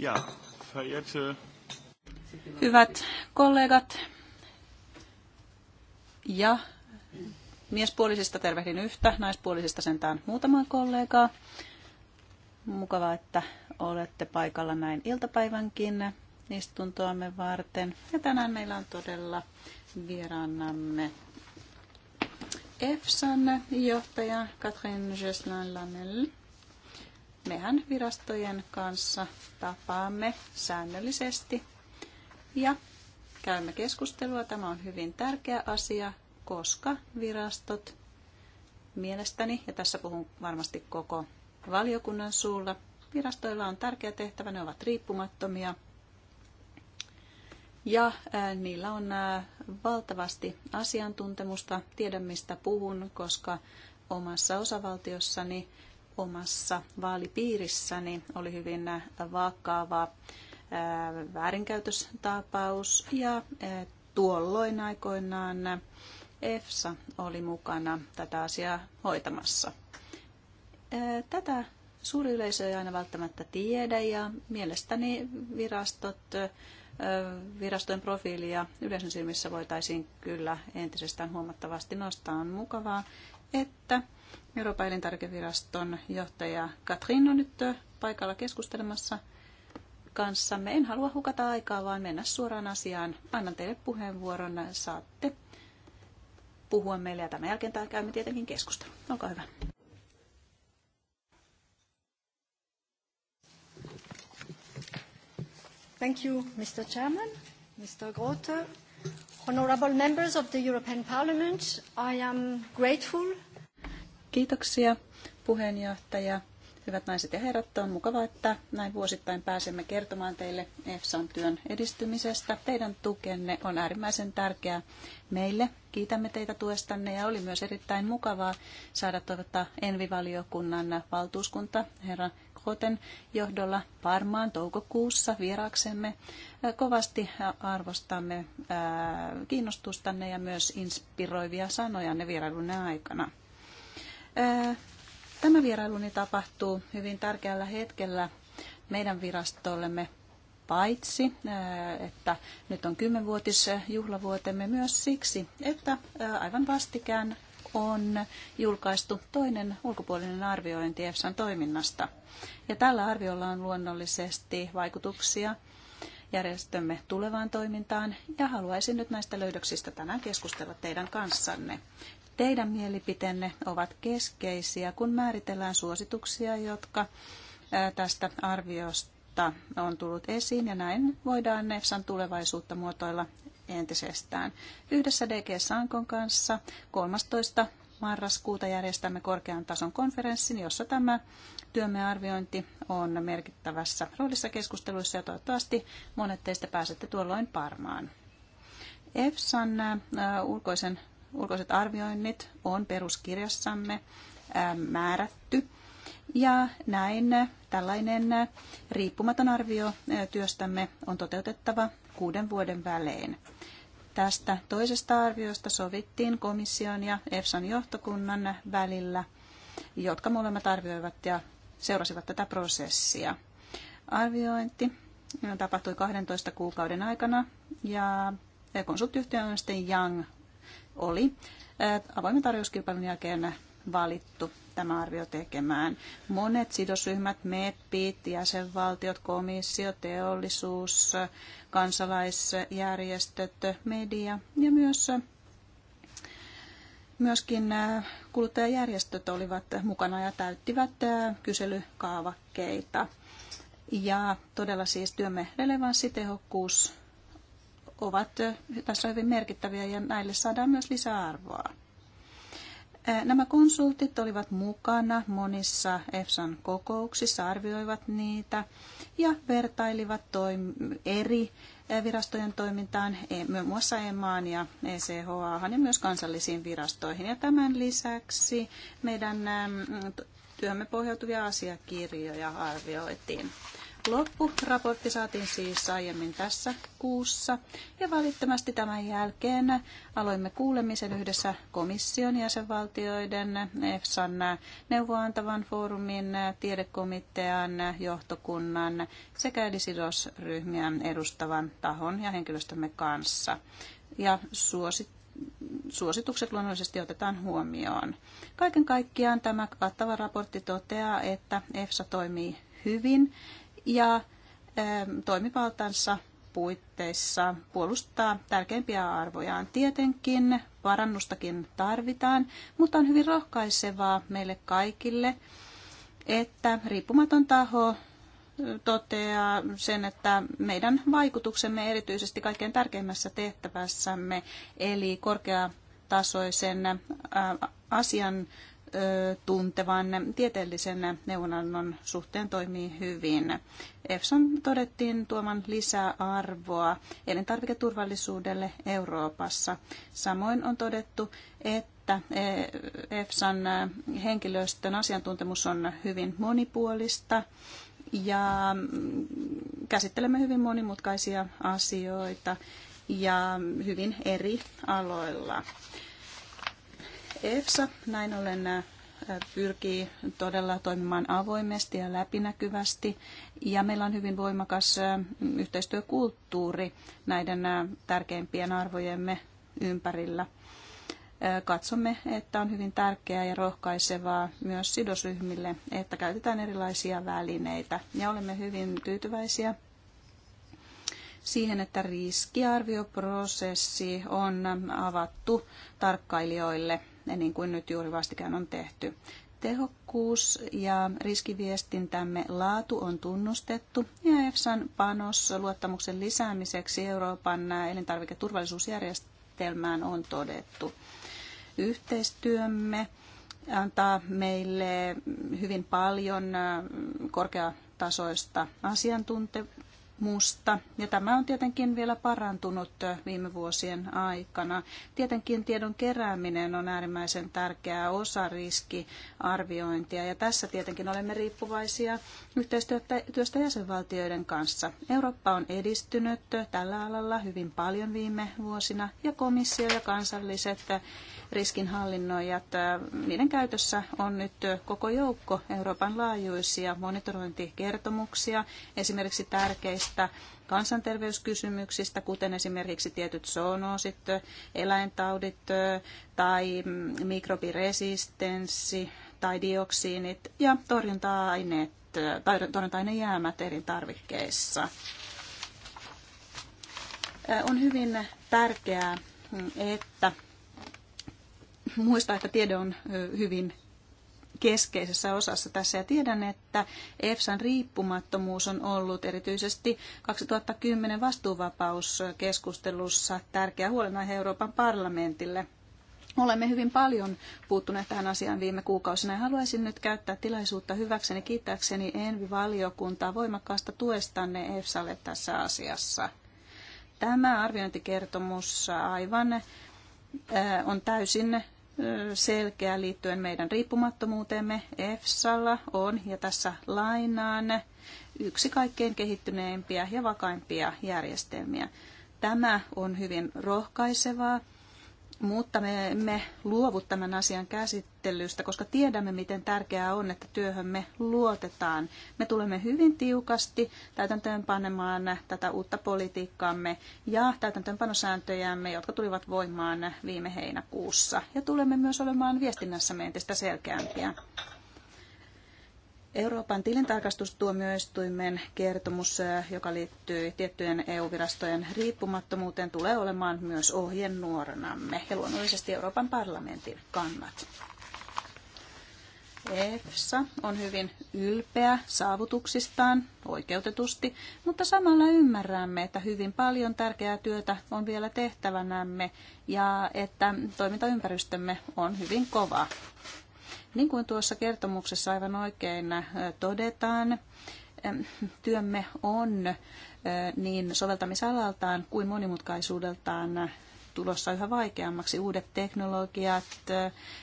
Ja, verehrte... Hyvät kollegat ja miespuolisista tervehdin yhtä, naispuolisista sentään muutama kollegaa. Mukavaa, että olette paikalla näin iltapäivänkin istuntoamme varten. Ja tänään meillä on todella vieraannamme EFSAn johtaja Katrin Jeslan lanelle mehän virastojen kanssa tapaamme säännöllisesti ja käymme keskustelua. Tämä on hyvin tärkeä asia, koska virastot mielestäni, ja tässä puhun varmasti koko valiokunnan suulla, virastoilla on tärkeä tehtävä, ne ovat riippumattomia ja niillä on valtavasti asiantuntemusta, tiedän mistä puhun, koska omassa osavaltiossani omassa vaalipiirissäni oli hyvin vakava väärinkäytöstapaus ja tuolloin aikoinaan EFSA oli mukana tätä asiaa hoitamassa. Tätä suuri yleisö ei aina välttämättä tiedä ja mielestäni virastot, virastojen profiilia yleisön silmissä voitaisiin kyllä entisestään huomattavasti nostaa. On mukavaa, että Euroopan elintarvikeviraston johtaja Katrin on nyt paikalla keskustelemassa kanssamme. En halua hukata aikaa, vaan mennä suoraan asiaan. Annan teille puheenvuoron, saatte puhua meille ja tämän jälkeen tämä käymme tietenkin keskustelu. Olkaa hyvä. Thank you, Mr. Chairman, Mr. Grote, honorable members of the European Parliament. I am grateful Kiitoksia puheenjohtaja. Hyvät naiset ja herrat, on mukavaa, että näin vuosittain pääsemme kertomaan teille EFSAn työn edistymisestä. Teidän tukenne on äärimmäisen tärkeää meille. Kiitämme teitä tuestanne ja oli myös erittäin mukavaa saada toivottaa Envivaliokunnan valtuuskunta herra Koten johdolla Parmaan toukokuussa vieraaksemme. Kovasti arvostamme kiinnostustanne ja myös inspiroivia sanojanne vierailunne aikana. Tämä vierailuni tapahtuu hyvin tärkeällä hetkellä meidän virastollemme paitsi, että nyt on kymmenvuotisjuhlavuotemme myös siksi, että aivan vastikään on julkaistu toinen ulkopuolinen arviointi EFSAn toiminnasta. Ja tällä arviolla on luonnollisesti vaikutuksia järjestömme tulevaan toimintaan ja haluaisin nyt näistä löydöksistä tänään keskustella teidän kanssanne teidän mielipiteenne ovat keskeisiä, kun määritellään suosituksia, jotka tästä arviosta on tullut esiin, ja näin voidaan NEFSAn tulevaisuutta muotoilla entisestään. Yhdessä DG Sankon kanssa 13 marraskuuta järjestämme korkean tason konferenssin, jossa tämä työmme arviointi on merkittävässä roolissa keskusteluissa ja toivottavasti monet teistä pääsette tuolloin Parmaan. EFSAn ulkoisen ulkoiset arvioinnit on peruskirjassamme määrätty. Ja näin tällainen riippumaton arvio työstämme on toteutettava kuuden vuoden välein. Tästä toisesta arviosta sovittiin komission ja EFSAn johtokunnan välillä, jotka molemmat arvioivat ja seurasivat tätä prosessia. Arviointi tapahtui 12 kuukauden aikana ja konsulttiyhtiö Ernst Young oli avoimen tarjouskilpailun jälkeen valittu tämä arvio tekemään. Monet sidosryhmät, MEPit, jäsenvaltiot, komissio, teollisuus, kansalaisjärjestöt, media ja myös myöskin kuluttajajärjestöt olivat mukana ja täyttivät kyselykaavakkeita. Ja todella siis työmme relevanssitehokkuus ovat tässä hyvin merkittäviä ja näille saadaan myös lisäarvoa. Nämä konsultit olivat mukana monissa EFSAn kokouksissa, arvioivat niitä ja vertailivat toim- eri virastojen toimintaan, e, muun muassa EMAan ja ECHA ja myös kansallisiin virastoihin. Ja tämän lisäksi meidän työmme pohjautuvia asiakirjoja arvioitiin. Loppuraportti saatiin siis aiemmin tässä kuussa ja valittomasti tämän jälkeen aloimme kuulemisen yhdessä komission jäsenvaltioiden, EFSAn neuvoantavan foorumin, tiedekomitean, johtokunnan sekä eri edustavan tahon ja henkilöstömme kanssa. Ja suosittelen suositukset luonnollisesti otetaan huomioon. Kaiken kaikkiaan tämä kattava raportti toteaa, että EFSA toimii hyvin ja ähm, toimivaltansa puitteissa puolustaa tärkeimpiä arvojaan. Tietenkin parannustakin tarvitaan, mutta on hyvin rohkaisevaa meille kaikille, että riippumaton taho toteaa sen, että meidän vaikutuksemme erityisesti kaikkein tärkeimmässä tehtävässämme, eli korkeatasoisen asian tuntevan tieteellisen neuvonannon suhteen toimii hyvin. EFSAn todettiin tuoman lisää arvoa elintarviketurvallisuudelle Euroopassa. Samoin on todettu, että e, EFSAn henkilöstön asiantuntemus on hyvin monipuolista ja käsittelemme hyvin monimutkaisia asioita ja hyvin eri aloilla. EFSA näin ollen pyrkii todella toimimaan avoimesti ja läpinäkyvästi. Ja meillä on hyvin voimakas yhteistyökulttuuri näiden tärkeimpien arvojemme ympärillä. Katsomme, että on hyvin tärkeää ja rohkaisevaa myös sidosryhmille, että käytetään erilaisia välineitä. Ja olemme hyvin tyytyväisiä siihen, että riskiarvioprosessi on avattu tarkkailijoille niin kuin nyt juuri vastikään on tehty. Tehokkuus ja riskiviestintämme laatu on tunnustettu ja e EFSAn panos luottamuksen lisäämiseksi Euroopan elintarviketurvallisuusjärjestelmään on todettu. Yhteistyömme antaa meille hyvin paljon korkeatasoista asiantuntemusta musta. Ja tämä on tietenkin vielä parantunut viime vuosien aikana. Tietenkin tiedon kerääminen on äärimmäisen tärkeä osa riskiarviointia ja tässä tietenkin olemme riippuvaisia yhteistyöstä jäsenvaltioiden kanssa. Eurooppa on edistynyt tällä alalla hyvin paljon viime vuosina ja komissio ja kansalliset riskinhallinnoijat, niiden käytössä on nyt koko joukko Euroopan laajuisia monitorointikertomuksia esimerkiksi tärkeistä tärkeistä kansanterveyskysymyksistä, kuten esimerkiksi tietyt zoonoosit, eläintaudit tai mikrobiresistenssi tai dioksiinit ja torjunta-aineet, tai torjunta eri tarvikkeissa. On hyvin tärkeää, että muista, että tiede on hyvin keskeisessä osassa tässä. Ja tiedän, että EFSAn riippumattomuus on ollut erityisesti 2010 vastuuvapauskeskustelussa tärkeä huolenaihe Euroopan parlamentille. Olemme hyvin paljon puuttuneet tähän asiaan viime kuukausina ja haluaisin nyt käyttää tilaisuutta hyväkseni kiittääkseni Envi-valiokuntaa voimakkaasta tuestanne EFSAlle tässä asiassa. Tämä arviointikertomus aivan äh, on täysin selkeä liittyen meidän riippumattomuuteemme. EFSAlla on, ja tässä lainaan, yksi kaikkein kehittyneimpiä ja vakaimpia järjestelmiä. Tämä on hyvin rohkaisevaa mutta me emme luovu tämän asian käsittelystä, koska tiedämme, miten tärkeää on, että työhömme luotetaan. Me tulemme hyvin tiukasti täytäntöönpanemaan tätä uutta politiikkaamme ja täytäntöönpanosääntöjämme, jotka tulivat voimaan viime heinäkuussa. Ja tulemme myös olemaan viestinnässä entistä selkeämpiä. Euroopan tilintarkastustuomioistuimen kertomus, joka liittyy tiettyjen EU-virastojen riippumattomuuteen, tulee olemaan myös ohjenuoranamme ja luonnollisesti Euroopan parlamentin kannat. EFSA on hyvin ylpeä saavutuksistaan oikeutetusti, mutta samalla ymmärrämme, että hyvin paljon tärkeää työtä on vielä tehtävänämme ja että toimintaympäristömme on hyvin kova. Niin kuin tuossa kertomuksessa aivan oikein äh, todetaan, äh, työmme on äh, niin soveltamisalaltaan kuin monimutkaisuudeltaan tulossa yhä vaikeammaksi. Uudet teknologiat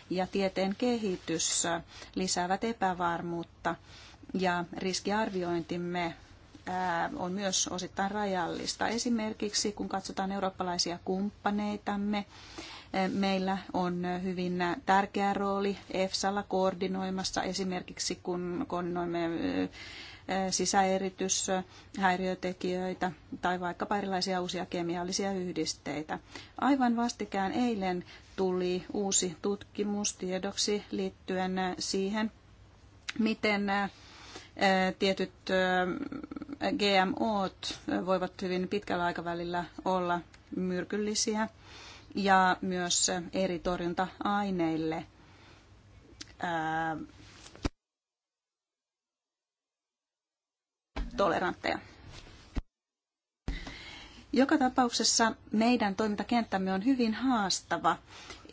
ja tieteen kehitys lisäävät epävarmuutta ja riskiarviointimme on myös osittain rajallista. Esimerkiksi kun katsotaan eurooppalaisia kumppaneitamme, Meillä on hyvin tärkeä rooli EFSAlla koordinoimassa esimerkiksi, kun koordinoimme sisäerityshäiriötekijöitä tai vaikkapa erilaisia uusia kemiallisia yhdisteitä. Aivan vastikään eilen tuli uusi tutkimus tiedoksi liittyen siihen, miten tietyt GMOt voivat hyvin pitkällä aikavälillä olla myrkyllisiä ja myös eri torjunta-aineille. Toleranteja. Joka tapauksessa meidän toimintakenttämme on hyvin haastava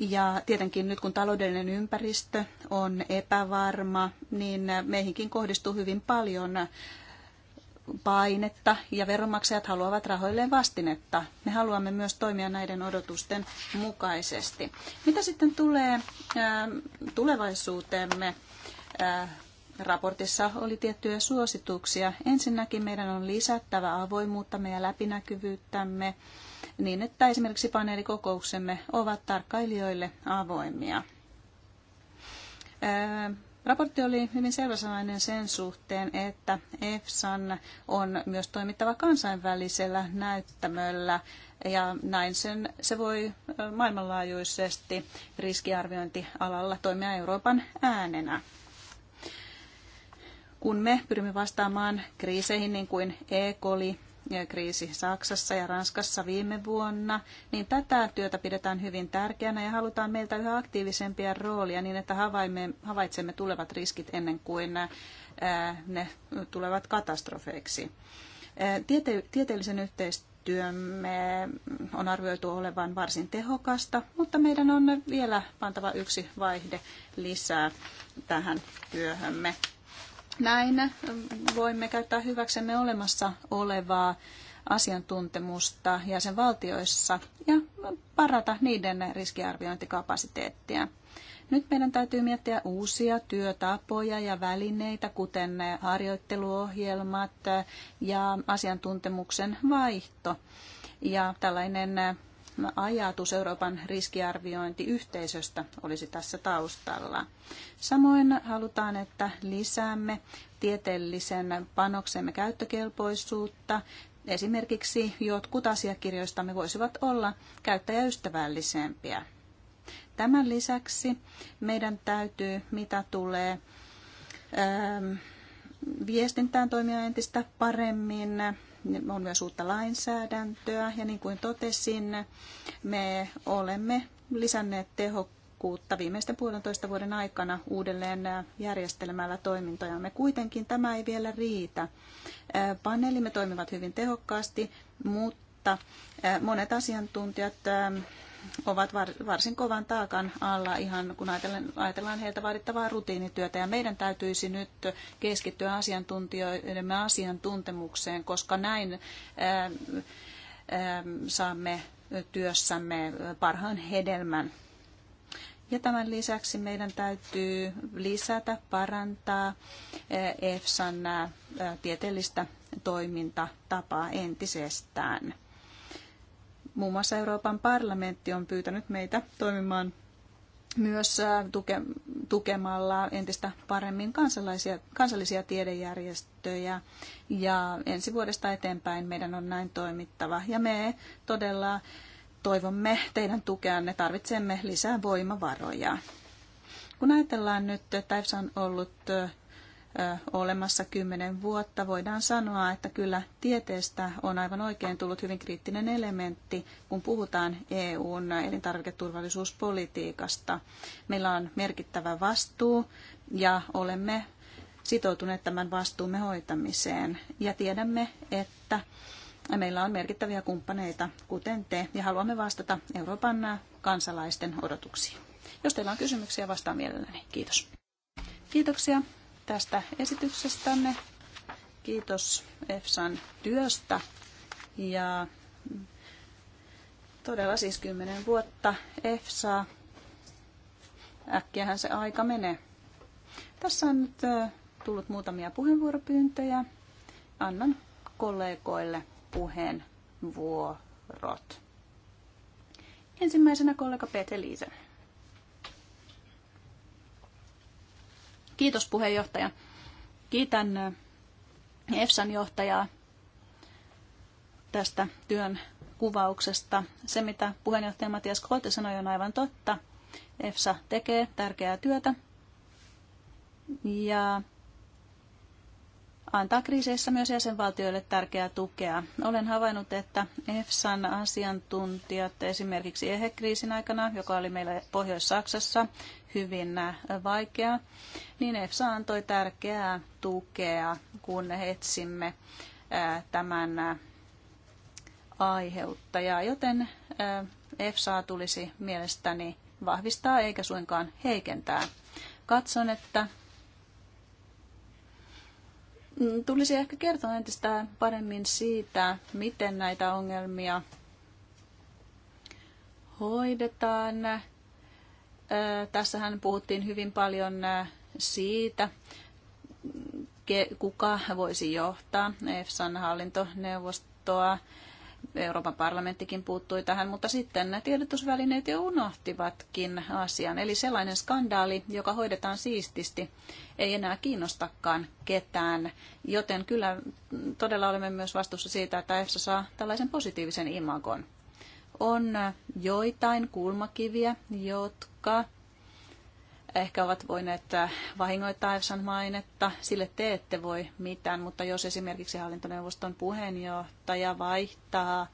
ja tietenkin nyt kun taloudellinen ympäristö on epävarma, niin meihinkin kohdistuu hyvin paljon painetta ja veronmaksajat haluavat rahoilleen vastinetta. Me haluamme myös toimia näiden odotusten mukaisesti. Mitä sitten tulee ähm, tulevaisuuteemme? Äh, raportissa oli tiettyjä suosituksia. Ensinnäkin meidän on lisättävä avoimuutta meidän läpinäkyvyyttämme niin, että esimerkiksi paneelikokouksemme ovat tarkkailijoille avoimia. Äh, Raportti oli hyvin selväsanainen sen suhteen, että EFSAn on myös toimittava kansainvälisellä näyttämöllä ja näin sen, se voi maailmanlaajuisesti riskiarviointialalla toimia Euroopan äänenä. Kun me pyrimme vastaamaan kriiseihin niin kuin E kriisi Saksassa ja Ranskassa viime vuonna, niin tätä työtä pidetään hyvin tärkeänä ja halutaan meiltä yhä aktiivisempia roolia niin, että havaitsemme tulevat riskit ennen kuin ne tulevat katastrofeiksi. Tiete- tieteellisen yhteistyömme on arvioitu olevan varsin tehokasta, mutta meidän on vielä pantava yksi vaihde lisää tähän työhömme. Näin voimme käyttää hyväksemme olemassa olevaa asiantuntemusta jäsenvaltioissa ja parata niiden riskiarviointikapasiteettia. Nyt meidän täytyy miettiä uusia työtapoja ja välineitä, kuten harjoitteluohjelmat ja asiantuntemuksen vaihto. Ja tällainen ajatus Euroopan riskiarviointiyhteisöstä olisi tässä taustalla. Samoin halutaan, että lisäämme tieteellisen panoksemme käyttökelpoisuutta. Esimerkiksi jotkut asiakirjoistamme voisivat olla käyttäjäystävällisempiä. Tämän lisäksi meidän täytyy, mitä tulee ähm, viestintään toimia entistä paremmin on myös uutta lainsäädäntöä ja niin kuin totesin, me olemme lisänneet tehokkuutta viimeisten puolentoista vuoden aikana uudelleen järjestelmällä toimintoja, me Kuitenkin tämä ei vielä riitä. Paneelimme toimivat hyvin tehokkaasti, mutta monet asiantuntijat ovat varsin kovan taakan alla, ihan kun ajatellaan heiltä vaadittavaa rutiinityötä. Ja meidän täytyisi nyt keskittyä asiantuntijoidemme asiantuntemukseen, koska näin saamme työssämme parhaan hedelmän. Ja tämän lisäksi meidän täytyy lisätä, parantaa EFSAn tieteellistä toimintatapaa entisestään. Muun muassa Euroopan parlamentti on pyytänyt meitä toimimaan myös tuke, tukemalla entistä paremmin kansallisia, kansallisia tiedejärjestöjä. Ja ensi vuodesta eteenpäin meidän on näin toimittava. Ja me todella toivomme teidän tukeanne, tarvitsemme lisää voimavaroja. Kun ajatellaan nyt, että EFSA on ollut olemassa kymmenen vuotta, voidaan sanoa, että kyllä tieteestä on aivan oikein tullut hyvin kriittinen elementti, kun puhutaan EUn elintarviketurvallisuuspolitiikasta. Meillä on merkittävä vastuu ja olemme sitoutuneet tämän vastuumme hoitamiseen ja tiedämme, että meillä on merkittäviä kumppaneita, kuten te, ja haluamme vastata Euroopan kansalaisten odotuksiin. Jos teillä on kysymyksiä, vastaan mielelläni. Kiitos. Kiitoksia tästä esityksestänne. Kiitos EFSAn työstä ja todella siis kymmenen vuotta Efsa Äkkiähän se aika menee. Tässä on nyt tullut muutamia puheenvuoropyyntöjä. Annan kollegoille puheenvuorot. Ensimmäisenä kollega Pete Liisen. Kiitos puheenjohtaja. Kiitän EFSAn johtajaa tästä työn kuvauksesta. Se, mitä puheenjohtaja Matias Krote sanoi, on aivan totta. EFSA tekee tärkeää työtä ja antaa kriiseissä myös jäsenvaltioille tärkeää tukea. Olen havainnut, että EFSAn asiantuntijat esimerkiksi EHE-kriisin aikana, joka oli meillä Pohjois-Saksassa hyvin vaikea, niin EFSA antoi tärkeää tukea, kun etsimme tämän aiheuttajaa, joten EFSA tulisi mielestäni vahvistaa eikä suinkaan heikentää. Katson, että Mm, tulisi ehkä kertoa entistä paremmin siitä, miten näitä ongelmia hoidetaan. Tässähän puhuttiin hyvin paljon siitä, kuka voisi johtaa EFSAn hallintoneuvostoa. Euroopan parlamenttikin puuttui tähän, mutta sitten nämä tiedotusvälineet jo unohtivatkin asian. Eli sellainen skandaali, joka hoidetaan siististi, ei enää kiinnostakaan ketään. Joten kyllä todella olemme myös vastuussa siitä, että EFSA saa tällaisen positiivisen imagon. On joitain kulmakiviä, jotka ehkä ovat voineet äh, vahingoittaa EFSAn mainetta. Sille te ette voi mitään, mutta jos esimerkiksi hallintoneuvoston puheenjohtaja vaihtaa äh,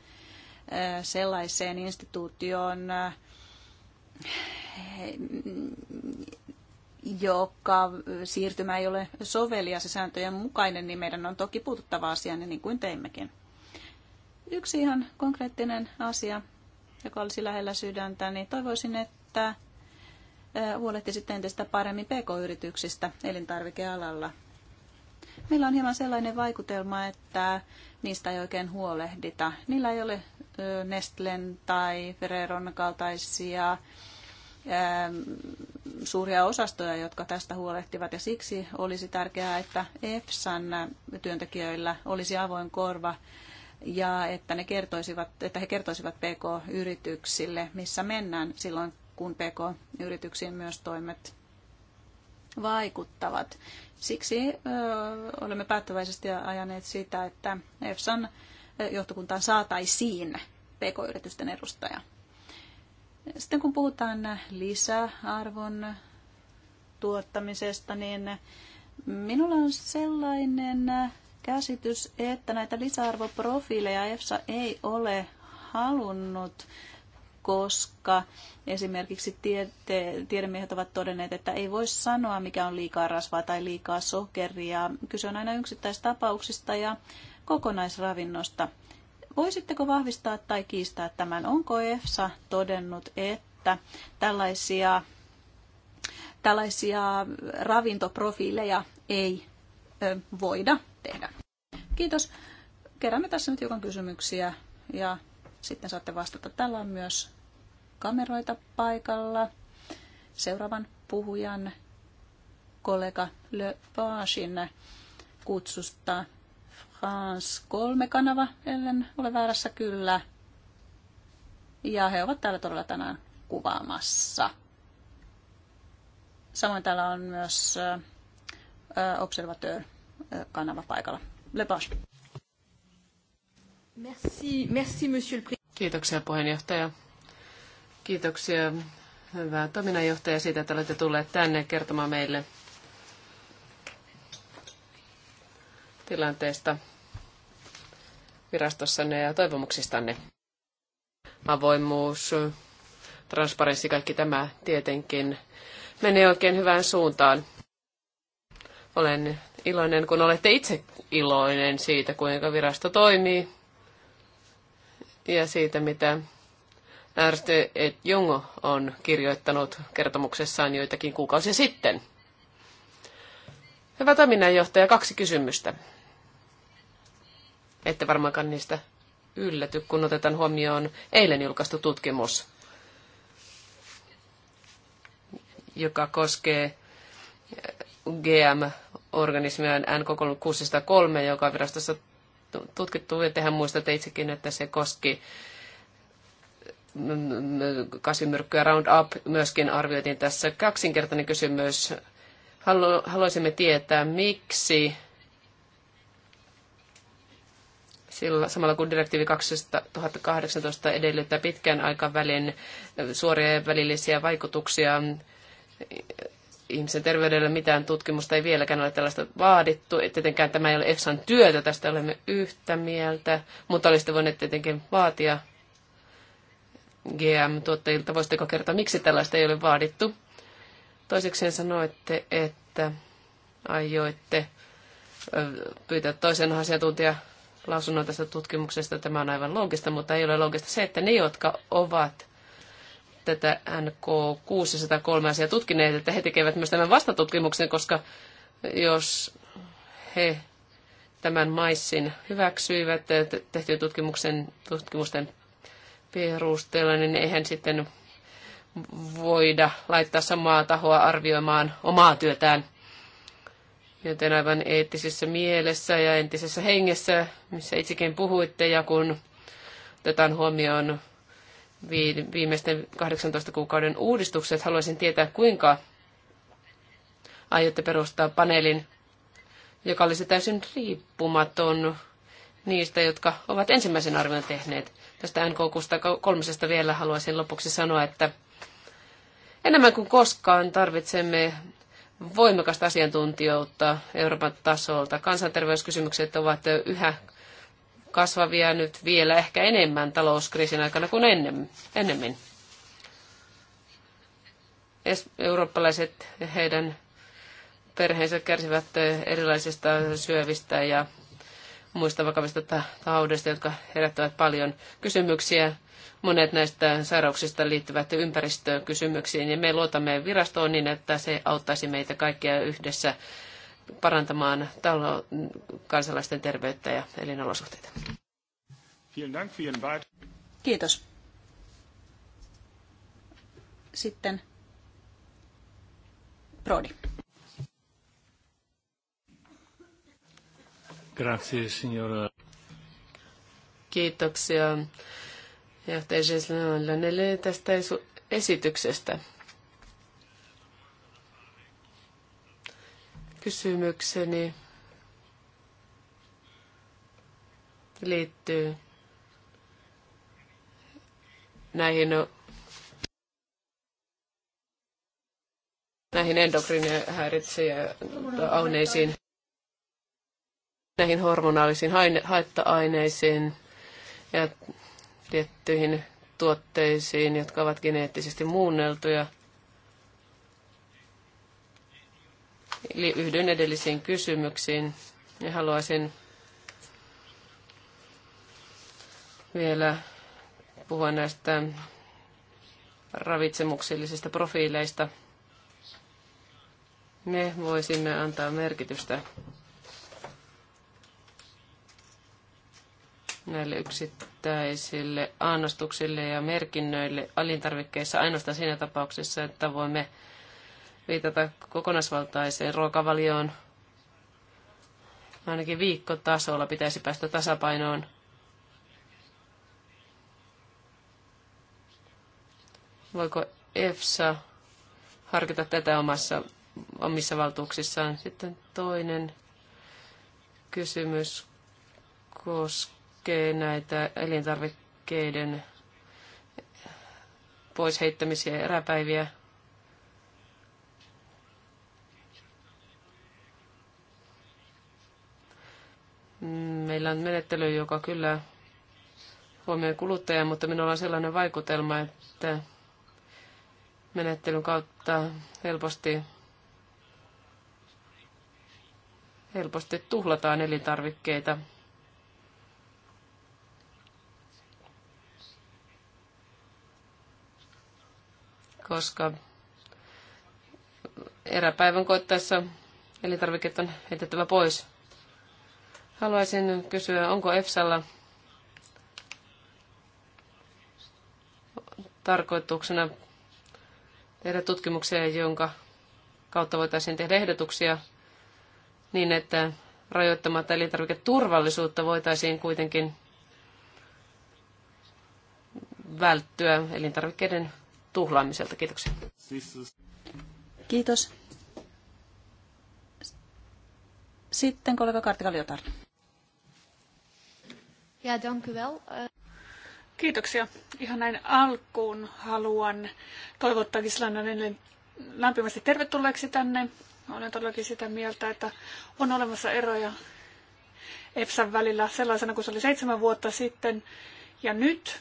sellaiseen instituutioon, äh, joka siirtymä ei ole sovelias ja sääntöjen mukainen, niin meidän on toki puututtava asiaan niin kuin teimmekin. Yksi ihan konkreettinen asia, joka olisi lähellä sydäntä, niin toivoisin, että huolehti sitten entistä paremmin pk-yrityksistä elintarvikealalla. Meillä on hieman sellainen vaikutelma, että niistä ei oikein huolehdita. Niillä ei ole Nestlen tai Ferreron kaltaisia suuria osastoja, jotka tästä huolehtivat, ja siksi olisi tärkeää, että EFSAn työntekijöillä olisi avoin korva ja että, ne kertoisivat, että he kertoisivat PK-yrityksille, missä mennään silloin, kun PK-yrityksiin myös toimet vaikuttavat. Siksi ö, olemme päättäväisesti ajaneet sitä, että EFSAn johtokuntaan saataisiin PK-yritysten edustaja. Sitten kun puhutaan lisäarvon tuottamisesta, niin minulla on sellainen käsitys, että näitä lisäarvoprofiileja EFSA ei ole halunnut koska esimerkiksi tiede, tiedemiehet ovat todenneet, että ei voi sanoa, mikä on liikaa rasvaa tai liikaa sokeria. Kyse on aina yksittäistapauksista ja kokonaisravinnosta. Voisitteko vahvistaa tai kiistää tämän? Onko EFSA todennut, että tällaisia, tällaisia ravintoprofiileja ei ö, voida tehdä? Kiitos. Keräämme tässä nyt hiukan kysymyksiä ja sitten saatte vastata. Täällä on myös kameroita paikalla. Seuraavan puhujan kollega Le Pagein kutsusta France 3 kanava, ellen ole väärässä kyllä. Ja he ovat täällä todella tänään kuvaamassa. Samoin täällä on myös Observateur-kanava paikalla. Le Page. Merci, merci, monsieur le Kiitoksia puheenjohtaja. Kiitoksia, hyvää toiminnanjohtaja, siitä, että olette tulleet tänne kertomaan meille tilanteesta virastossanne ja toivomuksistanne. Avoimuus, transparenssi, kaikki tämä tietenkin menee oikein hyvään suuntaan. Olen iloinen, kun olette itse iloinen siitä, kuinka virasto toimii ja siitä, mitä Ernst et Jung on kirjoittanut kertomuksessaan joitakin kuukausia sitten. Hyvä toiminnanjohtaja, kaksi kysymystä. Ette varmaankaan niistä ylläty, kun otetaan huomioon eilen julkaistu tutkimus, joka koskee GM-organismia n 603 joka on virastossa tutkittu. Ja tehän muistatte itsekin, että se koski kasvimyrkkyä Roundup myöskin arvioitiin tässä. Kaksinkertainen kysymys. Haluaisimme tietää, miksi sillä, samalla kun direktiivi 2018 edellyttää pitkän aikavälin suoria ja välillisiä vaikutuksia ihmisen terveydelle mitään tutkimusta ei vieläkään ole tällaista vaadittu. Tietenkään tämä ei ole EFSAn työtä, tästä olemme yhtä mieltä, mutta olisitte voineet tietenkin vaatia GM-tuotteilta. Voisitteko kertoa, miksi tällaista ei ole vaadittu? Toisekseen sanoitte, että aioitte pyytää toisen asiantuntijan lausunnon tästä tutkimuksesta. Tämä on aivan loogista, mutta ei ole loogista se, että ne, jotka ovat tätä NK603 asiaa tutkineet, että he tekevät myös tämän vastatutkimuksen, koska jos he tämän maissin hyväksyivät tehtyjen tutkimuksen, tutkimusten perusteella, niin eihän sitten voida laittaa samaa tahoa arvioimaan omaa työtään. Joten aivan eettisessä mielessä ja entisessä hengessä, missä itsekin puhuitte, ja kun otetaan huomioon viimeisten 18 kuukauden uudistukset, haluaisin tietää, kuinka aiotte perustaa paneelin, joka olisi täysin riippumaton niistä, jotka ovat ensimmäisen arvion tehneet. Tästä NK63 vielä haluaisin lopuksi sanoa, että enemmän kuin koskaan tarvitsemme voimakasta asiantuntijuutta Euroopan tasolta. Kansanterveyskysymykset ovat yhä kasvavia nyt vielä ehkä enemmän talouskriisin aikana kuin ennen, ennemmin. Eurooppalaiset heidän perheensä kärsivät erilaisista syövistä ja muista vakavista taudeista, jotka herättävät paljon kysymyksiä. Monet näistä sairauksista liittyvät ympäristökysymyksiin ja me luotamme virastoon niin, että se auttaisi meitä kaikkia yhdessä parantamaan talo- kansalaisten terveyttä ja elinolosuhteita. Kiitos. Sitten Prodi. Grazie, signora. Kiitoksia johtaja Giselle Lönelle tästä esityksestä. Kysymykseni liittyy näihin, näihin endokrinihäiritsejiin auneisiin näihin hormonaalisiin haitta-aineisiin ja tiettyihin tuotteisiin, jotka ovat geneettisesti muunneltuja. Eli yhdyn edellisiin kysymyksiin ja haluaisin vielä puhua näistä ravitsemuksellisista profiileista. Me voisimme antaa merkitystä näille yksittäisille annostuksille ja merkinnöille alintarvikkeissa ainoastaan siinä tapauksessa, että voimme viitata kokonaisvaltaiseen ruokavalioon. Ainakin viikkotasolla pitäisi päästä tasapainoon. Voiko EFSA harkita tätä omassa, omissa valtuuksissaan? Sitten toinen kysymys koskee koskee näitä elintarvikkeiden pois heittämisiä ja eräpäiviä. Meillä on menettely, joka kyllä huomioi kuluttajaa, mutta minulla on sellainen vaikutelma, että menettelyn kautta helposti, helposti tuhlataan elintarvikkeita. koska eräpäivän koittaessa elintarvikkeet on heitettävä pois. Haluaisin kysyä, onko EFSAlla tarkoituksena tehdä tutkimuksia, jonka kautta voitaisiin tehdä ehdotuksia niin, että rajoittamatta elintarviketurvallisuutta voitaisiin kuitenkin välttyä elintarvikkeiden tuhlaamiselta. Kiitoksia. Kiitos. Sitten kollega Kartikali Jotar. Ja, well. wel. Eh, Kiitoksia. Ihan näin alkuun haluan toivottaa Islannin lämpimästi tervetulleeksi tänne. Olen todellakin sitä mieltä, että on olemassa eroja EFSAn välillä sellaisena kuin se oli seitsemän vuotta sitten ja nyt.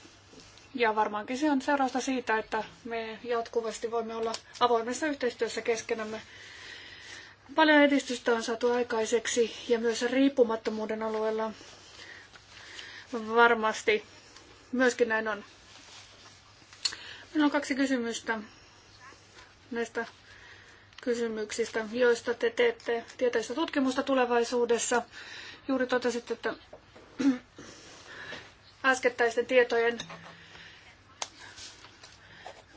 Ja varmaankin se on seurausta siitä, että me jatkuvasti voimme olla avoimessa yhteistyössä keskenämme. Paljon edistystä on saatu aikaiseksi ja myös riippumattomuuden alueella varmasti myöskin näin on. Meillä on kaksi kysymystä näistä kysymyksistä, joista te teette tieteellistä tutkimusta tulevaisuudessa. Juuri totesitte, että äskettäisten tietojen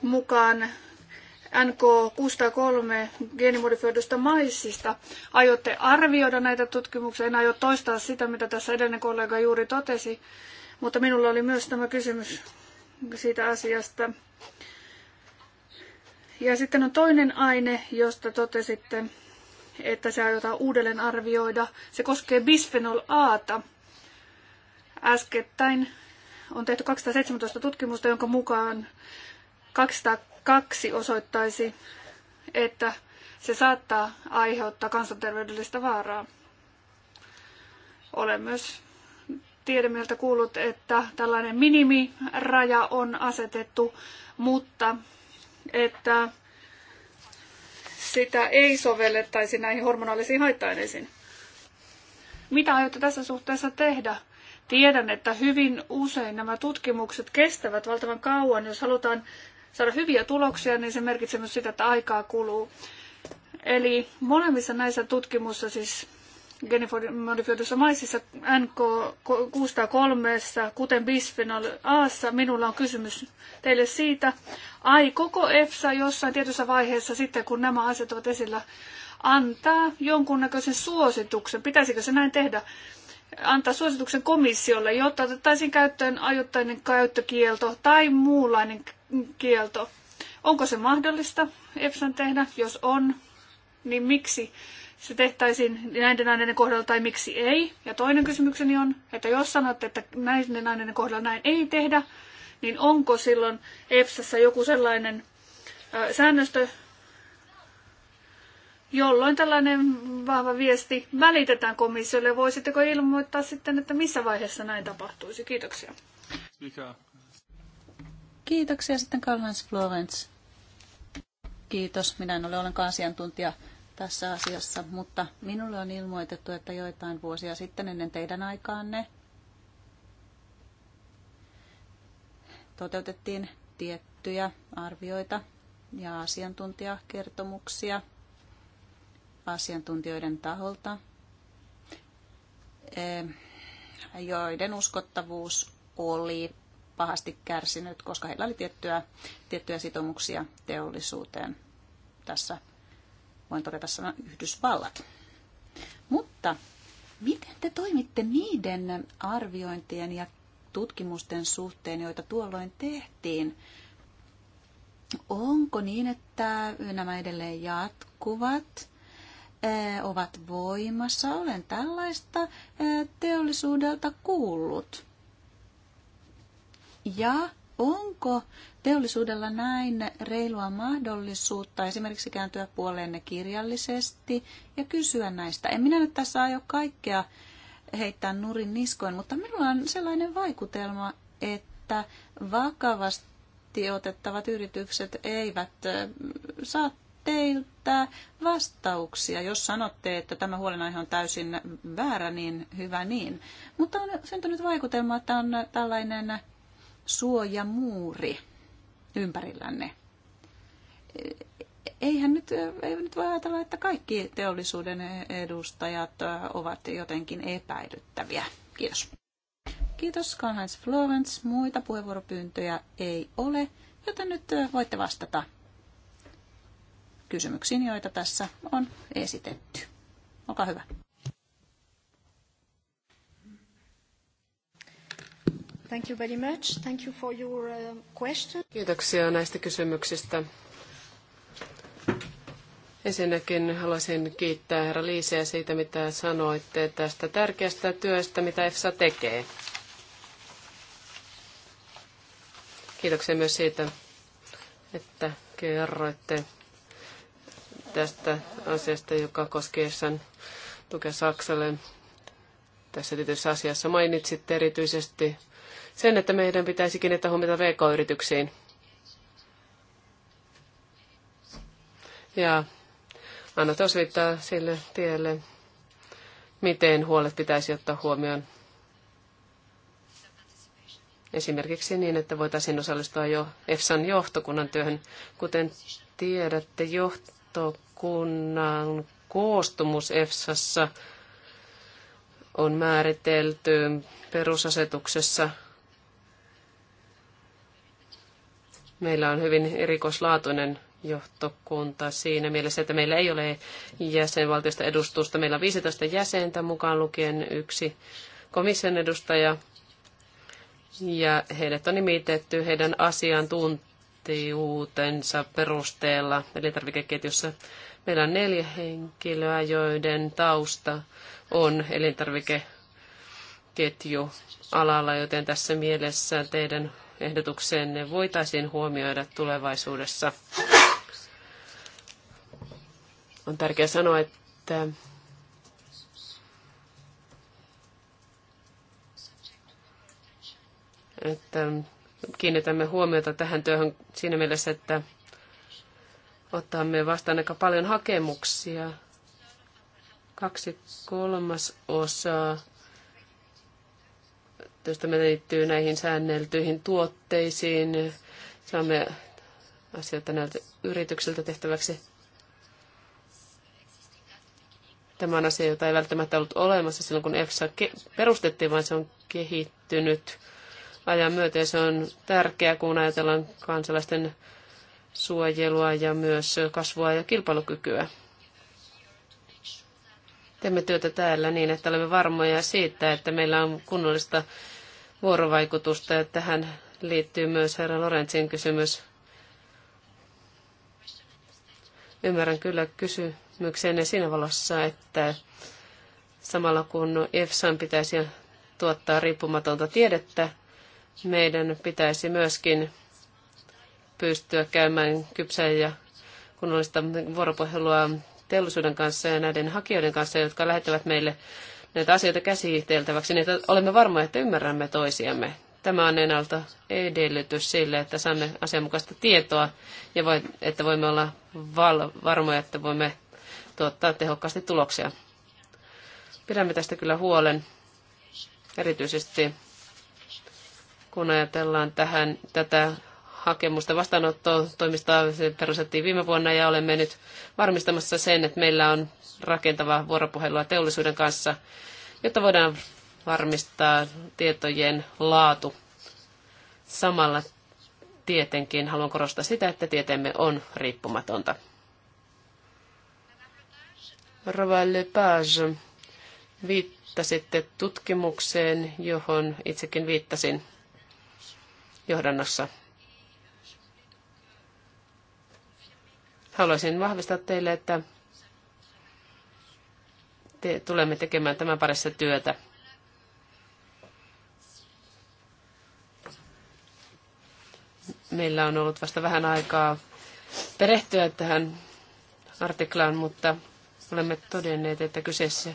mukaan NK603 geenimodifioidusta maissista. Aiotte arvioida näitä tutkimuksia, en aio toistaa sitä, mitä tässä edellinen kollega juuri totesi, mutta minulla oli myös tämä kysymys siitä asiasta. Ja sitten on toinen aine, josta totesitte, että se aiotaan uudelleen arvioida. Se koskee bisphenol Ata. Äskettäin on tehty 217 tutkimusta, jonka mukaan 202 osoittaisi, että se saattaa aiheuttaa kansanterveydellistä vaaraa. Olen myös tiedemieltä kuullut, että tällainen minimiraja on asetettu, mutta että sitä ei sovellettaisi näihin hormonaalisiin haitta-aineisiin. Mitä aiotte tässä suhteessa tehdä? Tiedän, että hyvin usein nämä tutkimukset kestävät valtavan kauan, jos halutaan saada hyviä tuloksia, niin se merkitsee myös sitä, että aikaa kuluu. Eli molemmissa näissä tutkimuksissa, siis genimodifioidussa maisissa NK603, kuten bisphenol A, minulla on kysymys teille siitä. Ai, koko EFSA jossain tietyssä vaiheessa sitten, kun nämä asiat ovat esillä, antaa jonkunnäköisen suosituksen. Pitäisikö se näin tehdä? antaa suosituksen komissiolle, jotta otettaisiin käyttöön ajoittainen käyttökielto tai muunlainen kielto. Onko se mahdollista EFSAn tehdä? Jos on, niin miksi se tehtäisiin näiden aineiden kohdalla tai miksi ei? Ja toinen kysymykseni on, että jos sanotte, että näiden aineiden kohdalla näin ei tehdä, niin onko silloin EFSassa joku sellainen säännöstö, jolloin tällainen vahva viesti välitetään komissiolle. Voisitteko ilmoittaa sitten, että missä vaiheessa näin tapahtuisi? Kiitoksia. Kiitoksia sitten karl Florence. Kiitos. Minä en ole ollenkaan asiantuntija tässä asiassa, mutta minulle on ilmoitettu, että joitain vuosia sitten ennen teidän aikaanne toteutettiin tiettyjä arvioita ja asiantuntijakertomuksia – asiantuntijoiden taholta, eh, joiden uskottavuus oli pahasti kärsinyt, koska heillä oli tiettyä, tiettyjä sitoumuksia teollisuuteen. Tässä voin todeta sana Yhdysvallat. Mutta miten te toimitte niiden arviointien ja tutkimusten suhteen, joita tuolloin tehtiin? Onko niin, että nämä edelleen jatkuvat? ovat voimassa. Olen tällaista teollisuudelta kuullut. Ja onko teollisuudella näin reilua mahdollisuutta esimerkiksi kääntyä puoleenne kirjallisesti ja kysyä näistä? En minä nyt tässä aio kaikkea heittää nurin niskoin, mutta minulla on sellainen vaikutelma, että vakavasti otettavat yritykset eivät saa teiltä vastauksia. Jos sanotte, että tämä huolenaihe on täysin väärä, niin hyvä niin. Mutta on syntynyt vaikutelma, että on tällainen suojamuuri ympärillänne. Eihän nyt, ei nyt voi ajatella, että kaikki teollisuuden edustajat ovat jotenkin epäilyttäviä. Kiitos. Kiitos Karl-Heinz Florence. Muita puheenvuoropyyntöjä ei ole, joten nyt voitte vastata kysymyksiin, joita tässä on esitetty. Olkaa hyvä. Thank you very much. Thank you for your uh, question. Kiitoksia näistä kysymyksistä. Ensinnäkin haluaisin kiittää herra Liiseä siitä, mitä sanoitte tästä tärkeästä työstä, mitä EFSA tekee. Kiitoksia myös siitä, että kerroitte tästä asiasta, joka koskee sen tukea Saksalle. Tässä tietyssä asiassa mainitsit erityisesti sen, että meidän pitäisi kiinnittää huomiota VK-yrityksiin. Ja anna osvittaa sille tielle, miten huolet pitäisi ottaa huomioon. Esimerkiksi niin, että voitaisiin osallistua jo EFSAn johtokunnan työhön. Kuten tiedätte, johto johtokunnan koostumus EFSassa on määritelty perusasetuksessa. Meillä on hyvin erikoislaatuinen johtokunta siinä mielessä, että meillä ei ole jäsenvaltiosta edustusta. Meillä on 15 jäsentä mukaan lukien yksi komission edustaja ja heidät on nimitetty heidän asiantuntijansa ammattijuutensa perusteella elintarvikeketjussa. Meillä on neljä henkilöä, joiden tausta on elintarvikeketju alalla, joten tässä mielessä teidän ehdotuksenne voitaisiin huomioida tulevaisuudessa. On tärkeää sanoa, että että kiinnitämme huomiota tähän työhön siinä mielessä, että otamme vastaan aika paljon hakemuksia. Kaksi kolmasosaa josta me liittyy näihin säänneltyihin tuotteisiin. Saamme asioita näiltä yrityksiltä tehtäväksi. Tämä on asia, jota ei välttämättä ollut olemassa silloin, kun EFSA perustettiin, vaan se on kehittynyt ajan myötä ja se on tärkeää, kun ajatellaan kansalaisten suojelua ja myös kasvua ja kilpailukykyä. Teemme työtä täällä niin, että olemme varmoja siitä, että meillä on kunnollista vuorovaikutusta ja tähän liittyy myös herra Lorentsin kysymys. Ymmärrän kyllä kysymykseenne siinä valossa, että samalla kun EFSAn pitäisi tuottaa riippumatonta tiedettä, meidän pitäisi myöskin pystyä käymään kypsää ja kunnollista vuoropuhelua teollisuuden kanssa ja näiden hakijoiden kanssa, jotka lähettävät meille näitä asioita käsiteltäväksi, niin että olemme varmoja, että ymmärrämme toisiamme. Tämä on ennalta edellytys sille, että saamme asianmukaista tietoa ja voi, että voimme olla val- varmoja, että voimme tuottaa tehokkaasti tuloksia. Pidämme tästä kyllä huolen, erityisesti kun ajatellaan tähän, tätä hakemusta vastaanottoa toimista se perustettiin viime vuonna ja olemme nyt varmistamassa sen, että meillä on rakentavaa vuoropuhelua teollisuuden kanssa, jotta voidaan varmistaa tietojen laatu. Samalla tietenkin haluan korostaa sitä, että tieteemme on riippumatonta. Rova Lepage, viittasitte tutkimukseen, johon itsekin viittasin johdannossa. Haluaisin vahvistaa teille, että te tulemme tekemään tämän parissa työtä. Meillä on ollut vasta vähän aikaa perehtyä tähän artiklaan, mutta olemme todenneet, että kyseessä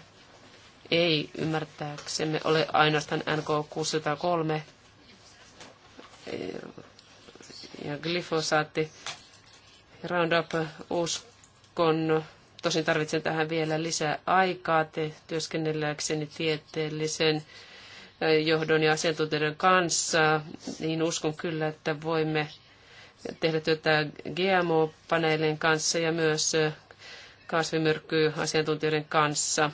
ei ymmärtääksemme ole ainoastaan NK 603 ja glyfosaatti, Roundup uskon, tosin tarvitsen tähän vielä lisää aikaa te, työskennelläkseni tieteellisen johdon ja asiantuntijoiden kanssa, niin uskon kyllä, että voimme tehdä työtä GMO-paneelin kanssa ja myös kasvimyrkkyasiantuntijoiden kanssa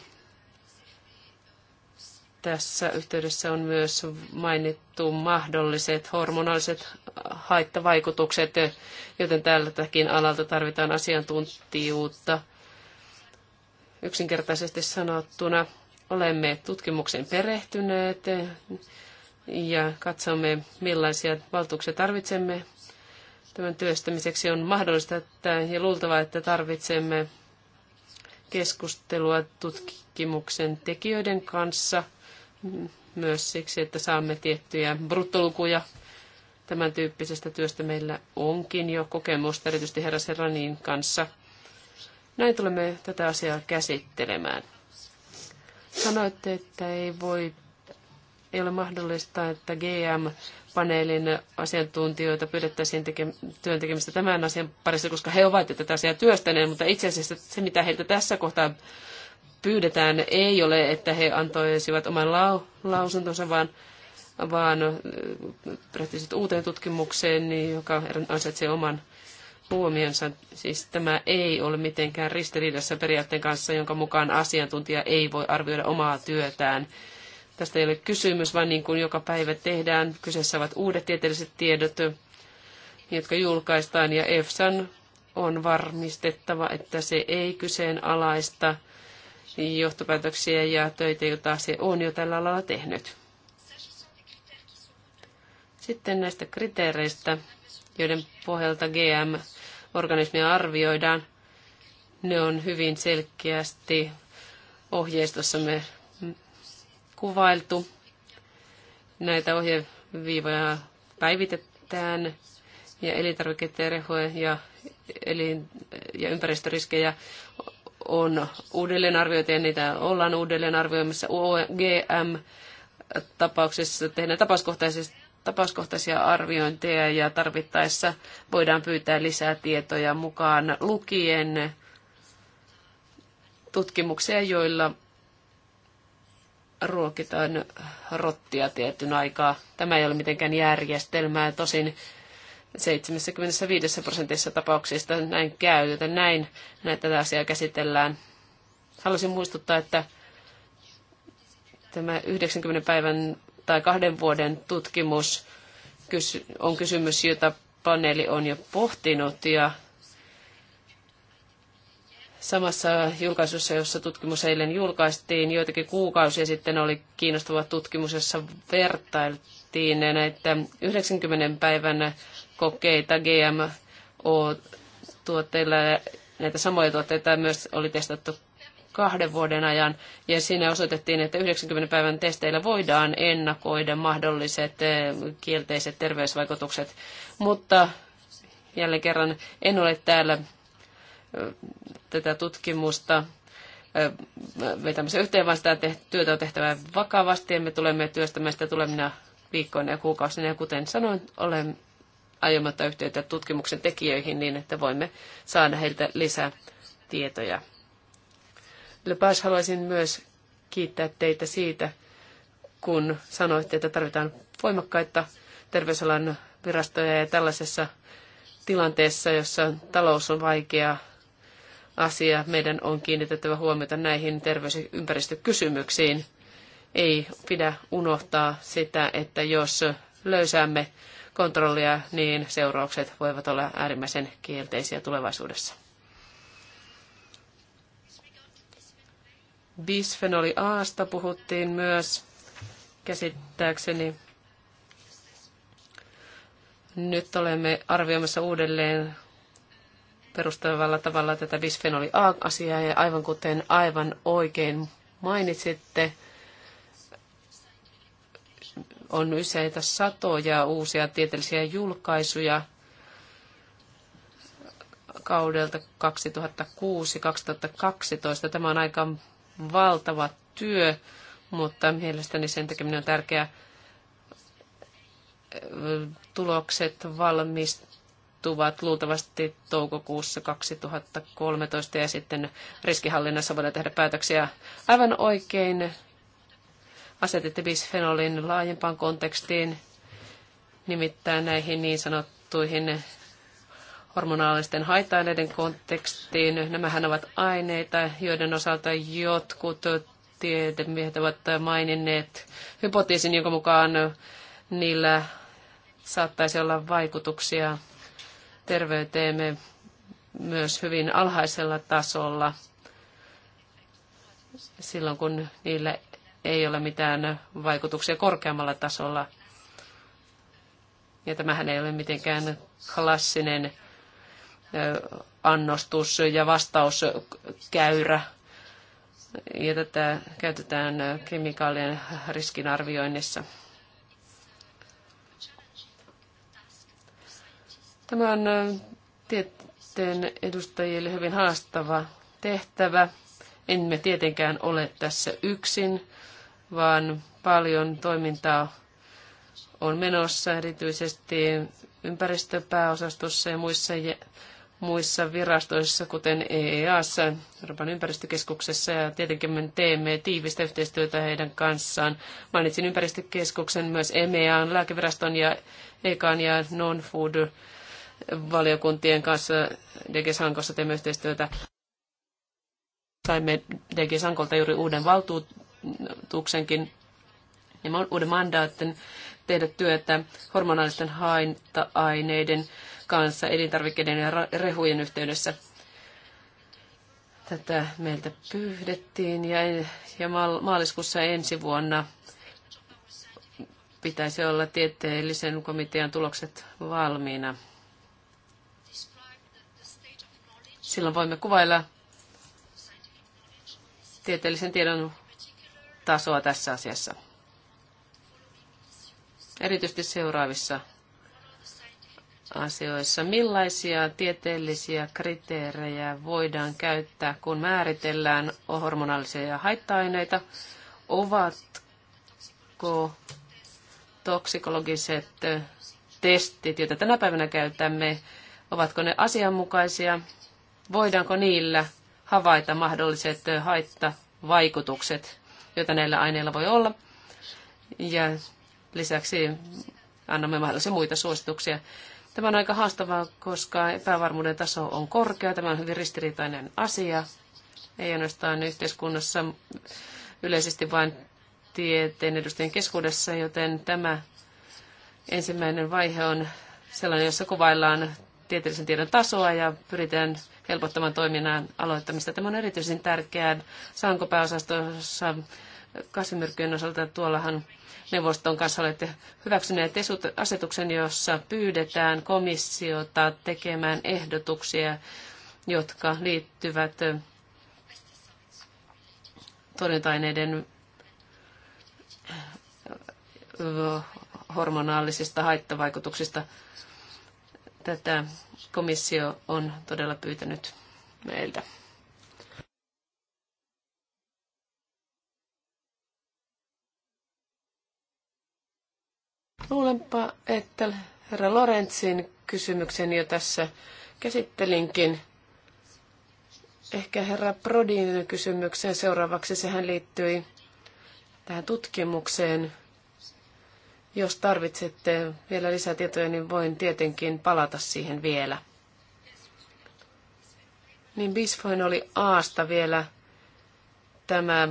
tässä yhteydessä on myös mainittu mahdolliset hormonaaliset haittavaikutukset, joten tältäkin alalta tarvitaan asiantuntijuutta. Yksinkertaisesti sanottuna olemme tutkimuksen perehtyneet ja katsomme, millaisia valtuuksia tarvitsemme tämän työstämiseksi. On mahdollista että, ja luultavaa, että tarvitsemme keskustelua tutkimuksen tekijöiden kanssa – myös siksi, että saamme tiettyjä bruttolukuja tämän tyyppisestä työstä meillä onkin jo kokemusta, erityisesti herra Serranin kanssa. Näin tulemme tätä asiaa käsittelemään. Sanoitte, että ei voi ei ole mahdollista, että GM-paneelin asiantuntijoita pyydettäisiin teke- työntekemistä tämän asian parissa, koska he ovat jo tätä asiaa työstäneet, mutta itse asiassa se, mitä heiltä tässä kohtaa pyydetään ei ole, että he antoisivat oman lau- lausuntonsa, vaan, vaan ryhtyisivät uuteen tutkimukseen, niin joka ansaitsee oman huomionsa. Siis tämä ei ole mitenkään ristiriidassa periaatteen kanssa, jonka mukaan asiantuntija ei voi arvioida omaa työtään. Tästä ei ole kysymys, vaan niin kuin joka päivä tehdään, kyseessä ovat uudet tieteelliset tiedot, jotka julkaistaan, ja EFSAn on varmistettava, että se ei kyseenalaista – johtopäätöksiä ja töitä, joita se on jo tällä alalla tehnyt. Sitten näistä kriteereistä, joiden pohjalta GM-organismia arvioidaan, ne on hyvin selkeästi ohjeistossamme kuvailtu. Näitä ohjeviivoja päivitetään ja elintarviketerhoja ja, elin- ja ympäristöriskejä on uudelleenarvioitu ja niitä ollaan uudelleenarvioimassa. OGM-tapauksessa tehdään tapauskohtaisia arviointeja ja tarvittaessa voidaan pyytää lisää tietoja mukaan lukien tutkimuksia, joilla ruokitaan rottia tietyn aikaa. Tämä ei ole mitenkään järjestelmää, tosin 75 prosentissa tapauksista näin käy, joten näin tätä asiaa käsitellään. Haluaisin muistuttaa, että tämä 90 päivän tai kahden vuoden tutkimus on kysymys, jota paneeli on jo pohtinut ja samassa julkaisussa, jossa tutkimus eilen julkaistiin, joitakin kuukausia sitten oli kiinnostava tutkimus, jossa vertailtiin näitä 90 päivän kokeita GM, tuotteilla ja näitä samoja tuotteita myös oli testattu kahden vuoden ajan, ja siinä osoitettiin, että 90 päivän testeillä voidaan ennakoida mahdolliset eh, kielteiset terveysvaikutukset. Mutta jälleen kerran en ole täällä eh, tätä tutkimusta eh, vetämässä yhteen, vaan sitä työtä on tehtävä vakavasti, ja me tulemme työstämään sitä tulemina viikkoina ja kuukausina, ja kuten sanoin, olen aiemmatta yhteyttä tutkimuksen tekijöihin niin, että voimme saada heiltä lisää tietoja. Lepas haluaisin myös kiittää teitä siitä, kun sanoitte, että tarvitaan voimakkaita terveysalan virastoja ja tällaisessa tilanteessa, jossa talous on vaikea asia, meidän on kiinnitettävä huomiota näihin terveys- ja ympäristökysymyksiin. Ei pidä unohtaa sitä, että jos löysäämme kontrollia, niin seuraukset voivat olla äärimmäisen kielteisiä tulevaisuudessa. Bisfenoli Aasta puhuttiin myös käsittääkseni. Nyt olemme arvioimassa uudelleen perustavalla tavalla tätä bisfenoli A-asiaa ja aivan kuten aivan oikein mainitsitte, on useita satoja uusia tieteellisiä julkaisuja kaudelta 2006-2012. Tämä on aika valtava työ, mutta mielestäni sen tekeminen on tärkeää. Tulokset valmistuvat luultavasti toukokuussa 2013 ja sitten riskihallinnassa voidaan tehdä päätöksiä. Aivan oikein asetitte bisfenolin laajempaan kontekstiin, nimittäin näihin niin sanottuihin hormonaalisten haitaineiden kontekstiin. Nämähän ovat aineita, joiden osalta jotkut tiedemiehet ovat maininneet hypoteesin, jonka mukaan niillä saattaisi olla vaikutuksia terveyteemme myös hyvin alhaisella tasolla silloin, kun niillä ei ole mitään vaikutuksia korkeammalla tasolla. Ja tämähän ei ole mitenkään klassinen annostus- ja vastauskäyrä. Ja tätä käytetään kemikaalien riskinarvioinnissa. Tämä on tieteen edustajille hyvin haastava tehtävä. Emme tietenkään ole tässä yksin vaan paljon toimintaa on menossa erityisesti ympäristöpääosastossa ja muissa, muissa virastoissa, kuten EEAssa, Euroopan ympäristökeskuksessa, ja tietenkin me teemme tiivistä yhteistyötä heidän kanssaan. Mainitsin ympäristökeskuksen myös EMEAn, lääkeviraston ja EKAN ja Non-Food valiokuntien kanssa Hankossa teemme yhteistyötä. Saimme Hankolta juuri uuden valtuut, tuksenkin ja uuden mandaatin tehdä työtä hormonaalisten haitta-aineiden kanssa elintarvikkeiden ja rehujen yhteydessä. Tätä meiltä pyydettiin ja, ja maaliskuussa ensi vuonna pitäisi olla tieteellisen komitean tulokset valmiina. Silloin voimme kuvailla tieteellisen tiedon tasoa tässä asiassa. Erityisesti seuraavissa asioissa. Millaisia tieteellisiä kriteerejä voidaan käyttää, kun määritellään hormonaalisia haitta-aineita? Ovatko toksikologiset testit, joita tänä päivänä käytämme, ovatko ne asianmukaisia? Voidaanko niillä havaita mahdolliset haittavaikutukset? joita näillä aineilla voi olla. Ja lisäksi annamme mahdollisia muita suosituksia. Tämä on aika haastavaa, koska epävarmuuden taso on korkea. Tämä on hyvin ristiriitainen asia. Ei ainoastaan yhteiskunnassa yleisesti, vaan tieteen edustajien keskuudessa, joten tämä ensimmäinen vaihe on sellainen, jossa kuvaillaan tieteellisen tiedon tasoa ja pyritään helpottamaan toiminnan aloittamista. Tämä on erityisen tärkeää sankopääosastossa kasvimyrkkyjen osalta. Tuollahan neuvoston kanssa olette hyväksyneet asetuksen, jossa pyydetään komissiota tekemään ehdotuksia, jotka liittyvät torjunta-aineiden hormonaalisista haittavaikutuksista tätä komissio on todella pyytänyt meiltä. Luulenpa, että herra Lorenzin kysymyksen jo tässä käsittelinkin. Ehkä herra Prodin kysymykseen seuraavaksi. Sehän liittyi tähän tutkimukseen, jos tarvitsette vielä lisätietoja, niin voin tietenkin palata siihen vielä. Niin Bisfoin oli Aasta vielä tämä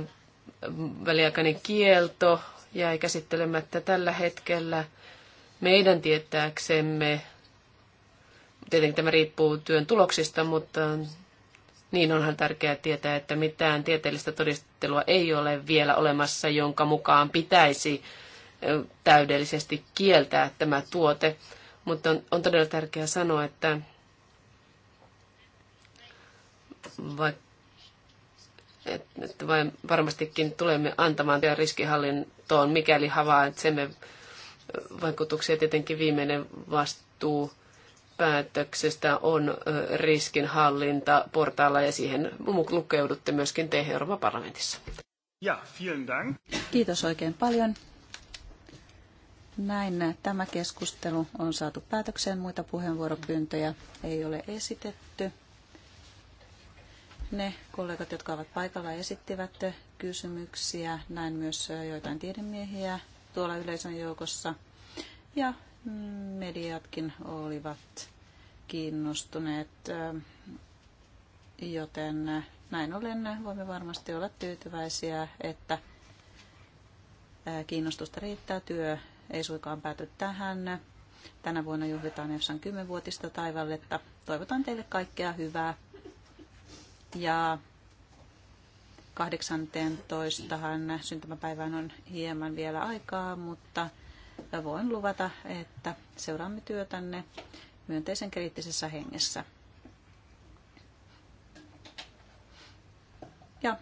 väliaikainen kielto jäi käsittelemättä tällä hetkellä meidän tietääksemme. Tietenkin tämä riippuu työn tuloksista, mutta niin onhan tärkeää tietää, että mitään tieteellistä todistelua ei ole vielä olemassa, jonka mukaan pitäisi täydellisesti kieltää tämä tuote, mutta on, on todella tärkeää sanoa, että vaikka että vain varmastikin tulemme antamaan riskihallintoon, mikäli havaitsemme vaikutuksia. Tietenkin viimeinen vastuu päätöksestä on riskinhallinta portaalla ja siihen lukeudutte myöskin te Euroopan parlamentissa. Ja, vielen dank. Kiitos oikein paljon. Näin tämä keskustelu on saatu päätökseen. Muita puheenvuoropyyntöjä ei ole esitetty. Ne kollegat, jotka ovat paikalla, esittivät kysymyksiä. Näin myös joitain tiedemiehiä tuolla yleisön joukossa. Ja mediatkin olivat kiinnostuneet, joten näin ollen voimme varmasti olla tyytyväisiä, että kiinnostusta riittää työ ei suinkaan pääty tähän. Tänä vuonna juhlitaan EFSAn 10-vuotista taivalletta. Toivotan teille kaikkea hyvää. Ja 18 syntymäpäivään on hieman vielä aikaa, mutta voin luvata, että seuraamme työtänne myönteisen kriittisessä hengessä. Ja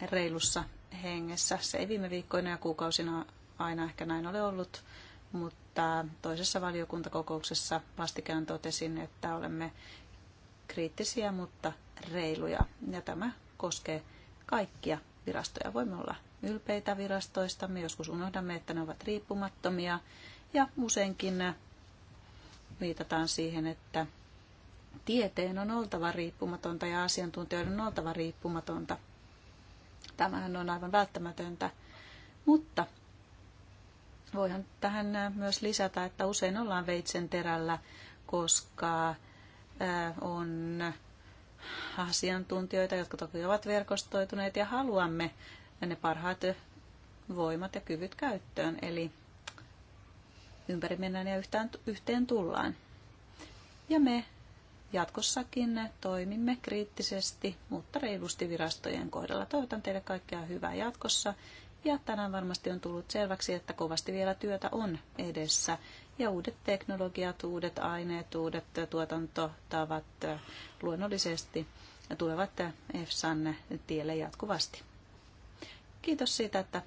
reilussa hengessä. Se ei viime viikkoina ja kuukausina aina ehkä näin ole ollut, mutta toisessa valiokuntakokouksessa vastikään totesin, että olemme kriittisiä, mutta reiluja. Ja tämä koskee kaikkia virastoja. Voimme olla ylpeitä virastoista, me joskus unohdamme, että ne ovat riippumattomia ja useinkin viitataan siihen, että tieteen on oltava riippumatonta ja asiantuntijoiden on oltava riippumatonta. Tämähän on aivan välttämätöntä, mutta Voihan tähän myös lisätä, että usein ollaan veitsen terällä, koska on asiantuntijoita, jotka toki ovat verkostoituneet ja haluamme ne parhaat voimat ja kyvyt käyttöön. Eli ympäri mennään ja yhtään, yhteen tullaan. Ja me jatkossakin toimimme kriittisesti, mutta reilusti virastojen kohdalla. Toivotan teille kaikkea hyvää jatkossa ja tänään varmasti on tullut selväksi, että kovasti vielä työtä on edessä. Ja uudet teknologiat, uudet aineet, uudet tuotantotavat luonnollisesti tulevat EFSAn tielle jatkuvasti. Kiitos siitä, että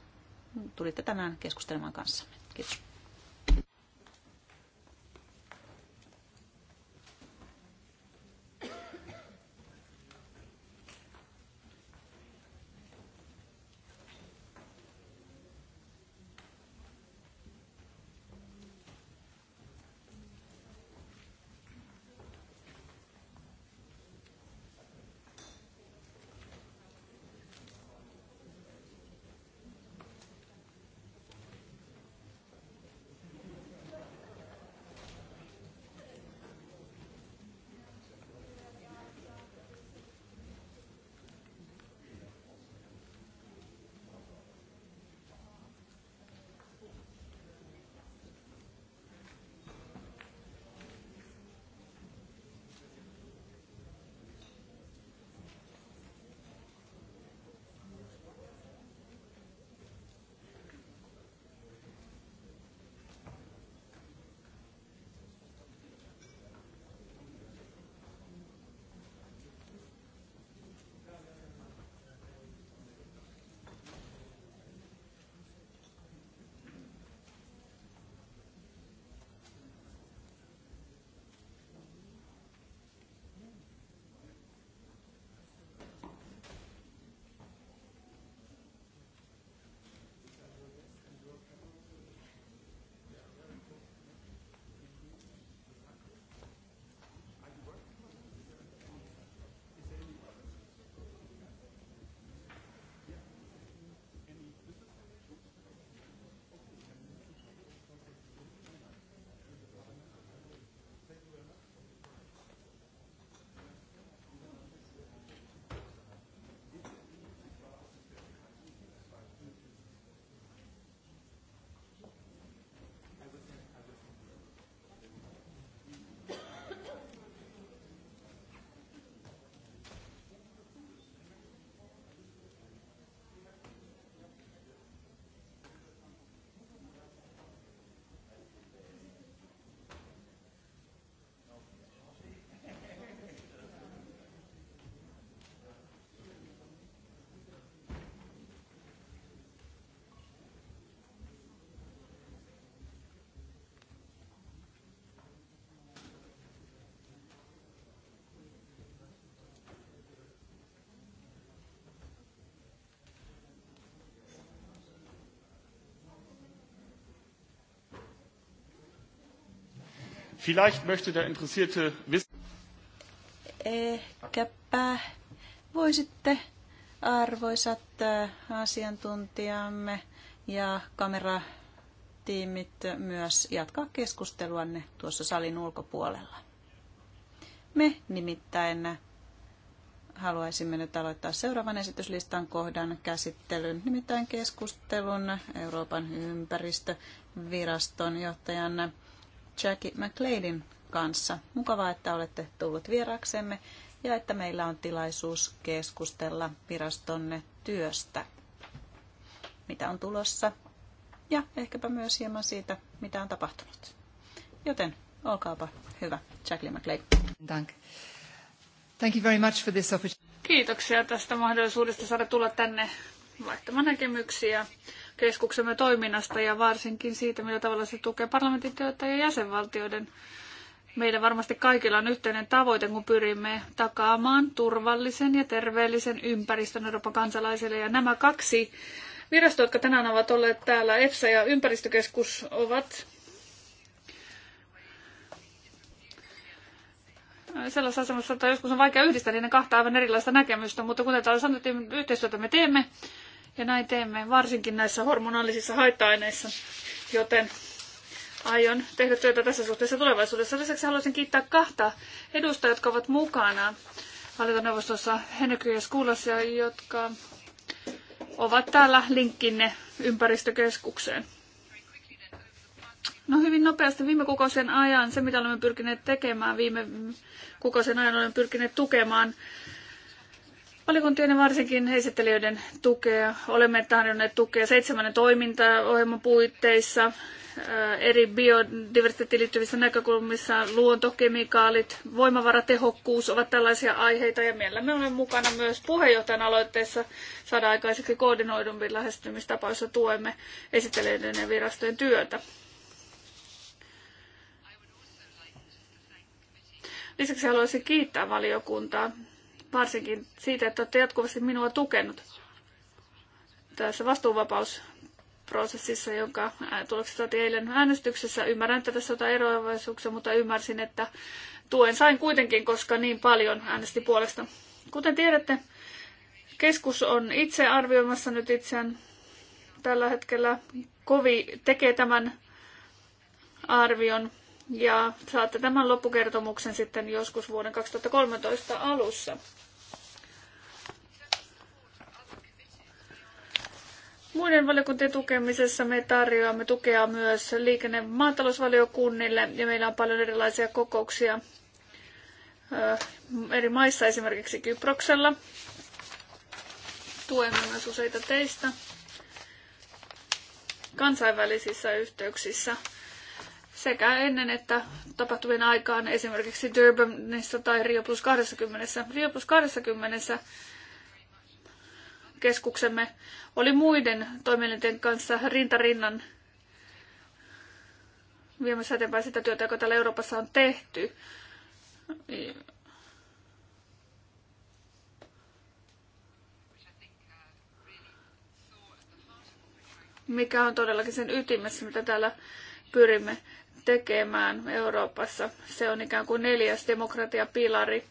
tulitte tänään keskustelemaan kanssamme. Kiitos. Vielleicht möchte der interessierte wissen. Ehkäpä voisitte arvoisat äh, asiantuntijamme ja kameratiimit myös jatkaa keskusteluanne tuossa salin ulkopuolella. Me nimittäin haluaisimme nyt aloittaa seuraavan esityslistan kohdan käsittelyn, nimittäin keskustelun Euroopan ympäristöviraston johtajan Jackie McLeodin kanssa. Mukavaa, että olette tullut vieraksemme ja että meillä on tilaisuus keskustella virastonne työstä, mitä on tulossa ja ehkäpä myös hieman siitä, mitä on tapahtunut. Joten olkaapa hyvä, Jacqueline McLeod. Thank. Thank you very much for this opportunity. Kiitoksia tästä mahdollisuudesta saada tulla tänne vaihtamaan näkemyksiä keskuksemme toiminnasta ja varsinkin siitä, millä tavalla se tukee parlamentin työtä ja jäsenvaltioiden. Meidän varmasti kaikilla on yhteinen tavoite, kun pyrimme takaamaan turvallisen ja terveellisen ympäristön Euroopan kansalaisille. Ja nämä kaksi virastoa, jotka tänään ovat olleet täällä, EFSA ja ympäristökeskus, ovat sellaisessa asemassa, että joskus on vaikea yhdistää niiden kahta aivan erilaista näkemystä, mutta kuten täällä sanottiin, yhteistyötä me teemme ja näin teemme varsinkin näissä hormonaalisissa haitta-aineissa, joten aion tehdä työtä tässä suhteessa tulevaisuudessa. Lisäksi haluaisin kiittää kahta edustajaa, jotka ovat mukana hallintoneuvostossa, Henry ja Skuulasia, jotka ovat täällä linkkinne ympäristökeskukseen. No hyvin nopeasti viime kuukausien ajan, se mitä olemme pyrkineet tekemään viime kuukausien ajan, olemme pyrkineet tukemaan valiokuntien ja varsinkin esittelijöiden tukea. Olemme tarjonneet tukea seitsemän toimintaohjelman puitteissa, eri biodiversiteettiin liittyvissä näkökulmissa, luontokemikaalit, voimavaratehokkuus ovat tällaisia aiheita ja mielellämme olemme mukana myös puheenjohtajan aloitteessa saada aikaiseksi koordinoidumpi lähestymistapa, jossa tuemme esittelijöiden ja virastojen työtä. Lisäksi haluaisin kiittää valiokuntaa varsinkin siitä, että olette jatkuvasti minua tukenut tässä vastuuvapausprosessissa, jonka tulokset saatiin eilen äänestyksessä. Ymmärrän, että tässä on eroavaisuuksia, mutta ymmärsin, että tuen sain kuitenkin, koska niin paljon äänesti puolesta. Kuten tiedätte, keskus on itse arvioimassa nyt itseään tällä hetkellä. Kovi tekee tämän arvion ja saatte tämän loppukertomuksen sitten joskus vuoden 2013 alussa. Muiden valiokuntien tukemisessa me tarjoamme tukea myös liikenne- ja maatalousvaliokunnille ja meillä on paljon erilaisia kokouksia eri maissa, esimerkiksi Kyproksella. Tuemme myös useita teistä kansainvälisissä yhteyksissä sekä ennen että tapahtuvien aikaan esimerkiksi Durbanissa tai Rio plus 20. Rio plus 20 keskuksemme oli muiden toimielinten kanssa rintarinnan viemässä eteenpäin sitä työtä, joka täällä Euroopassa on tehty. Mikä on todellakin sen ytimessä, mitä täällä pyrimme tekemään Euroopassa. Se on ikään kuin neljäs demokratiapilari.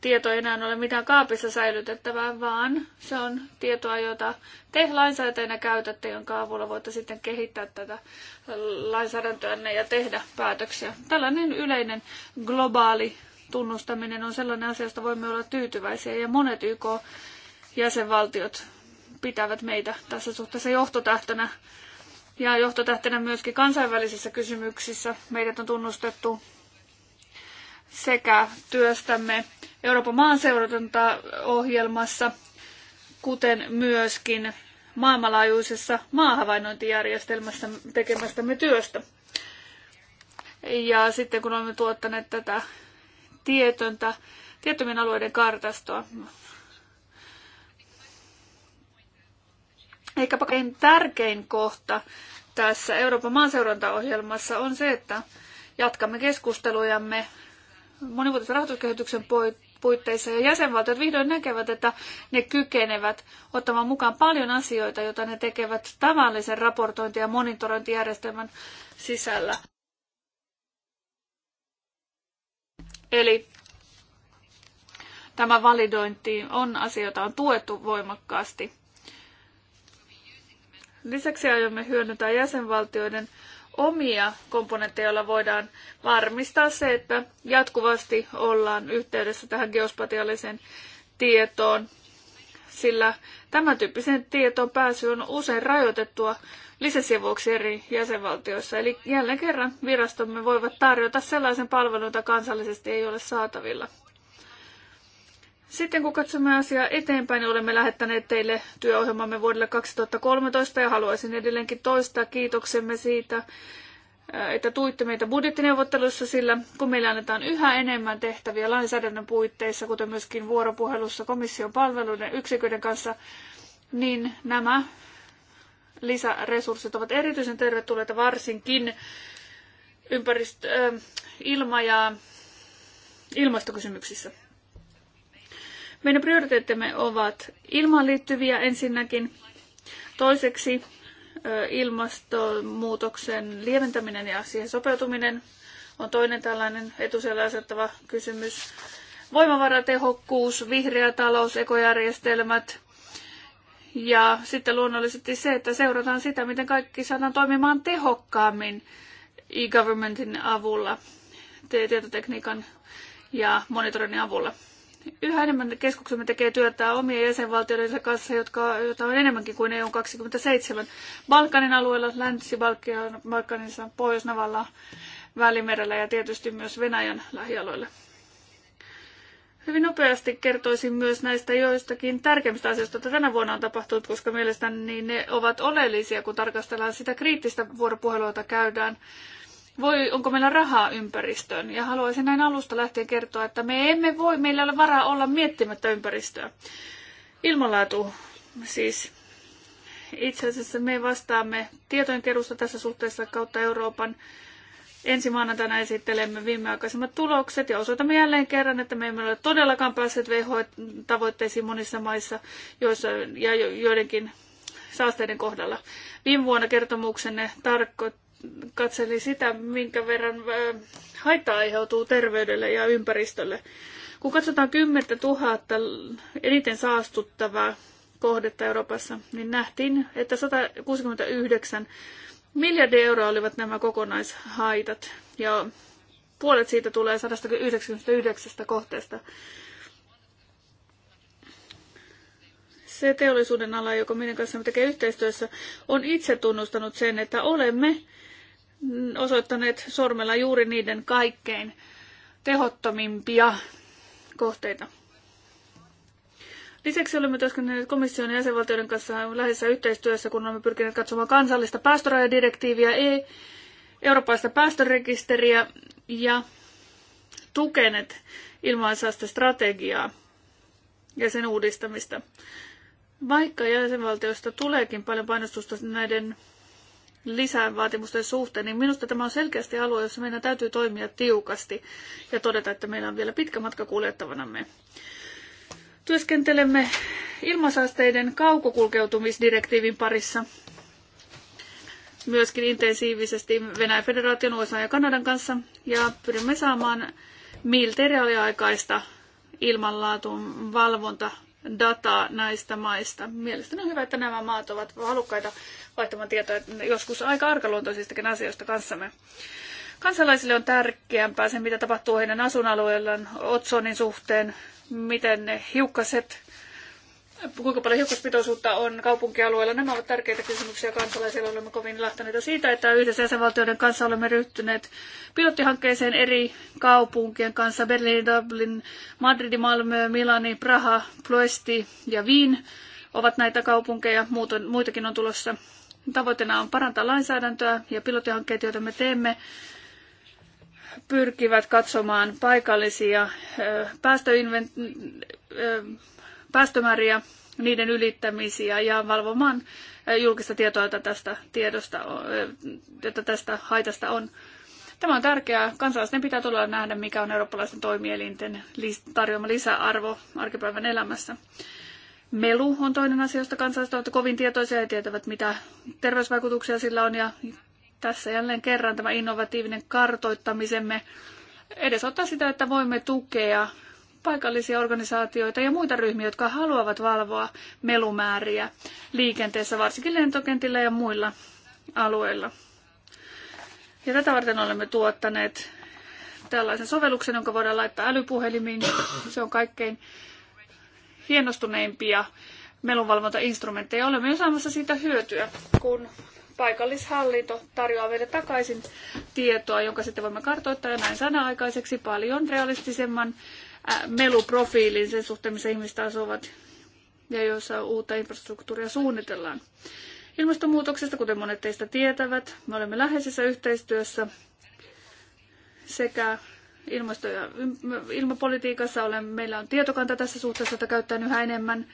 Tieto ei enää ole mitään kaapissa säilytettävää, vaan se on tietoa, jota te lainsäätäjänä käytätte, jonka avulla voitte sitten kehittää tätä lainsäädäntöänne ja tehdä päätöksiä. Tällainen yleinen globaali tunnustaminen on sellainen asia, josta voimme olla tyytyväisiä ja monet YK-jäsenvaltiot pitävät meitä tässä suhteessa johtotähtönä ja johtotähtenä myöskin kansainvälisissä kysymyksissä meidät on tunnustettu sekä työstämme Euroopan maanseurantaohjelmassa, kuten myöskin maailmanlaajuisessa maahavainnointijärjestelmässä tekemästämme työstä. Ja sitten kun olemme tuottaneet tätä tietöntä, tiettömien alueiden kartastoa, Ehkä kaikkein tärkein kohta tässä Euroopan maanseurantaohjelmassa on se, että jatkamme keskustelujamme monivuotisen rahoituskehityksen puitteissa ja jäsenvaltiot vihdoin näkevät, että ne kykenevät ottamaan mukaan paljon asioita, joita ne tekevät tavallisen raportointi- ja monitorointijärjestelmän sisällä. Eli tämä validointi on asioita on tuettu voimakkaasti Lisäksi aiomme hyödyntää jäsenvaltioiden omia komponentteja, joilla voidaan varmistaa se, että jatkuvasti ollaan yhteydessä tähän geospatiaaliseen tietoon, sillä tämän tyyppiseen tietoon pääsy on usein rajoitettua Lisäsi vuoksi eri jäsenvaltioissa. Eli jälleen kerran virastomme voivat tarjota sellaisen palvelun, jota kansallisesti ei ole saatavilla. Sitten kun katsomme asiaa eteenpäin, niin olemme lähettäneet teille työohjelmamme vuodelle 2013 ja haluaisin edelleenkin toistaa kiitoksemme siitä, että tuitte meitä budjettineuvotteluissa, sillä kun meillä annetaan yhä enemmän tehtäviä lainsäädännön puitteissa, kuten myöskin vuoropuhelussa komission palveluiden yksiköiden kanssa, niin nämä lisäresurssit ovat erityisen tervetulleita varsinkin ympäristö, ilma- ja ilmastokysymyksissä. Meidän prioriteettimme ovat ilmaan liittyviä ensinnäkin, toiseksi ilmastonmuutoksen lieventäminen ja siihen sopeutuminen on toinen tällainen etusijalle asettava kysymys. Voimavaratehokkuus, vihreä talous, ekojärjestelmät ja sitten luonnollisesti se, että seurataan sitä, miten kaikki saadaan toimimaan tehokkaammin e-governmentin avulla, tietotekniikan ja monitoroinnin avulla. Yhä enemmän keskuksemme tekee työtä omien jäsenvaltioidensa kanssa, jotka, joita on enemmänkin kuin EU 27. Balkanin alueella, Länsi-Balkanissa, Pohjois-Navalla, Välimerellä ja tietysti myös Venäjän lähialueilla. Hyvin nopeasti kertoisin myös näistä joistakin tärkeimmistä asioista, joita tänä vuonna on tapahtunut, koska mielestäni ne ovat oleellisia, kun tarkastellaan sitä kriittistä vuoropuhelua, jota käydään voi, onko meillä rahaa ympäristöön. Ja haluaisin näin alusta lähtien kertoa, että me emme voi, meillä ei ole varaa olla miettimättä ympäristöä. Ilmanlaatu siis. Itse asiassa me vastaamme tietojenkeruusta tässä suhteessa kautta Euroopan. Ensi maanantaina esittelemme viimeaikaisimmat tulokset ja osoitamme jälleen kerran, että me emme ole todellakaan päässeet WHO-tavoitteisiin monissa maissa joissa, ja joidenkin saasteiden kohdalla. Viime vuonna kertomuksenne tarkoitti katseli sitä, minkä verran haittaa aiheutuu terveydelle ja ympäristölle. Kun katsotaan 10 000 eniten saastuttavaa kohdetta Euroopassa, niin nähtiin, että 169 miljardia euroa olivat nämä kokonaishaitat. Ja puolet siitä tulee 199 kohteesta. Se teollisuuden ala, joka minun kanssa tekee yhteistyössä, on itse tunnustanut sen, että olemme osoittaneet sormella juuri niiden kaikkein tehottomimpia kohteita. Lisäksi olemme työskennelleet komission ja jäsenvaltioiden kanssa läheisessä yhteistyössä, kun olemme pyrkineet katsomaan kansallista päästörajadirektiiviä, e eurooppalaista päästörekisteriä ja tukeneet strategiaa ja sen uudistamista. Vaikka jäsenvaltioista tuleekin paljon painostusta näiden lisävaatimusten suhteen, niin minusta tämä on selkeästi alue, jossa meidän täytyy toimia tiukasti ja todeta, että meillä on vielä pitkä matka kuljettavanamme. Työskentelemme ilmansaasteiden kaukokulkeutumisdirektiivin parissa myöskin intensiivisesti Venäjän federaation, USA ja Kanadan kanssa ja pyrimme saamaan miltei reaaliaikaista ilmanlaatun valvonta dataa näistä maista. Mielestäni on hyvä, että nämä maat ovat halukkaita vaihtamaan tietoa joskus aika arkaluontoisistakin asioista kanssamme. Kansalaisille on tärkeämpää se, mitä tapahtuu heidän asuinalueellaan, otsonin suhteen, miten ne hiukkaset kuinka paljon hiukkaspitoisuutta on kaupunkialueella. Nämä ovat tärkeitä kysymyksiä kansalaisille. Olemme kovin lähteneitä siitä, että yhdessä jäsenvaltioiden kanssa olemme ryhtyneet pilottihankkeeseen eri kaupunkien kanssa. Berliini, Dublin, Madrid, Malmö, Milani, Praha, Ploesti ja Wien ovat näitä kaupunkeja. muitakin on tulossa. Tavoitteena on parantaa lainsäädäntöä ja pilottihankkeet, joita me teemme, pyrkivät katsomaan paikallisia päästöinvent- päästömääriä, niiden ylittämisiä ja valvomaan julkista tietoa, jota tästä, tiedosta, jota tästä haitasta on. Tämä on tärkeää. Kansalaisten pitää tulla nähdä, mikä on eurooppalaisten toimielinten tarjoama lisäarvo arkipäivän elämässä. Melu on toinen asia, josta kansalaiset ovat kovin tietoisia ja tietävät, mitä terveysvaikutuksia sillä on. Ja tässä jälleen kerran tämä innovatiivinen kartoittamisemme edesottaa sitä, että voimme tukea paikallisia organisaatioita ja muita ryhmiä, jotka haluavat valvoa melumääriä liikenteessä, varsinkin lentokentillä ja muilla alueilla. Ja tätä varten olemme tuottaneet tällaisen sovelluksen, jonka voidaan laittaa älypuhelimiin. Se on kaikkein hienostuneimpia melunvalvontainstrumentteja. Olemme jo saamassa siitä hyötyä, kun paikallishallinto tarjoaa meille takaisin tietoa, jonka sitten voimme kartoittaa ja näin saada aikaiseksi paljon realistisemman meluprofiiliin sen suhteen, missä ihmiset asuvat ja joissa uutta infrastruktuuria suunnitellaan. Ilmastonmuutoksesta, kuten monet teistä tietävät, me olemme läheisessä yhteistyössä sekä ilmasto- ja ilmapolitiikassa olen, meillä on tietokanta tässä suhteessa, jota käyttää yhä enemmän.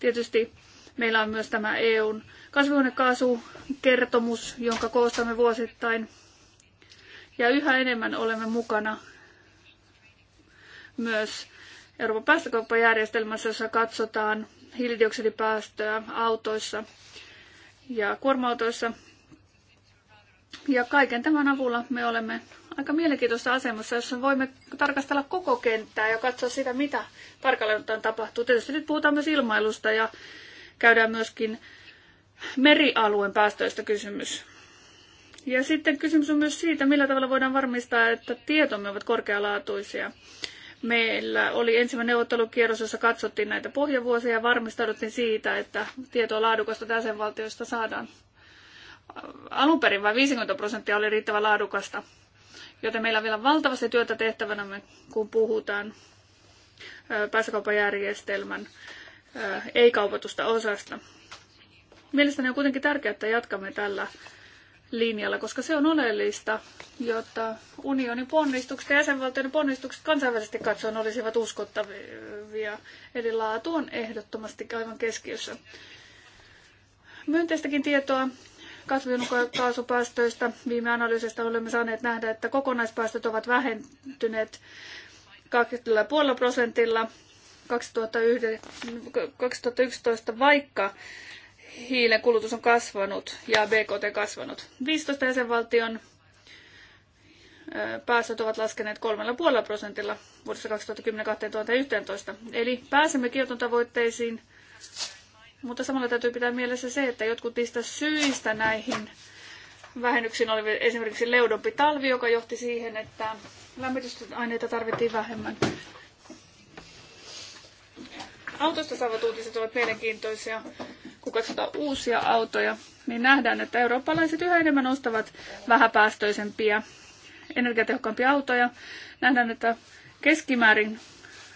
Tietysti meillä on myös tämä EUn kasvihuonekaasukertomus, jonka koostamme vuosittain. Ja yhä enemmän olemme mukana myös Euroopan päästökauppajärjestelmässä, jossa katsotaan hiilidioksidipäästöä autoissa ja kuorma-autoissa. Ja kaiken tämän avulla me olemme aika mielenkiintoisessa asemassa, jossa voimme tarkastella koko kenttää ja katsoa sitä, mitä tarkalleen ottaen tapahtuu. Tietysti nyt puhutaan myös ilmailusta ja käydään myöskin merialueen päästöistä kysymys. Ja sitten kysymys on myös siitä, millä tavalla voidaan varmistaa, että tietomme ovat korkealaatuisia. Meillä oli ensimmäinen neuvottelukierros, jossa katsottiin näitä pohjavuosia ja varmistauduttiin siitä, että tietoa laadukasta jäsenvaltioista saadaan. Alun perin vain 50 prosenttia oli riittävän laadukasta, joten meillä on vielä valtavasti työtä tehtävänämme, kun puhutaan päästökauppajärjestelmän ei-kaupatusta osasta. Mielestäni on kuitenkin tärkeää, että jatkamme tällä linjalla, koska se on oleellista, jotta unionin ponnistukset ja jäsenvaltioiden ponnistukset kansainvälisesti katsoen olisivat uskottavia. Eli laatu on ehdottomasti aivan keskiössä. Myönteistäkin tietoa kasvihuonekaasupäästöistä viime analyysistä olemme saaneet nähdä, että kokonaispäästöt ovat vähentyneet 2,5 prosentilla 2011, vaikka hiilen kulutus on kasvanut ja BKT kasvanut. 15 jäsenvaltion päästöt ovat laskeneet 3,5 prosentilla vuodesta 2010-2011. Eli pääsemme kioton tavoitteisiin, mutta samalla täytyy pitää mielessä se, että jotkut niistä syistä näihin vähennyksiin oli esimerkiksi leudompi talvi, joka johti siihen, että lämmitysaineita tarvittiin vähemmän. Autosta saavat uutiset ovat mielenkiintoisia kun katsotaan uusia autoja, niin nähdään, että eurooppalaiset yhä enemmän ostavat vähäpäästöisempiä, energiatehokkaampia autoja. Nähdään, että keskimäärin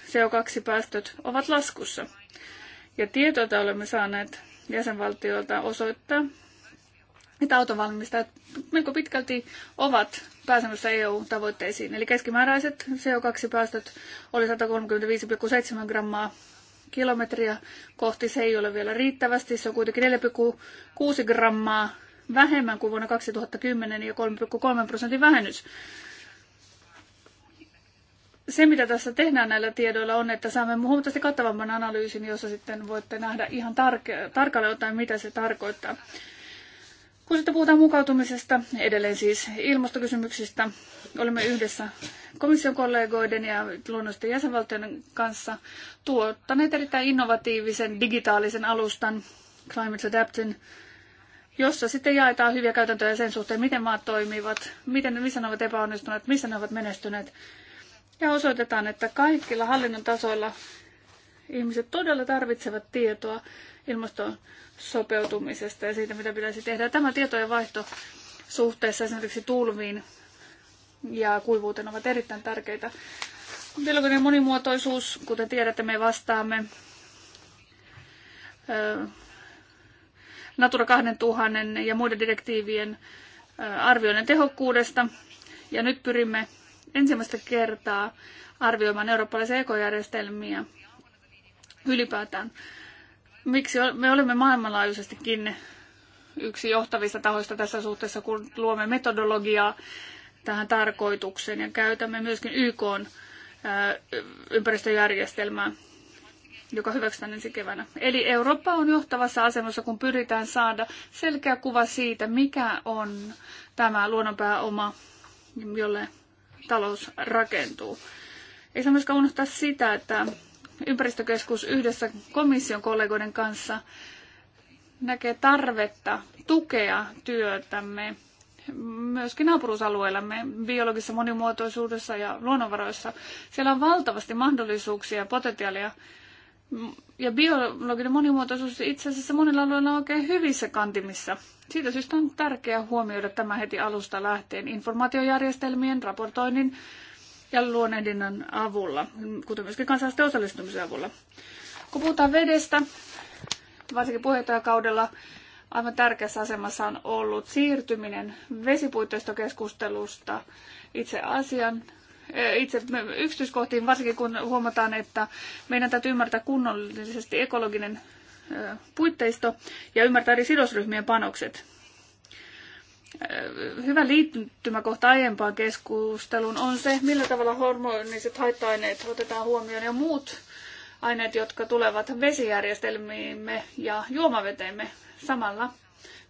CO2-päästöt ovat laskussa. Ja tietoita olemme saaneet jäsenvaltioilta osoittaa, että autovalmistajat melko pitkälti ovat pääsemässä EU-tavoitteisiin. Eli keskimääräiset CO2-päästöt oli 135,7 grammaa kilometriä kohti. Se ei ole vielä riittävästi. Se on kuitenkin 4,6 grammaa vähemmän kuin vuonna 2010 ja 3,3 prosentin vähennys. Se, mitä tässä tehdään näillä tiedoilla, on, että saamme huomattavasti kattavamman analyysin, jossa sitten voitte nähdä ihan tarkalleen ottaen, mitä se tarkoittaa. Kun sitten puhutaan mukautumisesta, edelleen siis ilmastokysymyksistä, olemme yhdessä komission kollegoiden ja luonnollisten jäsenvaltioiden kanssa tuottaneet erittäin innovatiivisen digitaalisen alustan Climate Adaptin, jossa sitten jaetaan hyviä käytäntöjä sen suhteen, miten maat toimivat, miten, missä ne ovat epäonnistuneet, missä ne ovat menestyneet. Ja osoitetaan, että kaikilla hallinnon tasoilla Ihmiset todella tarvitsevat tietoa ilmaston sopeutumisesta ja siitä, mitä pitäisi tehdä. Tämä tietojen vaihto suhteessa esimerkiksi tulviin ja kuivuuteen ovat erittäin tärkeitä. Biologinen monimuotoisuus, kuten tiedätte, me vastaamme Natura 2000 ja muiden direktiivien arvioinnin tehokkuudesta. Ja nyt pyrimme ensimmäistä kertaa arvioimaan eurooppalaisia ekojärjestelmiä ylipäätään. Miksi me olemme maailmanlaajuisestikin yksi johtavista tahoista tässä suhteessa, kun luomme metodologiaa tähän tarkoitukseen ja käytämme myöskin YK ympäristöjärjestelmää, joka hyväksytään ensi keväänä. Eli Eurooppa on johtavassa asemassa, kun pyritään saada selkeä kuva siitä, mikä on tämä luonnonpääoma, jolle talous rakentuu. Ei saa myöskään unohtaa sitä, että ympäristökeskus yhdessä komission kollegoiden kanssa näkee tarvetta tukea työtämme myöskin naapuruusalueillamme biologisessa monimuotoisuudessa ja luonnonvaroissa. Siellä on valtavasti mahdollisuuksia ja potentiaalia. Ja biologinen monimuotoisuus itse asiassa monilla alueilla on oikein hyvissä kantimissa. Siitä syystä on tärkeää huomioida tämä heti alusta lähtien informaatiojärjestelmien, raportoinnin, ja luonnehdinnan avulla, kuten myöskin kansalaisten osallistumisen avulla. Kun puhutaan vedestä, varsinkin puheenjohtajakaudella aivan tärkeässä asemassa on ollut siirtyminen vesipuitteistokeskustelusta itse asian eh, itse yksityiskohtiin, varsinkin kun huomataan, että meidän täytyy ymmärtää kunnollisesti ekologinen eh, puitteisto ja ymmärtää eri sidosryhmien panokset hyvä liittymäkohta aiempaan keskusteluun on se, millä tavalla hormoniset haitta-aineet otetaan huomioon ja muut aineet, jotka tulevat vesijärjestelmiimme ja juomaveteemme samalla,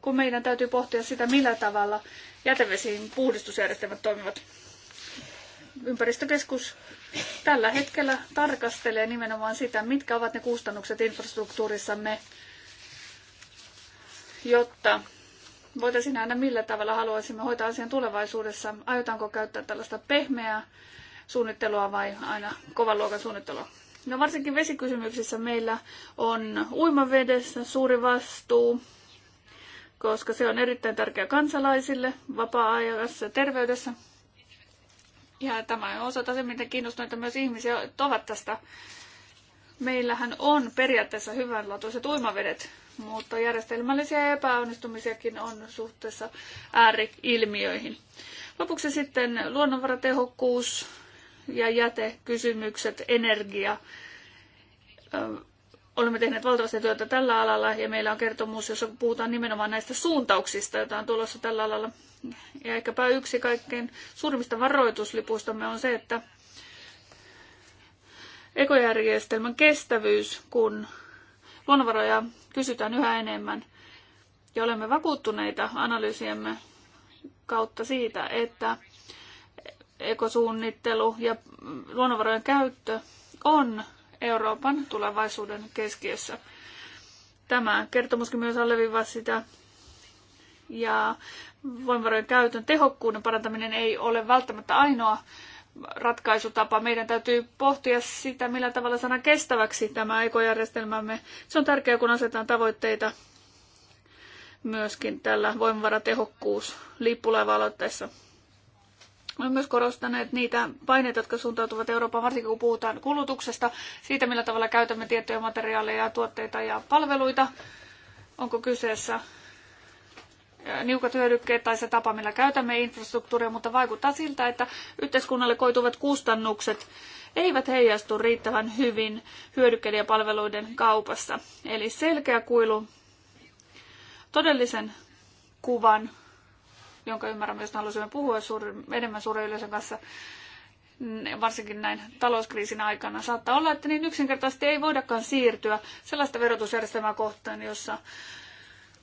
kun meidän täytyy pohtia sitä, millä tavalla jätevesiin puhdistusjärjestelmät toimivat. Ympäristökeskus tällä hetkellä tarkastelee nimenomaan sitä, mitkä ovat ne kustannukset infrastruktuurissamme, jotta voitaisiin nähdä, millä tavalla haluaisimme hoitaa asian tulevaisuudessa. Aiotaanko käyttää tällaista pehmeää suunnittelua vai aina kovan luokan suunnittelua? No varsinkin vesikysymyksissä meillä on uimavedessä suuri vastuu, koska se on erittäin tärkeä kansalaisille vapaa-ajassa ja terveydessä. Ja tämä on osa se, miten kiinnostuneita myös ihmisiä ovat tästä Meillähän on periaatteessa hyvänlaatuiset uimavedet, mutta järjestelmällisiä epäonnistumisiakin on suhteessa ääriilmiöihin. Lopuksi sitten luonnonvaratehokkuus ja jätekysymykset, energia. Olemme tehneet valtavasti työtä tällä alalla ja meillä on kertomus, jossa puhutaan nimenomaan näistä suuntauksista, joita on tulossa tällä alalla. Ja ehkäpä yksi kaikkein suurimmista varoituslipuistamme on se, että ekojärjestelmän kestävyys, kun luonnonvaroja kysytään yhä enemmän. Ja olemme vakuuttuneita analyysiemme kautta siitä, että ekosuunnittelu ja luonnonvarojen käyttö on Euroopan tulevaisuuden keskiössä. Tämä kertomuskin myös alleviivaa sitä. Ja voimavarojen käytön tehokkuuden parantaminen ei ole välttämättä ainoa ratkaisutapa. Meidän täytyy pohtia sitä, millä tavalla sana kestäväksi tämä ekojärjestelmämme. Se on tärkeää, kun asetetaan tavoitteita myöskin tällä voimavaratehokkuus lippulaiva-aloitteessa. Olemme myös korostaneet niitä paineita, jotka suuntautuvat Eurooppaan, varsinkin kun puhutaan kulutuksesta, siitä millä tavalla käytämme tiettyjä materiaaleja, tuotteita ja palveluita. Onko kyseessä niukat hyödykkeet tai se tapa, millä käytämme infrastruktuuria, mutta vaikuttaa siltä, että yhteiskunnalle koituvat kustannukset eivät heijastu riittävän hyvin hyödykkeiden ja palveluiden kaupassa. Eli selkeä kuilu todellisen kuvan, jonka ymmärrämme, jos haluaisimme puhua suuri, enemmän suuren yleisön kanssa, varsinkin näin talouskriisin aikana. Saattaa olla, että niin yksinkertaisesti ei voidakaan siirtyä sellaista verotusjärjestelmää kohtaan, jossa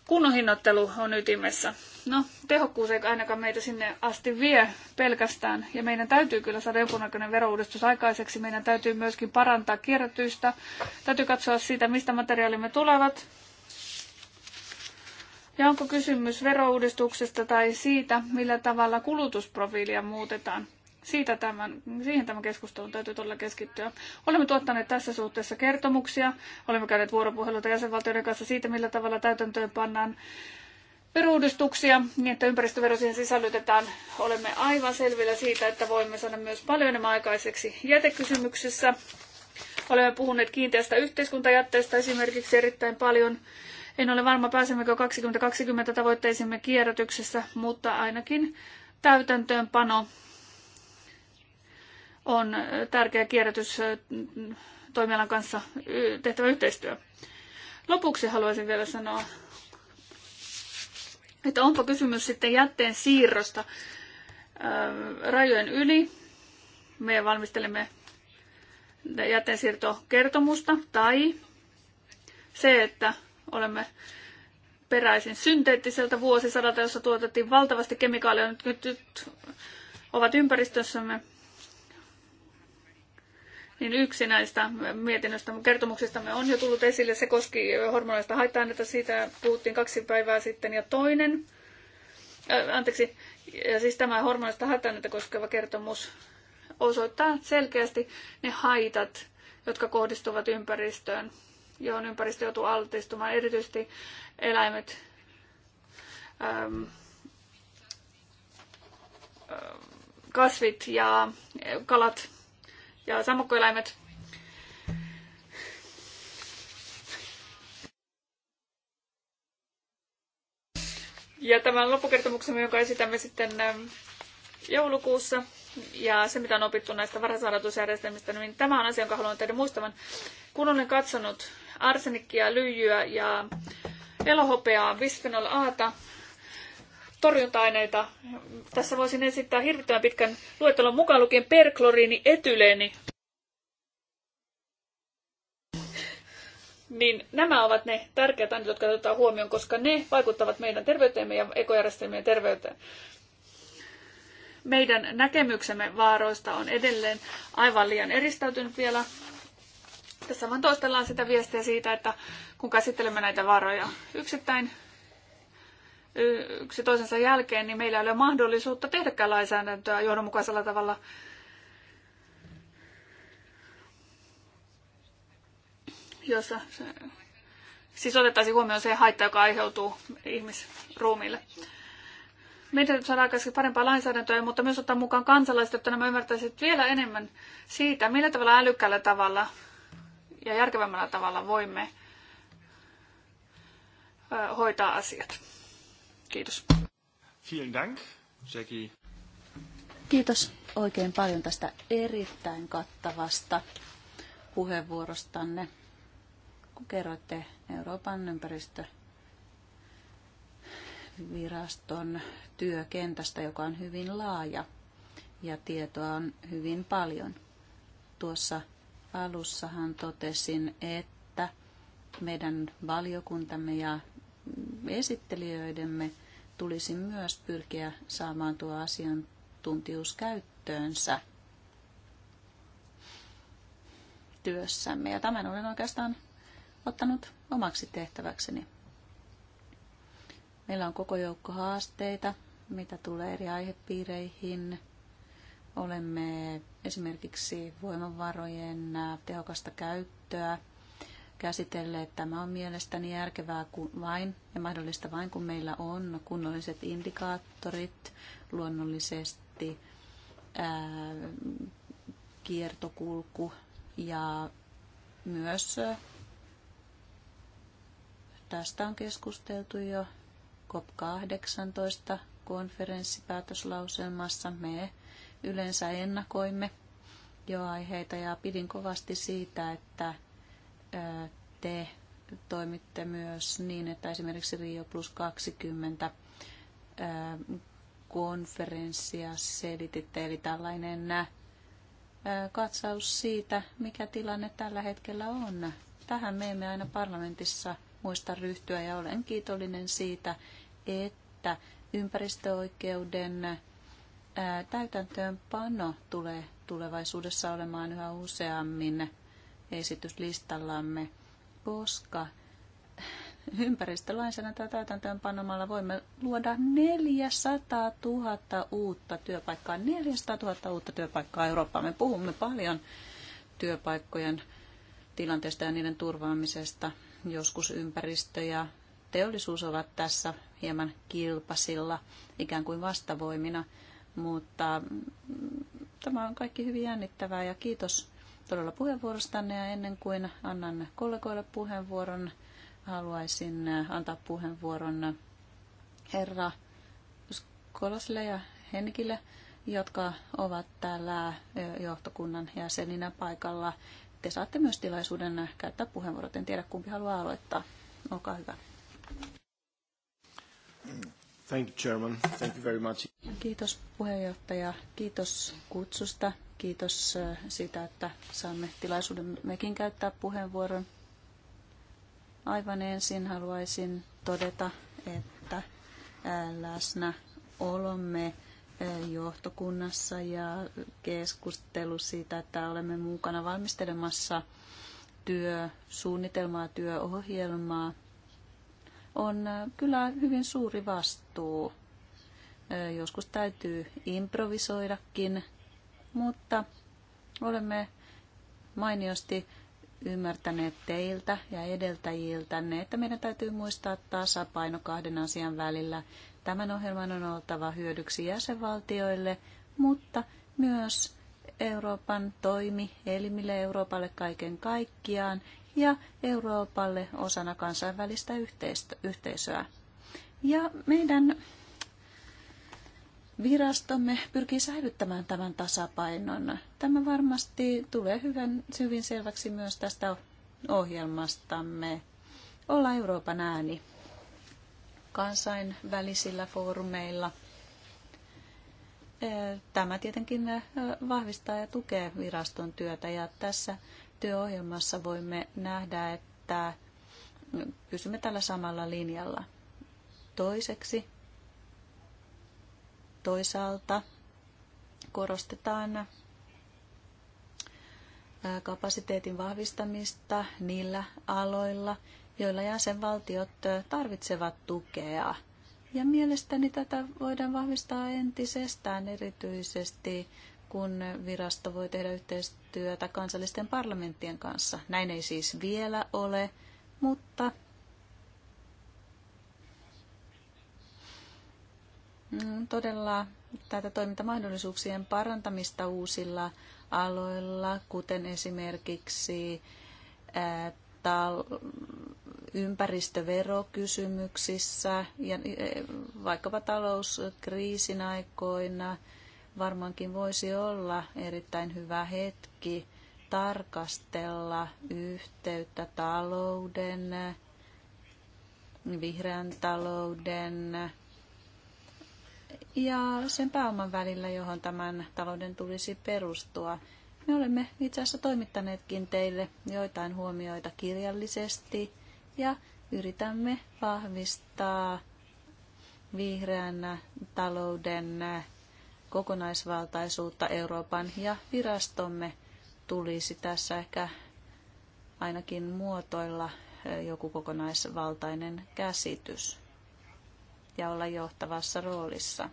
kunnon hinnoittelu on ytimessä. No, tehokkuus ei ainakaan meitä sinne asti vie pelkästään. Ja meidän täytyy kyllä saada näköinen verouudistus aikaiseksi. Meidän täytyy myöskin parantaa kierrätystä. Täytyy katsoa siitä, mistä materiaalimme tulevat. Ja onko kysymys verouudistuksesta tai siitä, millä tavalla kulutusprofiilia muutetaan. Siitä tämän, siihen tämän keskustelun täytyy todella keskittyä. Olemme tuottaneet tässä suhteessa kertomuksia. Olemme käyneet vuoropuheluita jäsenvaltioiden kanssa siitä, millä tavalla täytäntöön pannaan verouudistuksia, niin että ympäristövero siihen sisällytetään. Olemme aivan selvillä siitä, että voimme saada myös paljon enemmän aikaiseksi jätekysymyksessä. Olemme puhuneet kiinteästä yhteiskuntajätteestä esimerkiksi erittäin paljon. En ole varma, pääsemmekö 2020 tavoitteisimme kierrätyksessä, mutta ainakin täytäntöönpano on tärkeä toimialan kanssa tehtävä yhteistyö. Lopuksi haluaisin vielä sanoa, että onpa kysymys sitten jätteen siirrosta rajojen yli. Me valmistelemme jätteensiirtokertomusta tai se, että olemme peräisin synteettiseltä vuosisadalta, jossa tuotettiin valtavasti kemikaaleja, nyt, nyt, nyt ovat ympäristössämme niin yksi näistä mietinnöstä kertomuksistamme on jo tullut esille. Se koski hormonaista haittaa, että siitä puhuttiin kaksi päivää sitten. Ja toinen, äh, anteeksi, ja siis tämä hormonaista haittaa, koskeva kertomus osoittaa selkeästi ne haitat, jotka kohdistuvat ympäristöön, johon ympäristö joutuu altistumaan, erityisesti eläimet, ähm, äh, kasvit ja kalat ja sammukkoeläimet. Ja tämän loppukertomuksemme, jonka esitämme sitten ähm, joulukuussa, ja se, mitä on opittu näistä varasaadatusjärjestelmistä, niin tämä on asia, jonka haluan teidän muistavan. Kun olen katsonut arsenikkia, lyijyä ja elohopeaa, bisphenol Ata, torjunta-aineita. Tässä voisin esittää hirvittävän pitkän luettelon mukaan lukien perkloriini, etyleeni. Niin nämä ovat ne tärkeät aineet, jotka otetaan huomioon, koska ne vaikuttavat meidän terveyteemme ja ekojärjestelmien terveyteen. Meidän näkemyksemme vaaroista on edelleen aivan liian eristäytynyt vielä. Tässä vaan toistellaan sitä viestiä siitä, että kun käsittelemme näitä vaaroja yksittäin, yksi toisensa jälkeen, niin meillä ei ole mahdollisuutta tehdäkään lainsäädäntöä johdonmukaisella tavalla. Jossa siis otettaisiin huomioon se haitta, joka aiheutuu ihmisruumille. Meidän täytyy saada aikaisemmin parempaa lainsäädäntöä, mutta myös ottaa mukaan kansalaiset, jotta nämä ymmärtäisivät vielä enemmän siitä, millä tavalla älykkäällä tavalla ja järkevämmällä tavalla voimme hoitaa asiat. Kiitos. Vielen Dank, Jackie. Kiitos oikein paljon tästä erittäin kattavasta puheenvuorostanne, kun kerroitte Euroopan ympäristöviraston työkentästä, joka on hyvin laaja ja tietoa on hyvin paljon. Tuossa alussahan totesin, että meidän valiokuntamme ja esittelijöidemme – tulisi myös pyrkiä saamaan tuo asiantuntijuus käyttöönsä työssämme. Ja tämän olen oikeastaan ottanut omaksi tehtäväkseni. Meillä on koko joukko haasteita, mitä tulee eri aihepiireihin. Olemme esimerkiksi voimavarojen äh, tehokasta käyttöä käsitelleet. Tämä on mielestäni järkevää kuin vain ja mahdollista vain, kun meillä on kunnolliset indikaattorit luonnollisesti, ää, kiertokulku ja myös tästä on keskusteltu jo COP18 konferenssipäätöslauselmassa. Me yleensä ennakoimme jo aiheita ja pidin kovasti siitä, että te toimitte myös niin, että esimerkiksi Rio Plus 20 konferenssia selititte, eli tällainen katsaus siitä, mikä tilanne tällä hetkellä on. Tähän me emme aina parlamentissa muista ryhtyä ja olen kiitollinen siitä, että ympäristöoikeuden täytäntöönpano tulee tulevaisuudessa olemaan yhä useammin esityslistallamme, koska ympäristölainsäädäntöä täytäntöönpanomalla voimme luoda 400 000 uutta työpaikkaa. 400 000 uutta työpaikkaa Eurooppaan. Me puhumme paljon työpaikkojen tilanteesta ja niiden turvaamisesta. Joskus ympäristö ja teollisuus ovat tässä hieman kilpasilla ikään kuin vastavoimina, mutta mm, tämä on kaikki hyvin jännittävää ja kiitos todella puheenvuorostanne ja ennen kuin annan kollegoille puheenvuoron, haluaisin äh, antaa puheenvuoron herra Skolasille ja Henkille, jotka ovat täällä johtokunnan jäseninä paikalla. Te saatte myös tilaisuuden käyttää puheenvuorot. En tiedä, kumpi haluaa aloittaa. Olkaa hyvä. Thank you, Chairman. Thank you very much. Kiitos puheenjohtaja. Kiitos kutsusta Kiitos äh, siitä, että saamme tilaisuuden mekin käyttää puheenvuoron. Aivan ensin haluaisin todeta, että äh, läsnä olomme äh, johtokunnassa ja keskustelu siitä, että olemme mukana valmistelemassa työsuunnitelmaa, työohjelmaa, on kyllä hyvin suuri vastuu. Joskus täytyy improvisoidakin mutta olemme mainiosti ymmärtäneet teiltä ja edeltäjiltänne, että meidän täytyy muistaa tasapaino kahden asian välillä. Tämän ohjelman on oltava hyödyksi jäsenvaltioille, mutta myös Euroopan toimi elimille Euroopalle kaiken kaikkiaan ja Euroopalle osana kansainvälistä yhteisöä. Ja meidän virastomme pyrkii säilyttämään tämän tasapainon. Tämä varmasti tulee hyvän, hyvin selväksi myös tästä ohjelmastamme. Olla Euroopan ääni kansainvälisillä foorumeilla. Eh, tämä tietenkin eh, vahvistaa ja tukee viraston työtä ja tässä työohjelmassa voimme nähdä, että pysymme tällä samalla linjalla. Toiseksi toisaalta korostetaan kapasiteetin vahvistamista niillä aloilla, joilla jäsenvaltiot tarvitsevat tukea. Ja mielestäni tätä voidaan vahvistaa entisestään erityisesti, kun virasto voi tehdä yhteistyötä kansallisten parlamenttien kanssa. Näin ei siis vielä ole, mutta Mm, todella tätä toimintamahdollisuuksien parantamista uusilla aloilla, kuten esimerkiksi tal- ympäristöverokysymyksissä ja vaikkapa talouskriisin aikoina varmaankin voisi olla erittäin hyvä hetki tarkastella yhteyttä talouden, vihreän talouden, ja sen pääoman välillä, johon tämän talouden tulisi perustua. Me olemme itse asiassa toimittaneetkin teille joitain huomioita kirjallisesti ja yritämme vahvistaa vihreän talouden kokonaisvaltaisuutta Euroopan ja virastomme tulisi tässä ehkä ainakin muotoilla joku kokonaisvaltainen käsitys ja olla johtavassa roolissa.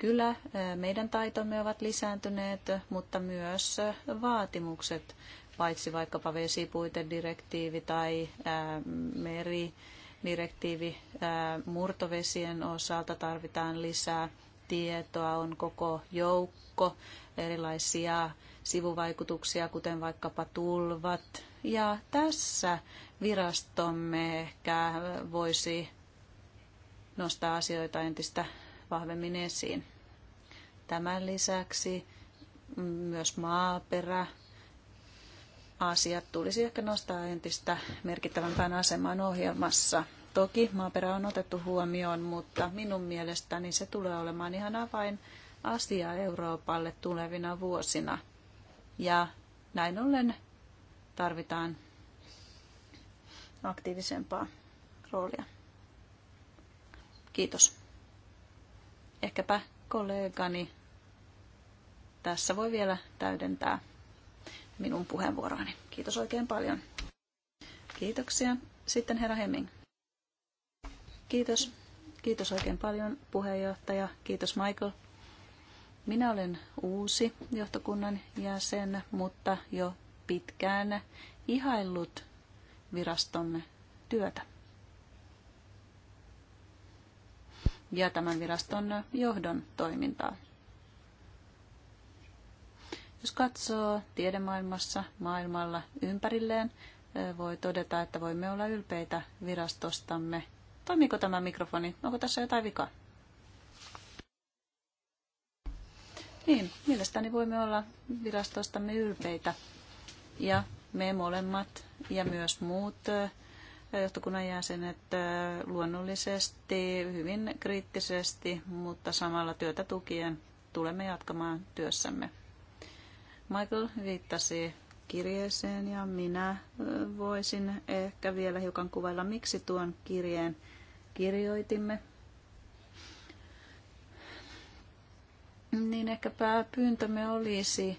Kyllä meidän taitomme ovat lisääntyneet, mutta myös vaatimukset, paitsi vaikkapa vesipuitedirektiivi tai meridirektiivi murtovesien osalta tarvitaan lisää tietoa, on koko joukko erilaisia sivuvaikutuksia, kuten vaikkapa tulvat. Ja tässä virastomme ehkä voisi nostaa asioita entistä vahvemmin esiin. Tämän lisäksi myös maaperä, asiat tulisi ehkä nostaa entistä merkittävämpään asemaan ohjelmassa. Toki maaperä on otettu huomioon, mutta minun mielestäni se tulee olemaan ihan avain asia Euroopalle tulevina vuosina. Ja näin ollen tarvitaan aktiivisempaa roolia. Kiitos ehkäpä kollegani tässä voi vielä täydentää minun puheenvuoroani. Kiitos oikein paljon. Kiitoksia. Sitten herra Hemming. Kiitos. Kiitos oikein paljon puheenjohtaja. Kiitos Michael. Minä olen uusi johtokunnan jäsen, mutta jo pitkään ihaillut virastomme työtä. ja tämän viraston johdon toimintaa. Jos katsoo tiedemaailmassa, maailmalla ympärilleen, voi todeta, että voimme olla ylpeitä virastostamme. Toimiiko tämä mikrofoni? Onko tässä jotain vikaa? Niin, mielestäni voimme olla virastostamme ylpeitä. Ja me molemmat ja myös muut johtokunnan jäsenet luonnollisesti, hyvin kriittisesti, mutta samalla työtä tukien tulemme jatkamaan työssämme. Michael viittasi kirjeeseen ja minä voisin ehkä vielä hiukan kuvailla, miksi tuon kirjeen kirjoitimme. Niin ehkä pääpyyntömme olisi,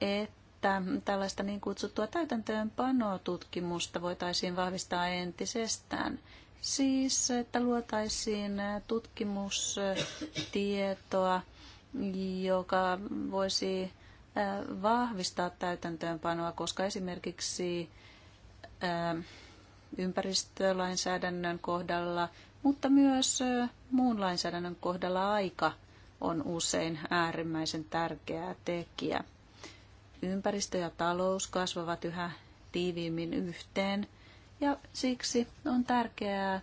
että että tällaista niin kutsuttua täytäntöönpanotutkimusta voitaisiin vahvistaa entisestään. Siis, että luotaisiin tutkimustietoa, joka voisi vahvistaa täytäntöönpanoa, koska esimerkiksi ympäristölainsäädännön kohdalla, mutta myös muun lainsäädännön kohdalla aika on usein äärimmäisen tärkeä tekijä. Ympäristö ja talous kasvavat yhä tiiviimmin yhteen ja siksi on tärkeää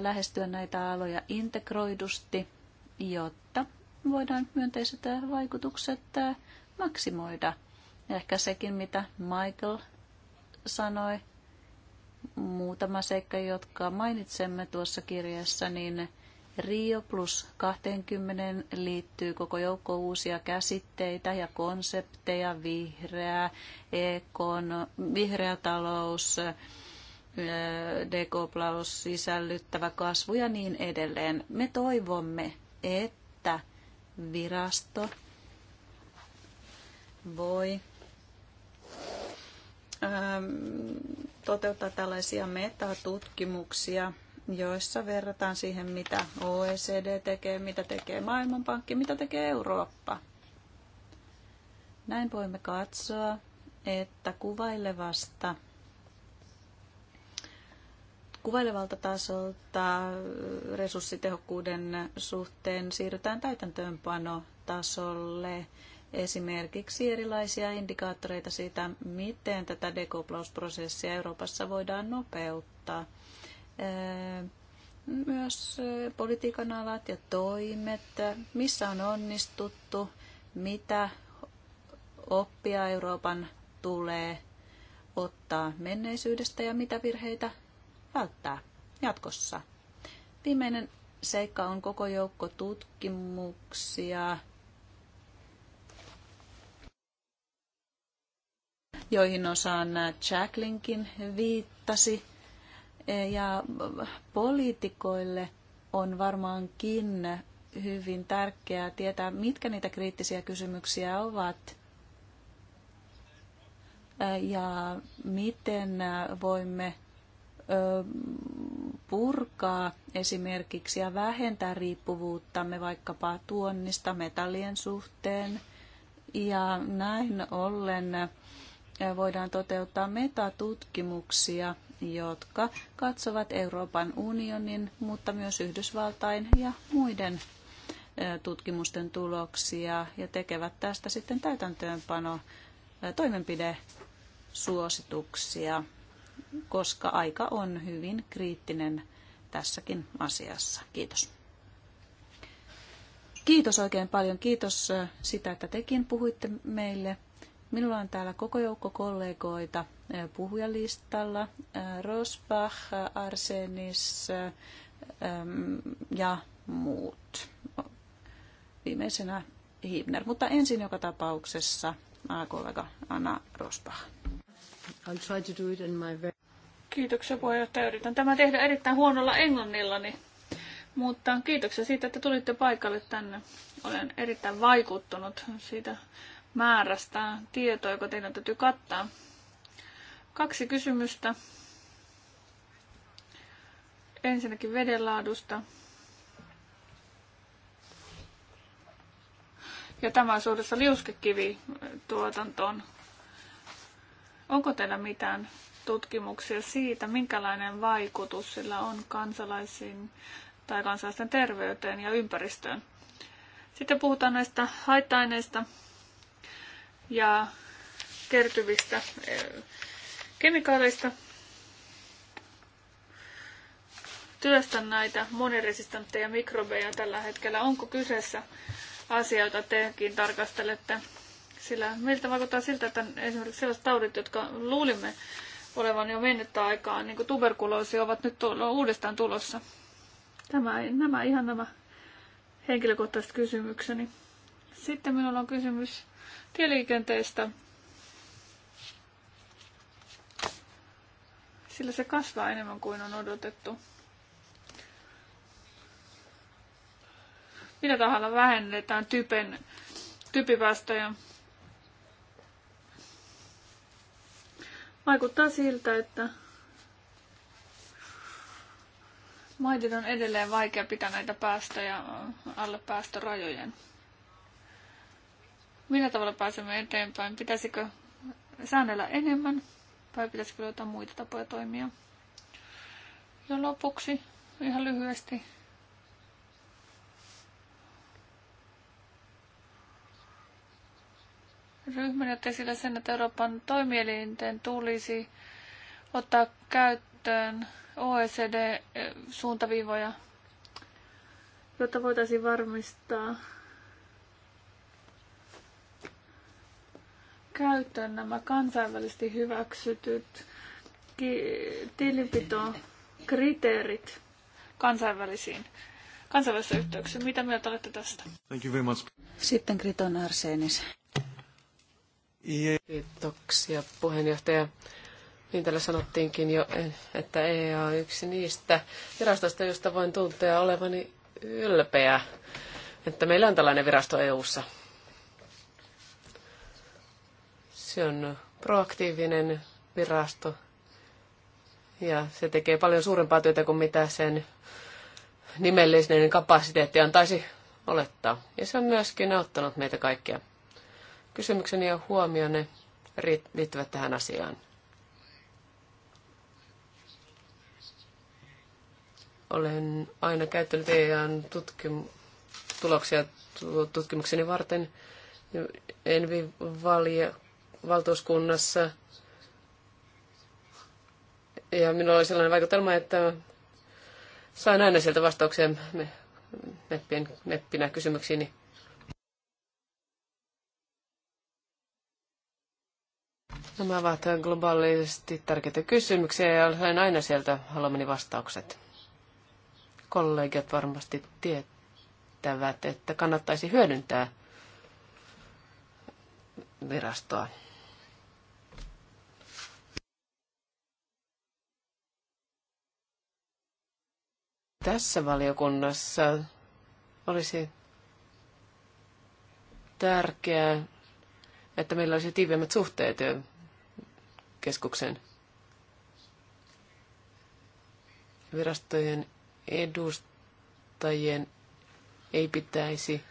lähestyä näitä aloja integroidusti, jotta voidaan myönteiset vaikutukset maksimoida. Ehkä sekin, mitä Michael sanoi, muutama seikka, jotka mainitsemme tuossa kirjassa, niin Rio plus 20 liittyy koko joukko uusia käsitteitä ja konsepteja, vihreä, ekon, vihreä talous, eh, dekoplaus, sisällyttävä kasvu ja niin edelleen. Me toivomme, että virasto voi ehm, toteuttaa tällaisia metatutkimuksia – joissa verrataan siihen, mitä OECD tekee, mitä tekee Maailmanpankki, mitä tekee Eurooppa. Näin voimme katsoa, että kuvailevasta kuvailevalta tasolta resurssitehokkuuden suhteen siirrytään täytäntöönpanotasolle esimerkiksi erilaisia indikaattoreita siitä, miten tätä dekoplausprosessia Euroopassa voidaan nopeuttaa – myös politiikan alat ja toimet, missä on onnistuttu, mitä oppia Euroopan tulee ottaa menneisyydestä ja mitä virheitä välttää jatkossa. Viimeinen seikka on koko joukko tutkimuksia, joihin osaan Jacklinkin viittasi ja poliitikoille on varmaankin hyvin tärkeää tietää, mitkä niitä kriittisiä kysymyksiä ovat ja miten voimme purkaa esimerkiksi ja vähentää riippuvuuttamme vaikkapa tuonnista metallien suhteen. Ja näin ollen voidaan toteuttaa metatutkimuksia jotka katsovat Euroopan unionin, mutta myös Yhdysvaltain ja muiden tutkimusten tuloksia ja tekevät tästä sitten täytäntöönpano toimenpidesuosituksia, koska aika on hyvin kriittinen tässäkin asiassa. Kiitos. Kiitos oikein paljon. Kiitos sitä, että tekin puhuitte meille Minulla on täällä koko joukko kollegoita eh, puhujalistalla. Eh, Rosbach, Arsenis eh, mm, ja muut. Viimeisenä Hibner, mutta ensin joka tapauksessa kollega Anna Rosbach. I'll try to do it in my very... Kiitoksia puheenjohtaja. Yritän tämä tehdä erittäin huonolla englannillani. Mutta kiitoksia siitä, että tulitte paikalle tänne. Olen erittäin vaikuttunut siitä määrästä tietoa, joka teidän täytyy kattaa. Kaksi kysymystä. Ensinnäkin vedenlaadusta. Ja tämä suhdessa liuskekivi tuotantoon. Onko teillä mitään tutkimuksia siitä, minkälainen vaikutus sillä on kansalaisiin tai kansalaisten terveyteen ja ympäristöön? Sitten puhutaan näistä haitta-aineista, ja kertyvistä eh, kemikaaleista. Työstän näitä moniresistantteja mikrobeja tällä hetkellä. Onko kyseessä asia, jota tekin tarkastelette? Sillä miltä vaikuttaa siltä, että esimerkiksi sellaiset taudit, jotka luulimme olevan jo mennyttä aikaa, niin kuin tuberkuloosi, ovat nyt uudestaan tulossa. Tämä, nämä ihan nämä henkilökohtaiset kysymykseni. Sitten minulla on kysymys tieliikenteestä, sillä se kasvaa enemmän kuin on odotettu. Minä tahalla vähennetään typen, typipäästöjä? Vaikuttaa siltä, että maiden on edelleen vaikea pitää näitä päästöjä alle päästörajojen. Millä tavalla pääsemme eteenpäin? Pitäisikö säännellä enemmän vai pitäisikö löytää muita tapoja toimia? Ja lopuksi ihan lyhyesti ryhmän otti esille sen, että Euroopan toimielinten tulisi ottaa käyttöön OECD-suuntaviivoja, jotta voitaisiin varmistaa käyttöön nämä kansainvälisesti hyväksytyt tilinpitokriteerit kansainvälisiin kansainvälisissä yhteyksissä. Mitä mieltä olette tästä? Thank you very much. Sitten Kriton Arsenis. Yeah. Kiitoksia puheenjohtaja. Niin täällä sanottiinkin jo, että EA on yksi niistä virastoista, josta voin tuntea olevani ylpeä, että meillä on tällainen virasto EU:ssa. ssa Se on proaktiivinen virasto ja se tekee paljon suurempaa työtä kuin mitä sen nimellinen kapasiteetti antaisi olettaa. Ja se on myöskin auttanut meitä kaikkia. Kysymykseni ja huomioni liittyvät tähän asiaan. Olen aina käyttänyt EAN tutkim- tuloksia tutkimukseni varten. envi valtuuskunnassa. Ja minulla oli sellainen vaikutelma, että sain aina sieltä vastauksia meppien, meppinä kysymyksiini. Nämä ovat globaalisti tärkeitä kysymyksiä ja sain aina sieltä haluamani vastaukset. Kollegiot varmasti tietävät, että kannattaisi hyödyntää virastoa. tässä valiokunnassa olisi tärkeää, että meillä olisi tiiviimmät suhteet keskuksen virastojen edustajien ei pitäisi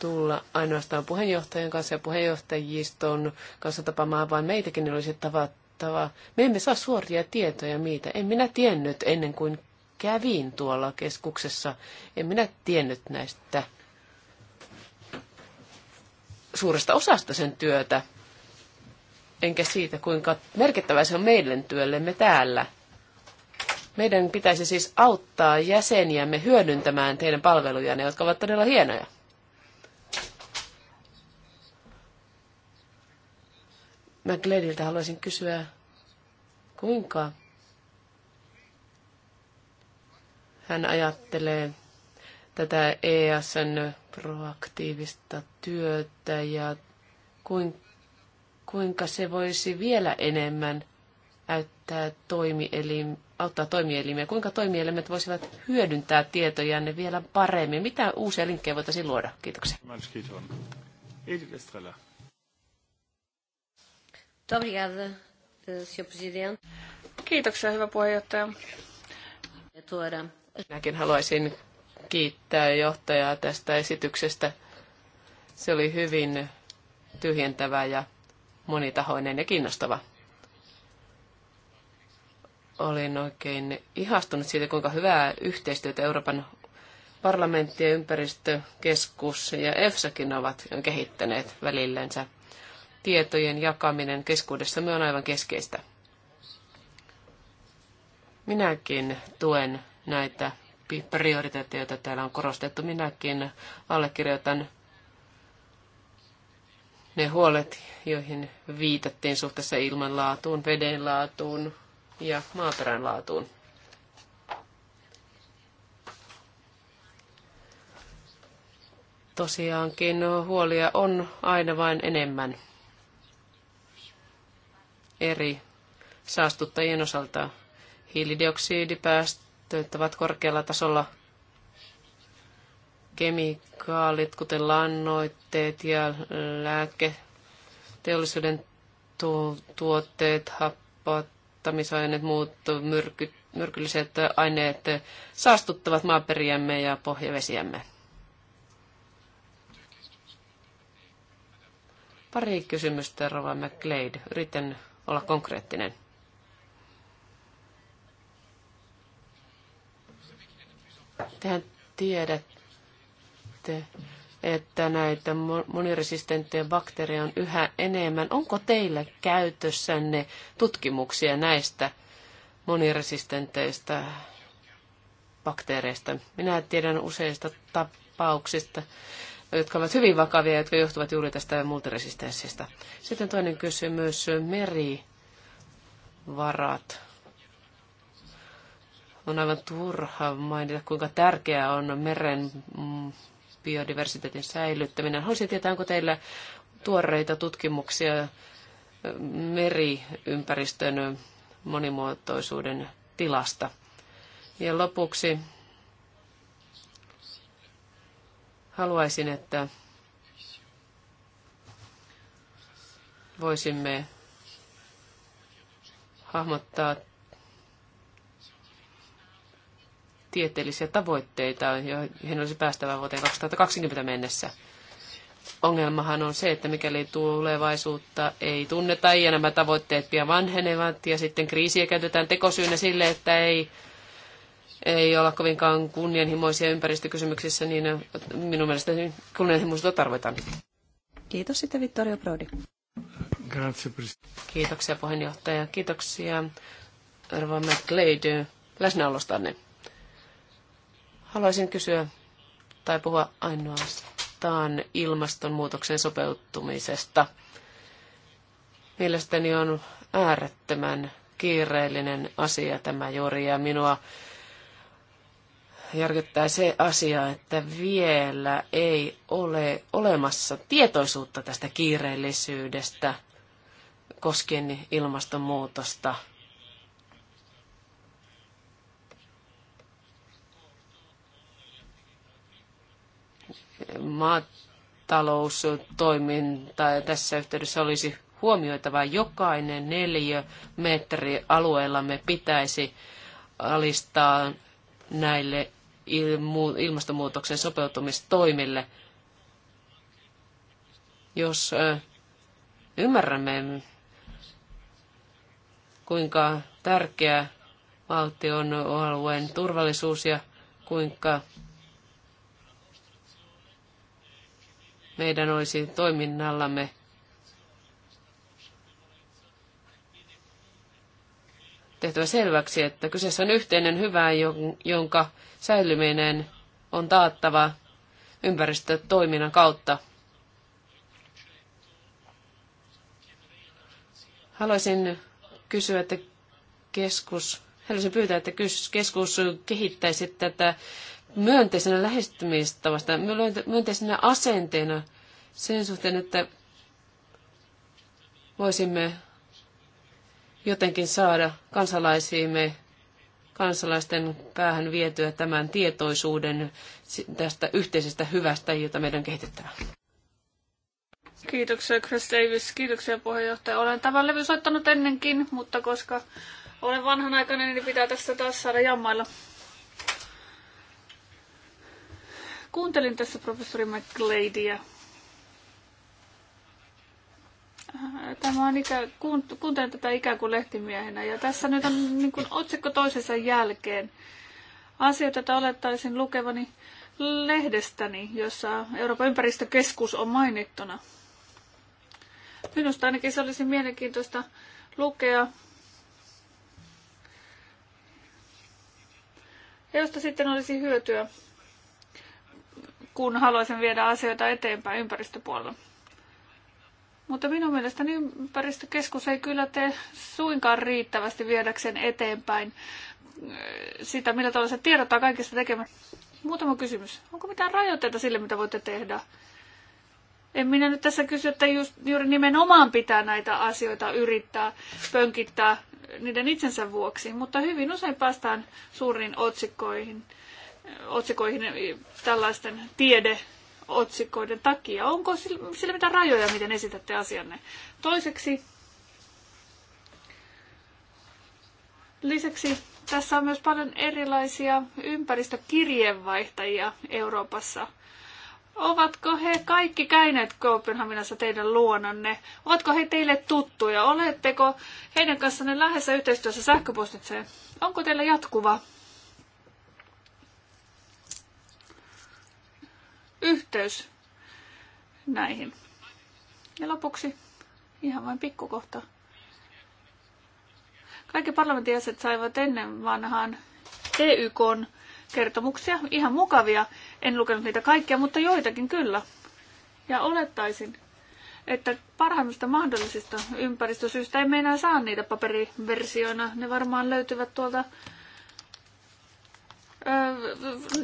tulla ainoastaan puheenjohtajan kanssa ja puheenjohtajiston kanssa tapaamaan, vaan meitäkin olisi tavattava. Me emme saa suoria tietoja niitä. En minä tiennyt ennen kuin kävin tuolla keskuksessa. En minä tiennyt näistä suuresta osasta sen työtä, enkä siitä, kuinka merkittävä se on meidän työllemme täällä. Meidän pitäisi siis auttaa jäseniämme hyödyntämään teidän palvelujanne, jotka ovat todella hienoja. Mä Glediltä haluaisin kysyä, kuinka Hän ajattelee tätä ESN proaktiivista työtä ja kuinka se voisi vielä enemmän toimielim, auttaa toimielimiä, kuinka toimielimet voisivat hyödyntää tietojanne vielä paremmin. Mitä uusia linkkejä voitaisiin luoda? Kiitoksia. Kiitoksia, hyvä puheenjohtaja. Minäkin haluaisin kiittää johtajaa tästä esityksestä. Se oli hyvin tyhjentävä ja monitahoinen ja kiinnostava. Olin oikein ihastunut siitä, kuinka hyvää yhteistyötä Euroopan parlamentti ja ympäristökeskus ja EFSAkin ovat kehittäneet välillensä. Tietojen jakaminen keskuudessa on aivan keskeistä. Minäkin tuen näitä prioriteetteja, joita täällä on korostettu. Minäkin allekirjoitan ne huolet, joihin viitattiin suhteessa ilmanlaatuun, vedenlaatuun ja maaperänlaatuun. Tosiaankin huolia on aina vain enemmän eri saastuttajien osalta. Hiilidioksidipäästö töitä ovat korkealla tasolla. Kemikaalit, kuten lannoitteet ja äh, lääketeollisuuden tuotteet, happattamisaineet, muut myrky- myrkylliset aineet saastuttavat maaperiämme ja pohjavesiämme. Pari kysymystä, Rova McLeod. Yritän olla konkreettinen. Tehän tiedätte, että näitä moniresistenttejä bakteereja on yhä enemmän. Onko teillä käytössänne tutkimuksia näistä moniresistenteistä bakteereista? Minä tiedän useista tapauksista, jotka ovat hyvin vakavia, jotka johtuvat juuri tästä multiresistenssistä. Sitten toinen kysymys, merivarat. On aivan turha mainita, kuinka tärkeää on meren mm, biodiversiteetin säilyttäminen. Haluaisin tietää, onko teillä tuoreita tutkimuksia meriympäristön monimuotoisuuden tilasta. Ja lopuksi haluaisin, että voisimme hahmottaa tieteellisiä tavoitteita, joihin olisi päästävä vuoteen 2020 mennessä. Ongelmahan on se, että mikäli tulevaisuutta ei tunneta ja nämä tavoitteet pian vanhenevat ja sitten kriisiä käytetään tekosyynä sille, että ei, ei olla kovinkaan kunnianhimoisia ympäristökysymyksissä, niin minun mielestäni kunnianhimoisuutta tarvitaan. Kiitos sitten Vittorio Prodi. Kiitoksia puheenjohtaja. Kiitoksia Rova McLeod läsnäolostanne. Haluaisin kysyä tai puhua ainoastaan ilmastonmuutoksen sopeutumisesta. Mielestäni on äärettömän kiireellinen asia tämä juuri ja minua järkyttää se asia, että vielä ei ole olemassa tietoisuutta tästä kiireellisyydestä koskien ilmastonmuutosta – maataloustoiminta tässä yhteydessä olisi huomioitava. Jokainen neljä metri alueellamme pitäisi alistaa näille ilmastonmuutoksen sopeutumistoimille. Jos ymmärrämme, kuinka tärkeä valtion alueen turvallisuus ja kuinka meidän olisi toiminnallamme tehtävä selväksi, että kyseessä on yhteinen hyvä, jonka säilyminen on taattava ympäristötoiminnan kautta. Haluaisin kysyä, että keskus, haluaisin pyytää, että keskus kehittäisi tätä myönteisenä lähestymistavasta, myönteisenä asenteena sen suhteen, että voisimme jotenkin saada kansalaisiimme, kansalaisten päähän vietyä tämän tietoisuuden tästä yhteisestä hyvästä, jota meidän on kehitettävä. Kiitoksia Chris Davis, kiitoksia puheenjohtaja. Olen tämän levy soittanut ennenkin, mutta koska olen vanhanaikainen, niin pitää tästä taas saada jammailla. Kuuntelin tässä professori McGladia. Tämä on ikä, kuuntelen tätä ikään kuin lehtimiehenä ja tässä nyt on niin kuin otsikko toisensa jälkeen asioita, joita olettaisin lukevani lehdestäni, jossa Euroopan ympäristökeskus on mainittuna. Minusta ainakin se olisi mielenkiintoista lukea. Ja josta sitten olisi hyötyä kun haluaisin viedä asioita eteenpäin ympäristöpuolella. Mutta minun mielestäni ympäristökeskus ei kyllä tee suinkaan riittävästi viedäkseen eteenpäin äh, sitä, millä tavalla se tiedottaa kaikista tekemään. Muutama kysymys. Onko mitään rajoitteita sille, mitä voitte tehdä? En minä nyt tässä kysy, että just, juuri nimenomaan pitää näitä asioita yrittää pönkittää niiden itsensä vuoksi, mutta hyvin usein päästään suuriin otsikkoihin otsikoihin e, tällaisten tiedeotsikoiden takia? Onko sillä mitään rajoja, miten esitätte asianne? Toiseksi, lisäksi tässä on myös paljon erilaisia ympäristökirjeenvaihtajia Euroopassa. Ovatko he kaikki käyneet Kööpenhaminassa teidän luonanne? Ovatko he teille tuttuja? Oletteko heidän kanssanne lähes yhteistyössä sähköpostitse? Onko teillä jatkuva yhteys näihin. Ja lopuksi ihan vain pikkukohta. Kaikki parlamentin jäsenet saivat ennen vanhaan EYKn kertomuksia, ihan mukavia. En lukenut niitä kaikkia, mutta joitakin kyllä. Ja olettaisin, että parhaimmista mahdollisista ympäristösyistä emme enää saa niitä paperiversioina. Ne varmaan löytyvät tuolta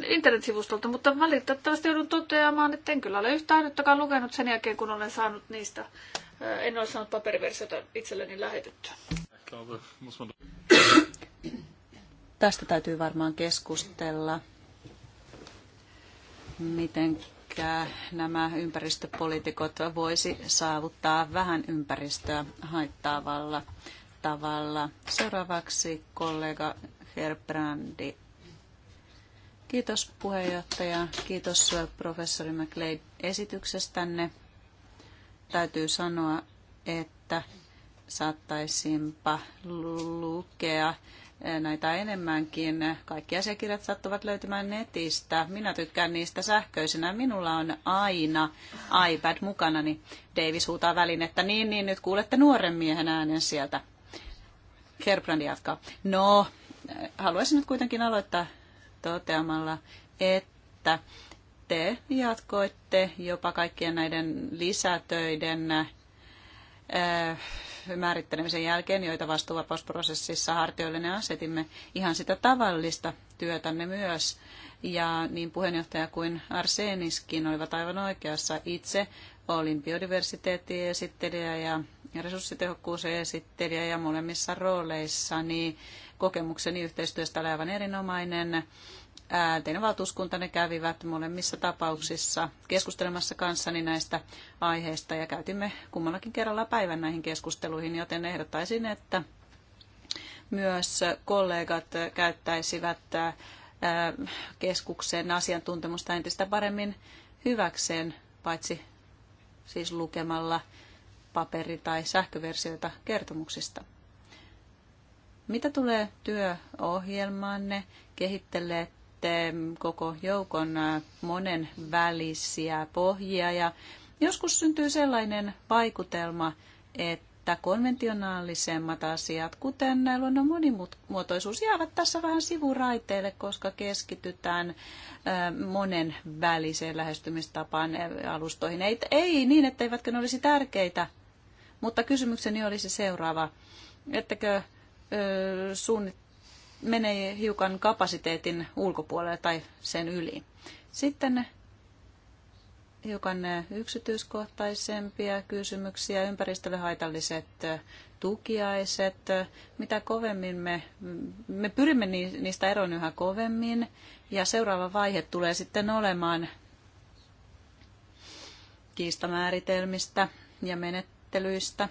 internetsivustolta, mutta valitettavasti joudun toteamaan, että en kyllä ole yhtä ainuttakaan lukenut sen jälkeen, kun olen saanut niistä. En ole saanut paperiversiota itselleni lähetettyä. Tästä täytyy varmaan keskustella, miten nämä ympäristöpolitiikot voisi saavuttaa vähän ympäristöä haittaavalla tavalla. Seuraavaksi kollega Herbrandi Kiitos puheenjohtaja. Kiitos professori McLeod esityksestänne. Täytyy sanoa, että saattaisinpa lukea näitä enemmänkin. Kaikki asiakirjat sattuvat löytymään netistä. Minä tykkään niistä sähköisenä. Minulla on aina iPad mukana, niin Davis huutaa että Niin, niin, nyt kuulette nuoren miehen äänen sieltä. Kerbrand jatkaa. No, haluaisin nyt kuitenkin aloittaa toteamalla, että te jatkoitte jopa kaikkien näiden lisätöiden äh, määrittelemisen jälkeen, joita vastuuvapausprosessissa hartioille ne asetimme, ihan sitä tavallista työtänne myös. Ja niin puheenjohtaja kuin Arseniskin olivat aivan oikeassa. Itse olin biodiversiteettiesittelijä ja resurssitehokkuusesittelijä ja molemmissa rooleissa, niin kokemukseni yhteistyöstä oli aivan erinomainen. Teidän valtuuskuntanne kävivät molemmissa tapauksissa keskustelemassa kanssani näistä aiheista ja käytimme kummallakin kerralla päivän näihin keskusteluihin, joten ehdottaisin, että myös kollegat käyttäisivät keskuksen asiantuntemusta entistä paremmin hyväkseen, paitsi siis lukemalla paperi- tai sähköversioita kertomuksista. Mitä tulee työohjelmaanne? Kehittelette koko joukon monen välisiä pohjia ja joskus syntyy sellainen vaikutelma, että konventionaalisemmat asiat, kuten luonnon monimuotoisuus, jäävät tässä vähän sivuraiteille, koska keskitytään monen väliseen lähestymistapaan alustoihin. Ei, ei niin, etteivätkö ne olisi tärkeitä, mutta kysymykseni olisi seuraava. ettäkö suunnit menee hiukan kapasiteetin ulkopuolelle tai sen yli. Sitten hiukan yksityiskohtaisempia kysymyksiä, ympäristölle haitalliset tukiaiset. Mitä kovemmin me, me pyrimme niistä eroon yhä kovemmin ja seuraava vaihe tulee sitten olemaan kiistamääritelmistä ja menet, menettelyistä.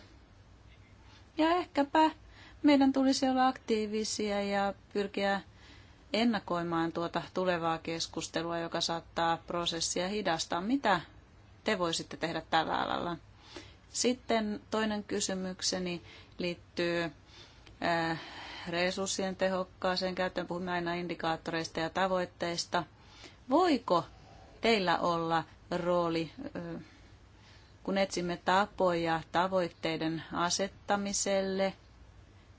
Ja ehkäpä meidän tulisi olla aktiivisia ja pyrkiä ennakoimaan tuota tulevaa keskustelua, joka saattaa prosessia hidastaa. Mitä te voisitte tehdä tällä alalla? Sitten toinen kysymykseni liittyy äh, resurssien tehokkaaseen käyttöön. Puhumme aina indikaattoreista ja tavoitteista. Voiko teillä olla rooli äh, kun etsimme tapoja tavoitteiden asettamiselle,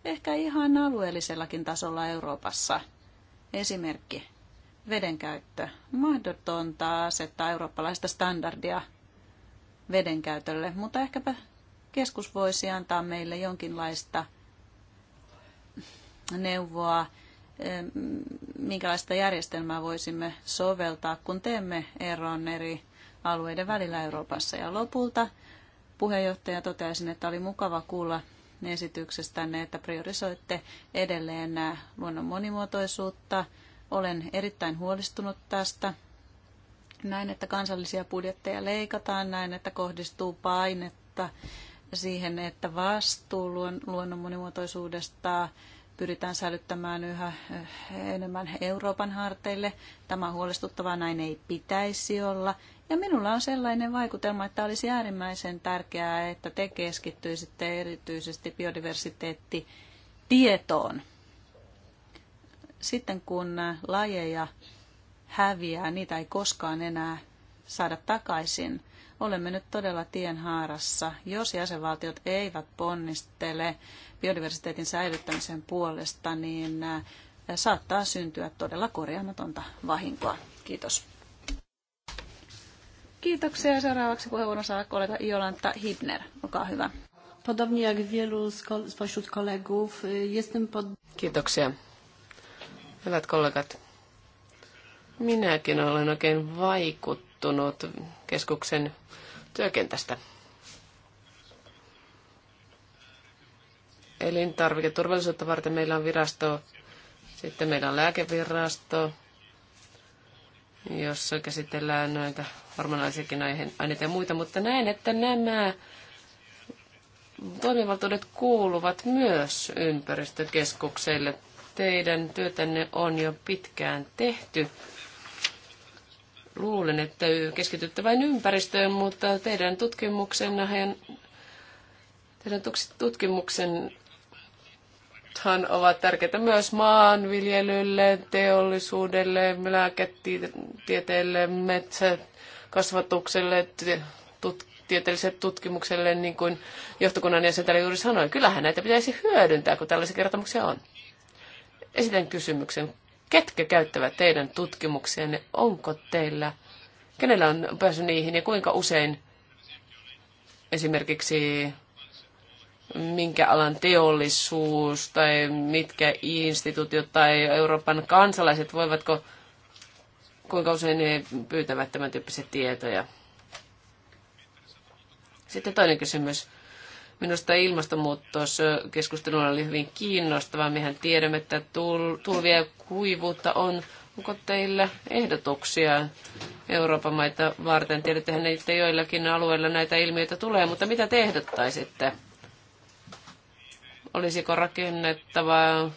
ehkä ihan alueellisellakin tasolla Euroopassa. Esimerkki, vedenkäyttö. Mahdotonta asettaa eurooppalaista standardia vedenkäytölle, mutta ehkäpä keskus voisi antaa meille jonkinlaista neuvoa, eh, minkälaista järjestelmää voisimme soveltaa, kun teemme eron eri alueiden välillä Euroopassa. Ja lopulta puheenjohtaja toteaisin, että oli mukava kuulla esityksestänne, että priorisoitte edelleen äh, luonnon monimuotoisuutta. Olen erittäin huolestunut tästä. Näin, että kansallisia budjetteja leikataan, näin, että kohdistuu painetta siihen, että vastuu luonnon monimuotoisuudesta pyritään säilyttämään yhä äh, enemmän Euroopan harteille. Tämä on huolestuttavaa, näin ei pitäisi olla. Ja minulla on sellainen vaikutelma, että olisi äärimmäisen tärkeää, että te keskittyisitte erityisesti biodiversiteettitietoon. Sitten kun lajeja häviää, niitä ei koskaan enää saada takaisin. Olemme nyt todella tienhaarassa. Jos jäsenvaltiot eivät ponnistele biodiversiteetin säilyttämisen puolesta, niin saattaa syntyä todella korjaamatonta vahinkoa. Kiitos. Kiitoksia. Seuraavaksi puheenvuoron saa kollega Jolanta Hibner. Olkaa hyvä. Podobnie jak wielu spośród kolegów, jestem pod... Kiitoksia. Hyvät kollegat, minäkin olen oikein vaikuttunut keskuksen työkentästä. Elintarviketurvallisuutta varten meillä on virasto, sitten meillä on lääkevirasto, jossa käsitellään näitä hormonaisiakin aineita ja muita, mutta näen, että nämä toimivaltuudet kuuluvat myös ympäristökeskukselle. Teidän työtänne on jo pitkään tehty. Luulen, että keskitytte vain ympäristöön, mutta teidän tutkimuksen, teidän tutkimuksen Maathan ovat tärkeitä myös maanviljelylle, teollisuudelle, lääketieteelle, metsäkasvatukselle, tut- tieteelliselle tutkimukselle, niin kuin johtokunnan jäsen täällä juuri sanoi. Kyllähän näitä pitäisi hyödyntää, kun tällaisia kertomuksia on. Esitän kysymyksen. Ketkä käyttävät teidän tutkimuksianne? Onko teillä, kenellä on pääsy niihin ja kuinka usein esimerkiksi minkä alan teollisuus tai mitkä instituutiot tai Euroopan kansalaiset, voivatko, kuinka usein ne pyytävät tämän tyyppisiä tietoja. Sitten toinen kysymys. Minusta ilmastonmuutos keskustelulla oli hyvin kiinnostava. Mehän tiedämme, että tulvia ja kuivuutta on. Onko teillä ehdotuksia Euroopan maita varten? Tiedättehän, että joillakin alueilla näitä ilmiöitä tulee, mutta mitä te ehdottaisitte? olisiko rakennettava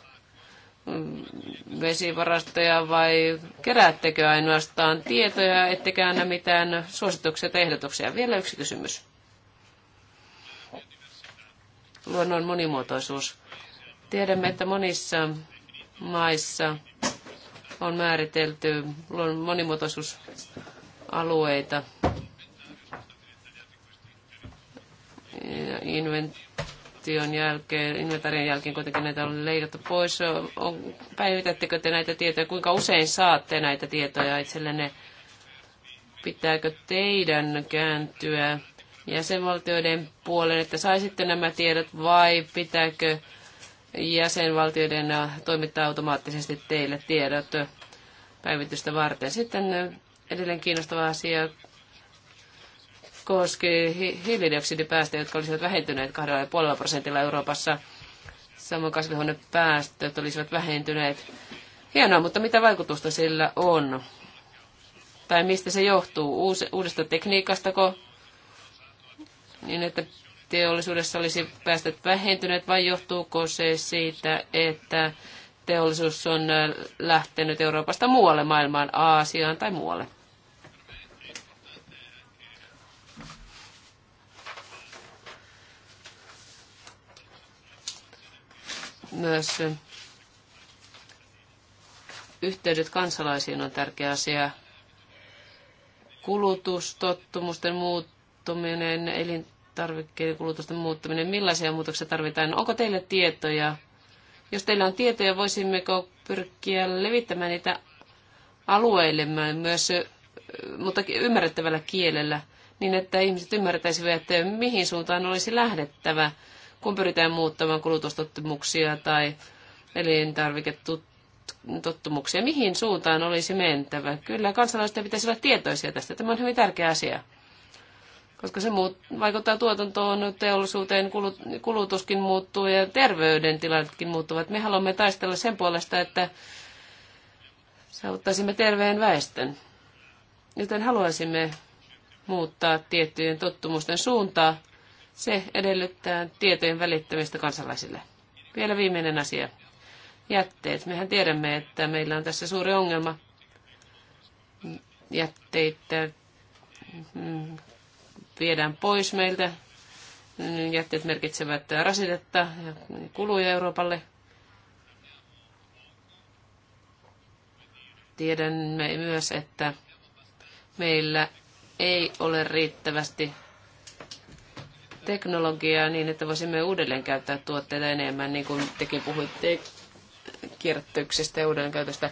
mm, vesivarastoja vai keräättekö ainoastaan tietoja, ettekä anna mitään suosituksia tai ehdotuksia? Vielä yksi kysymys. Luonnon monimuotoisuus. Tiedämme, että monissa maissa on määritelty luonnon monimuotoisuusalueita. Invent- transaktioon jälkeen, inventaarion jälkeen kuitenkin näitä on leikattu pois. On, päivitättekö te näitä tietoja? Kuinka usein saatte näitä tietoja itsellenne? Pitääkö teidän kääntyä jäsenvaltioiden puoleen, että saisitte nämä tiedot, vai pitääkö jäsenvaltioiden toimittaa automaattisesti teille tiedot päivitystä varten? Sitten edelleen kiinnostava asia koskee hiilidioksidipäästöjä, jotka olisivat vähentyneet 2,5 prosentilla Euroopassa. Samoin kasvihuonepäästöt olisivat vähentyneet. Hienoa, mutta mitä vaikutusta sillä on? Tai mistä se johtuu? Uus, uudesta tekniikastako? Niin, että teollisuudessa olisi päästöt vähentyneet vai johtuuko se siitä, että teollisuus on äh, lähtenyt Euroopasta muualle maailmaan, Aasiaan tai muualle? Myös yhteydet kansalaisiin on tärkeä asia. Kulutustottumusten muuttuminen, elintarvikkeiden kulutusten muuttuminen, millaisia muutoksia tarvitaan? Onko teillä tietoja? Jos teillä on tietoja, voisimmeko pyrkiä levittämään niitä alueille myös, mutta ymmärrettävällä kielellä, niin että ihmiset ymmärtäisivät, että mihin suuntaan olisi lähdettävä – kun pyritään muuttamaan kulutustottumuksia tai elintarviketottumuksia. Mihin suuntaan olisi mentävä? Kyllä kansalaisten pitäisi olla tietoisia tästä. Tämä on hyvin tärkeä asia, koska se muut, vaikuttaa tuotantoon, teollisuuteen, kulutuskin muuttuu ja terveydentilatkin muuttuvat. Me haluamme taistella sen puolesta, että saavuttaisimme terveen väestön. Joten haluaisimme muuttaa tiettyjen tottumusten suuntaa se edellyttää tietojen välittämistä kansalaisille. Vielä viimeinen asia. Jätteet. Mehän tiedämme, että meillä on tässä suuri ongelma jätteitä mm, viedään pois meiltä. Mm, jätteet merkitsevät rasitetta ja kuluja Euroopalle. Tiedämme myös, että meillä ei ole riittävästi teknologiaa niin, että voisimme uudelleen käyttää tuotteita enemmän, niin kuin tekin puhuitte kierrätyksestä ja uudelleenkäytöstä.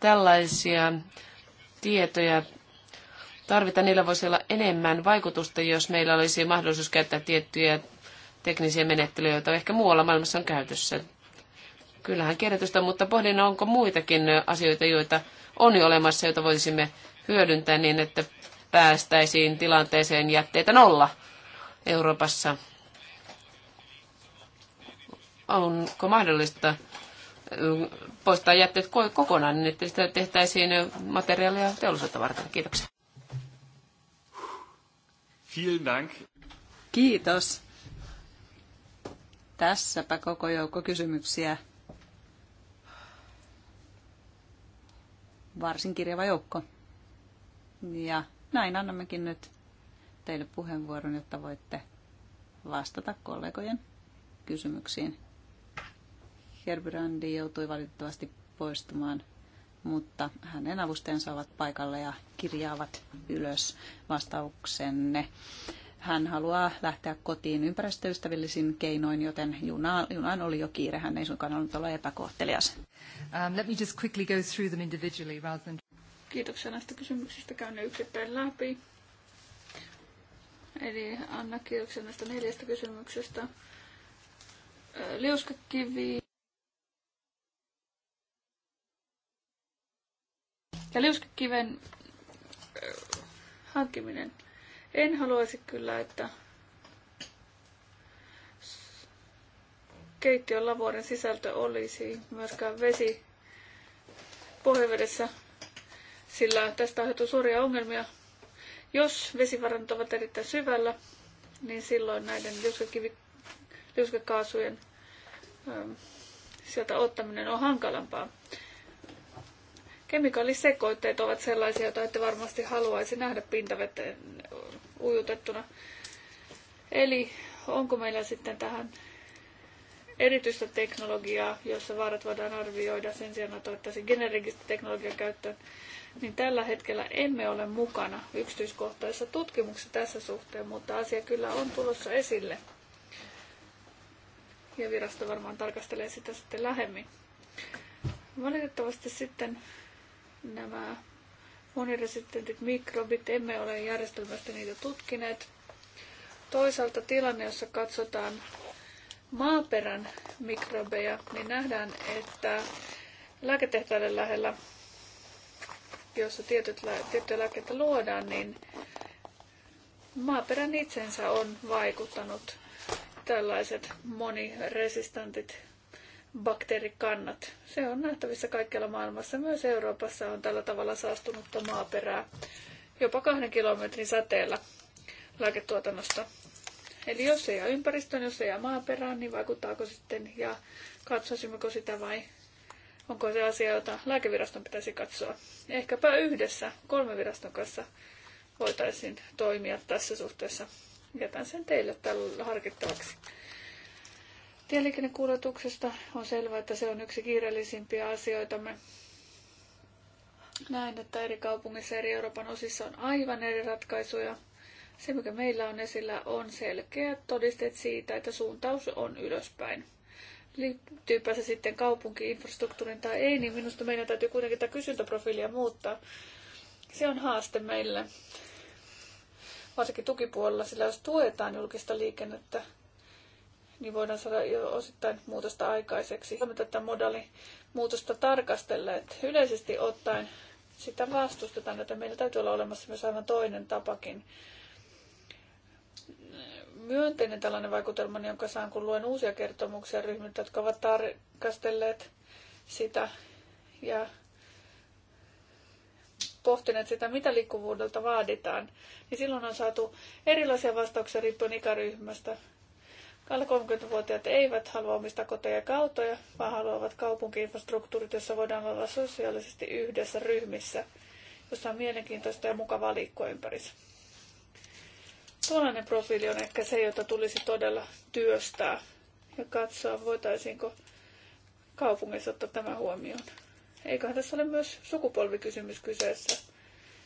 Tällaisia tietoja tarvitaan, niillä voisi olla enemmän vaikutusta, jos meillä olisi mahdollisuus käyttää tiettyjä teknisiä menettelyjä, joita ehkä muualla maailmassa on käytössä. Kyllähän kierrätystä, mutta pohdin, onko muitakin asioita, joita on jo olemassa, joita voisimme hyödyntää niin, että päästäisiin tilanteeseen jätteitä nolla Euroopassa. Onko mahdollista äh, poistaa jätteet kokonaan, niin että sitä tehtäisiin materiaalia teollisuutta varten? Kiitoksia. Vielen Dank. Kiitos. Tässäpä koko joukko kysymyksiä. Varsin kirjava joukko. Ja näin annammekin nyt teille puheenvuoron, jotta voitte vastata kollegojen kysymyksiin. Herbrandi joutui valitettavasti poistumaan, mutta hänen avustajansa ovat paikalla ja kirjaavat ylös vastauksenne. Hän haluaa lähteä kotiin ympäristöystävällisin keinoin, joten juna, junaan oli jo kiire. Hän ei suinkaan ollut olla epäkohtelias. Um, let me just quickly go through them individually rather than Kiitoksia näistä kysymyksistä. Käyn ne yksittäin läpi. Eli Anna, kiitoksia näistä neljästä kysymyksestä. Liuskakivi. Ja liuskakiven hankkiminen. En haluaisi kyllä, että keittiön lavuoren sisältö olisi myöskään vesi pohjavedessä sillä tästä aiheutuu suuria ongelmia. Jos vesivarannot ovat erittäin syvällä, niin silloin näiden liuskekaasujen ähm, sieltä ottaminen on hankalampaa. Kemikaalisekoitteet ovat sellaisia, joita ette varmasti haluaisi nähdä pintaveteen ujutettuna. Eli onko meillä sitten tähän erityistä teknologiaa, jossa vaarat voidaan arvioida sen sijaan, että ottaisiin geneeristä teknologian käyttöön niin tällä hetkellä emme ole mukana yksityiskohtaisessa tutkimuksessa tässä suhteen, mutta asia kyllä on tulossa esille. Ja virasto varmaan tarkastelee sitä sitten lähemmin. Valitettavasti sitten nämä moniresistentit mikrobit, emme ole järjestelmästä niitä tutkineet. Toisaalta tilanne, jossa katsotaan maaperän mikrobeja, niin nähdään, että lääketehtaiden lähellä jossa tietyt, tiettyjä lääkkeitä luodaan, niin maaperän itsensä on vaikuttanut tällaiset moniresistantit bakteerikannat. Se on nähtävissä kaikkialla maailmassa. Myös Euroopassa on tällä tavalla saastunutta maaperää jopa kahden kilometrin säteellä lääketuotannosta. Eli jos se jää ympäristöön, jos se jää maaperään, niin vaikuttaako sitten ja katsoisimmeko sitä vai Onko se asia, jota lääkeviraston pitäisi katsoa? Ehkäpä yhdessä kolmen viraston kanssa voitaisiin toimia tässä suhteessa. Jätän sen teille tällä harkittavaksi. Tieliikennekuljetuksesta on selvää, että se on yksi kiireellisimpiä asioitamme. Näin, että eri kaupungissa eri Euroopan osissa on aivan eri ratkaisuja. Se, mikä meillä on esillä, on selkeät todisteet siitä, että suuntaus on ylöspäin liittyypä se sitten kaupunkiinfrastruktuurin tai ei, niin minusta meidän täytyy kuitenkin tätä kysyntäprofiilia muuttaa. Se on haaste meille, varsinkin tukipuolella, sillä jos tuetaan julkista liikennettä, niin voidaan saada jo osittain muutosta aikaiseksi. Olemme tätä muutosta tarkastelleet. Yleisesti ottaen sitä vastustetaan, että meillä täytyy olla olemassa myös aivan toinen tapakin myönteinen tällainen vaikutelma, niin jonka saan, kun luen uusia kertomuksia ryhmiltä, jotka ovat tarkastelleet sitä ja pohtineet sitä, mitä liikkuvuudelta vaaditaan, niin silloin on saatu erilaisia vastauksia riippuen ikäryhmästä. Alle 30-vuotiaat eivät halua omista koteja ja kautoja, vaan haluavat kaupunkiinfrastruktuurit, joissa voidaan olla sosiaalisesti yhdessä ryhmissä, jossa on mielenkiintoista ja mukavaa liikkua ympärissä. Tuollainen profiili on ehkä se, jota tulisi todella työstää ja katsoa, voitaisiinko kaupungissa ottaa tämä huomioon. Eiköhän tässä ole myös sukupolvikysymys kyseessä.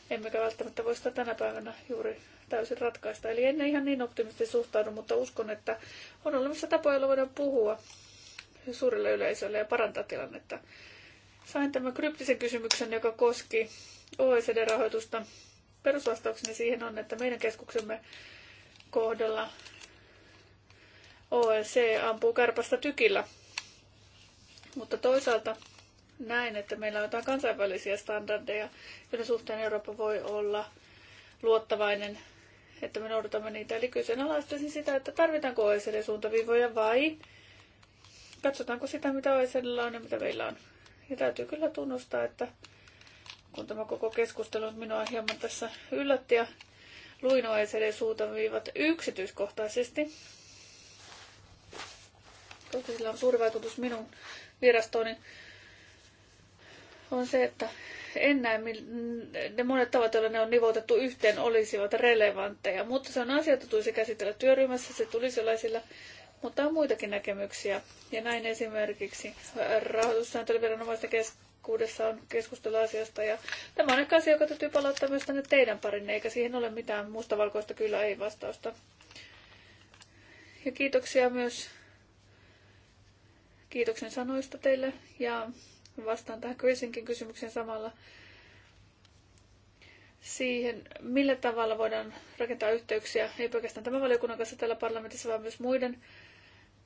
Emmekä välttämättä voi sitä tänä päivänä juuri täysin ratkaista. Eli en ihan niin optimisti suhtaudu, mutta uskon, että on olemassa tapoja, joilla voidaan puhua suurille yleisölle ja parantaa tilannetta. Sain tämän kryptisen kysymyksen, joka koski OECD-rahoitusta Perusvastaukseni siihen on, että meidän keskuksemme kohdalla OEC ampuu kärpästä tykillä. Mutta toisaalta näin, että meillä on jotain kansainvälisiä standardeja, joiden suhteen Eurooppa voi olla luottavainen, että me noudatamme niitä. Eli kyseenalaistaisin sitä, että tarvitaanko OECD-suuntaviivoja vai katsotaanko sitä, mitä OECD on ja mitä meillä on. Ja täytyy kyllä tunnustaa, että kun tämä koko keskustelu minua hieman tässä yllätti ja luin OECD-suuntaviivat yksityiskohtaisesti, Toki sillä on suuri vaikutus minun virastooni, on se, että en näe, ne monet tavat, joilla ne on nivoutettu yhteen, olisivat relevantteja. Mutta se on asia, että tulisi käsitellä työryhmässä, se tulisi olla sillä, mutta on muitakin näkemyksiä. Ja näin esimerkiksi rahoitussääntelyviranomaisten kes- keskuudessaan on asiasta. Ja tämä on asia, joka täytyy palauttaa myös tänne teidän parinne, eikä siihen ole mitään mustavalkoista kyllä ei vastausta. Ja kiitoksia myös kiitoksen sanoista teille ja vastaan tähän Chrisinkin kysymykseen samalla siihen, millä tavalla voidaan rakentaa yhteyksiä, ei pelkästään tämän valiokunnan kanssa täällä parlamentissa, vaan myös muiden.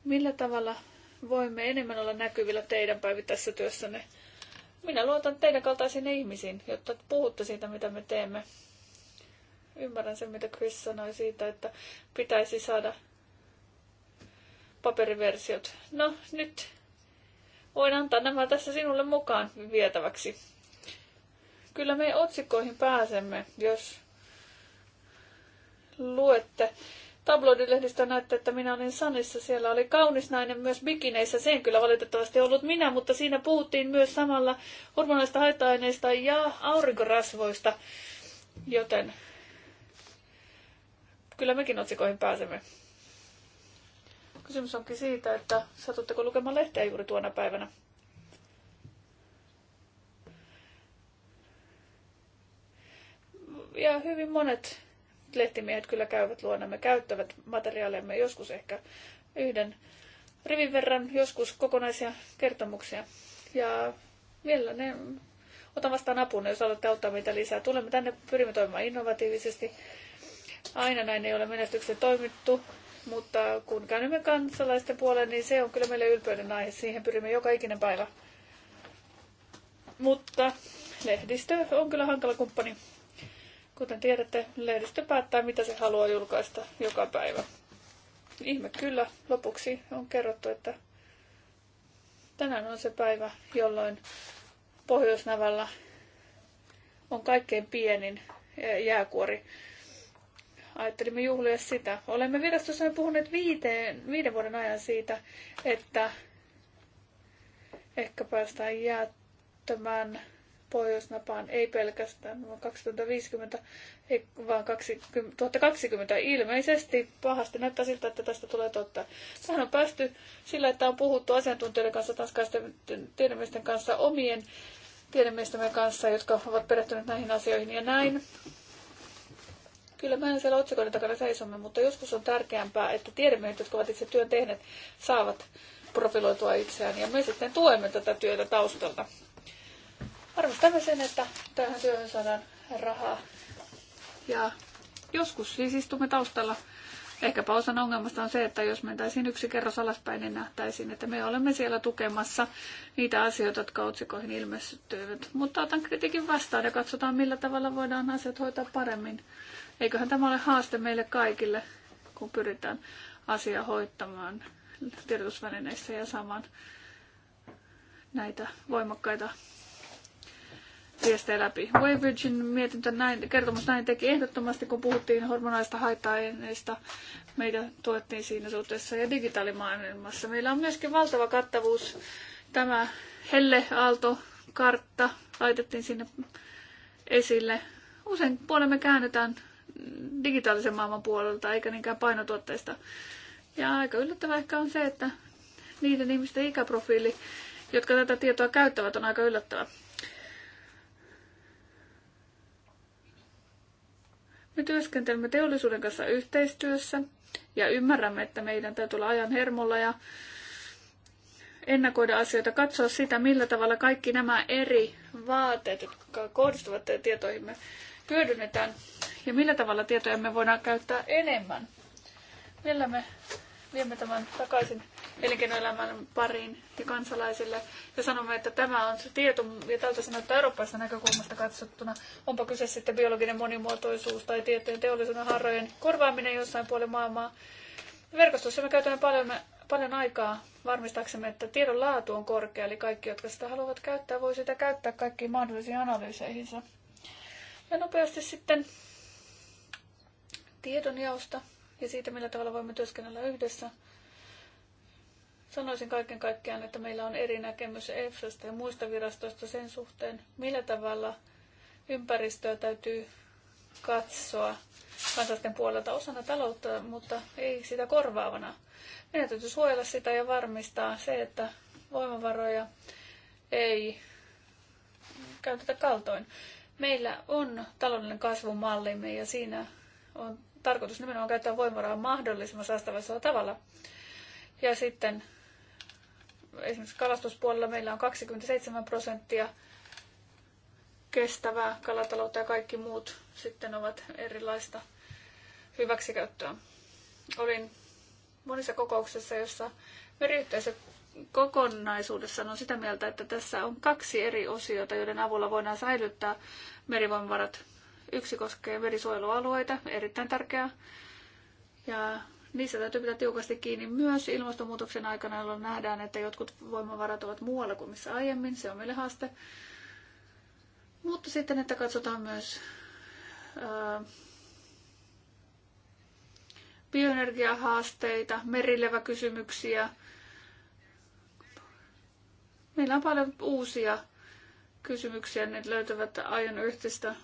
Millä tavalla voimme enemmän olla näkyvillä teidän päivittäisessä työssänne? Minä luotan teidän kaltaisiin ihmisiin, jotta puhutte siitä, mitä me teemme. Ymmärrän sen, mitä Chris sanoi siitä, että pitäisi saada paperiversiot. No, nyt voin antaa nämä tässä sinulle mukaan vietäväksi. Kyllä me otsikkoihin pääsemme, jos luette tabloidilehdistä näette, että minä olin Sanissa. Siellä oli kaunis nainen myös bikineissä. Sen kyllä valitettavasti ollut minä, mutta siinä puhuttiin myös samalla hormonaista haitta-aineista ja aurinkorasvoista. Joten kyllä mekin otsikoihin pääsemme. Kysymys onkin siitä, että satutteko lukemaan lehteä juuri tuona päivänä? Ja hyvin monet lehtimiehet kyllä käyvät me käyttävät materiaaliamme joskus ehkä yhden rivin verran, joskus kokonaisia kertomuksia. Ja ne otan vastaan apuun, jos aloitte auttaa meitä lisää. Tulemme tänne, pyrimme toimimaan innovatiivisesti. Aina näin ei ole menestyksen toimittu, mutta kun käymme kansalaisten puoleen, niin se on kyllä meille ylpeyden aihe. Siihen pyrimme joka ikinen päivä. Mutta lehdistö on kyllä hankala kumppani. Kuten tiedätte, lehdistö päättää, mitä se haluaa julkaista joka päivä. Ihme kyllä, lopuksi on kerrottu, että tänään on se päivä, jolloin Pohjoisnavalla on kaikkein pienin eh, jääkuori. Ajattelimme juhlia sitä. Olemme virastossa puhuneet viiteen, viiden vuoden ajan siitä, että ehkä päästään jäättämään pohjoisnapaan, ei pelkästään vuonna 2050, vaan 2020 ilmeisesti. Pahasti näyttää siltä, että tästä tulee totta. Tähän on päästy sillä, että on puhuttu asiantuntijoiden kanssa, tanskaisten tiedemiesten kanssa, omien tiedemiestemme kanssa, jotka ovat perehtyneet näihin asioihin ja näin. Kyllä mä en siellä otsikoiden takana seisomme, mutta joskus on tärkeämpää, että tiedemiehet, jotka ovat itse työn tehneet, saavat profiloitua itseään ja me sitten tuemme tätä työtä taustalta. Arvostamme sen, että tähän työhön saadaan rahaa. Ja joskus siis istumme taustalla. Ehkäpä osan ongelmasta on se, että jos mentäisiin yksi kerros alaspäin, niin nähtäisiin, että me olemme siellä tukemassa niitä asioita, jotka otsikoihin ilmestyivät. Mutta otan kritiikin vastaan ja katsotaan, millä tavalla voidaan asiat hoitaa paremmin. Eiköhän tämä ole haaste meille kaikille, kun pyritään asia hoittamaan tiedotusvälineissä ja saamaan näitä voimakkaita viestejä läpi. Way Virgin mietintö näin, kertomus näin teki ehdottomasti, kun puhuttiin hormonaista haitta-aineista. Meitä tuettiin siinä suhteessa ja digitaalimaailmassa. Meillä on myöskin valtava kattavuus. Tämä Helle aalto kartta laitettiin sinne esille. Usein puolemme käännetään digitaalisen maailman puolelta, eikä niinkään painotuotteista. Ja aika yllättävää ehkä on se, että niiden ihmisten ikäprofiili, jotka tätä tietoa käyttävät, on aika yllättävää. Me työskentelemme teollisuuden kanssa yhteistyössä ja ymmärrämme, että meidän täytyy olla ajan hermolla ja ennakoida asioita, katsoa sitä, millä tavalla kaikki nämä eri vaateet, jotka kohdistuvat tietoihimme, hyödynnetään ja millä tavalla tietoja me voidaan käyttää enemmän. Millä me viemme tämän takaisin elinkeinoelämän pariin ja kansalaisille. Ja sanomme, että tämä on se tieto, ja tältä se näyttää eurooppalaisesta näkökulmasta katsottuna. Onpa kyse sitten biologinen monimuotoisuus tai tieteen teollisuuden harrojen korvaaminen jossain puolella maailmaa. Verkostossa me käytämme paljon, paljon aikaa varmistaaksemme, että tiedon laatu on korkea, eli kaikki, jotka sitä haluavat käyttää, voi sitä käyttää kaikkiin mahdollisiin analyyseihinsa. Ja nopeasti sitten tiedonjaosta ja siitä, millä tavalla voimme työskennellä yhdessä. Sanoisin kaiken kaikkiaan, että meillä on eri näkemys EFSAsta ja muista virastoista sen suhteen, millä tavalla ympäristöä täytyy katsoa kansalaisten puolelta osana taloutta, mutta ei sitä korvaavana. Meidän täytyy suojella sitä ja varmistaa se, että voimavaroja ei käytetä kaltoin. Meillä on taloudellinen kasvumallimme ja siinä on tarkoitus nimenomaan käyttää voimavaroja mahdollisimman saastavaisella tavalla. Ja sitten esimerkiksi kalastuspuolella meillä on 27 prosenttia kestävää kalataloutta ja kaikki muut sitten ovat erilaista hyväksikäyttöä. Olin monissa kokouksissa, jossa meriyhteisö kokonaisuudessaan on sitä mieltä, että tässä on kaksi eri osiota, joiden avulla voidaan säilyttää merivoimavarat. Yksi koskee merisuojelualueita, erittäin tärkeää. Ja Niissä täytyy pitää tiukasti kiinni myös ilmastonmuutoksen aikana, jolloin nähdään, että jotkut voimavarat ovat muualla kuin missä aiemmin. Se on meille haaste. Mutta sitten, että katsotaan myös ää, bioenergiahaasteita, merileväkysymyksiä. Meillä on paljon uusia kysymyksiä, ne löytyvät aion yhteistä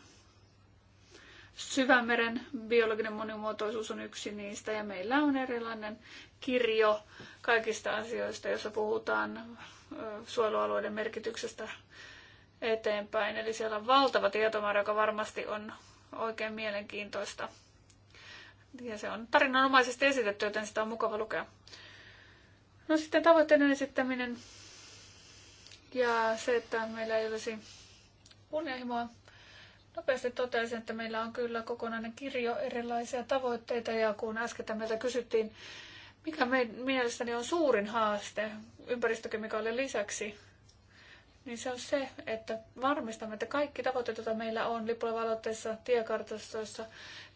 Syvämeren biologinen monimuotoisuus on yksi niistä ja meillä on erilainen kirjo kaikista asioista, joissa puhutaan suojelualueiden merkityksestä eteenpäin. Eli siellä on valtava tietomäärä, joka varmasti on oikein mielenkiintoista. Ja se on tarinanomaisesti esitetty, joten sitä on mukava lukea. No sitten tavoitteiden esittäminen ja se, että meillä ei olisi kunnianhimoa nopeasti totesin, että meillä on kyllä kokonainen kirjo erilaisia tavoitteita ja kun äsken meiltä kysyttiin, mikä me, mielestäni on suurin haaste ympäristökemikaalien lisäksi, niin se on se, että varmistamme, että kaikki tavoitteet, joita meillä on lippulavaloitteissa, tiekartastoissa,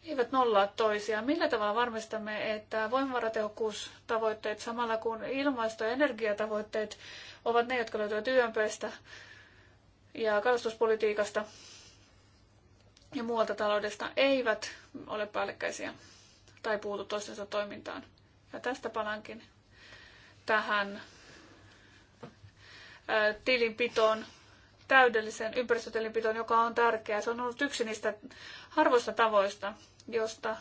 eivät nollaa toisiaan. Millä tavalla varmistamme, että voimavaratehokkuustavoitteet samalla kuin ilmasto- ja energiatavoitteet ovat ne, jotka löytyvät YMPstä ja kalastuspolitiikasta, ja muualta taloudesta eivät ole päällekkäisiä tai puutu toistensa toimintaan. Ja tästä palankin tähän tilinpitoon, täydelliseen ympäristötilinpitoon, joka on tärkeää. Se on ollut yksi niistä harvoista tavoista, josta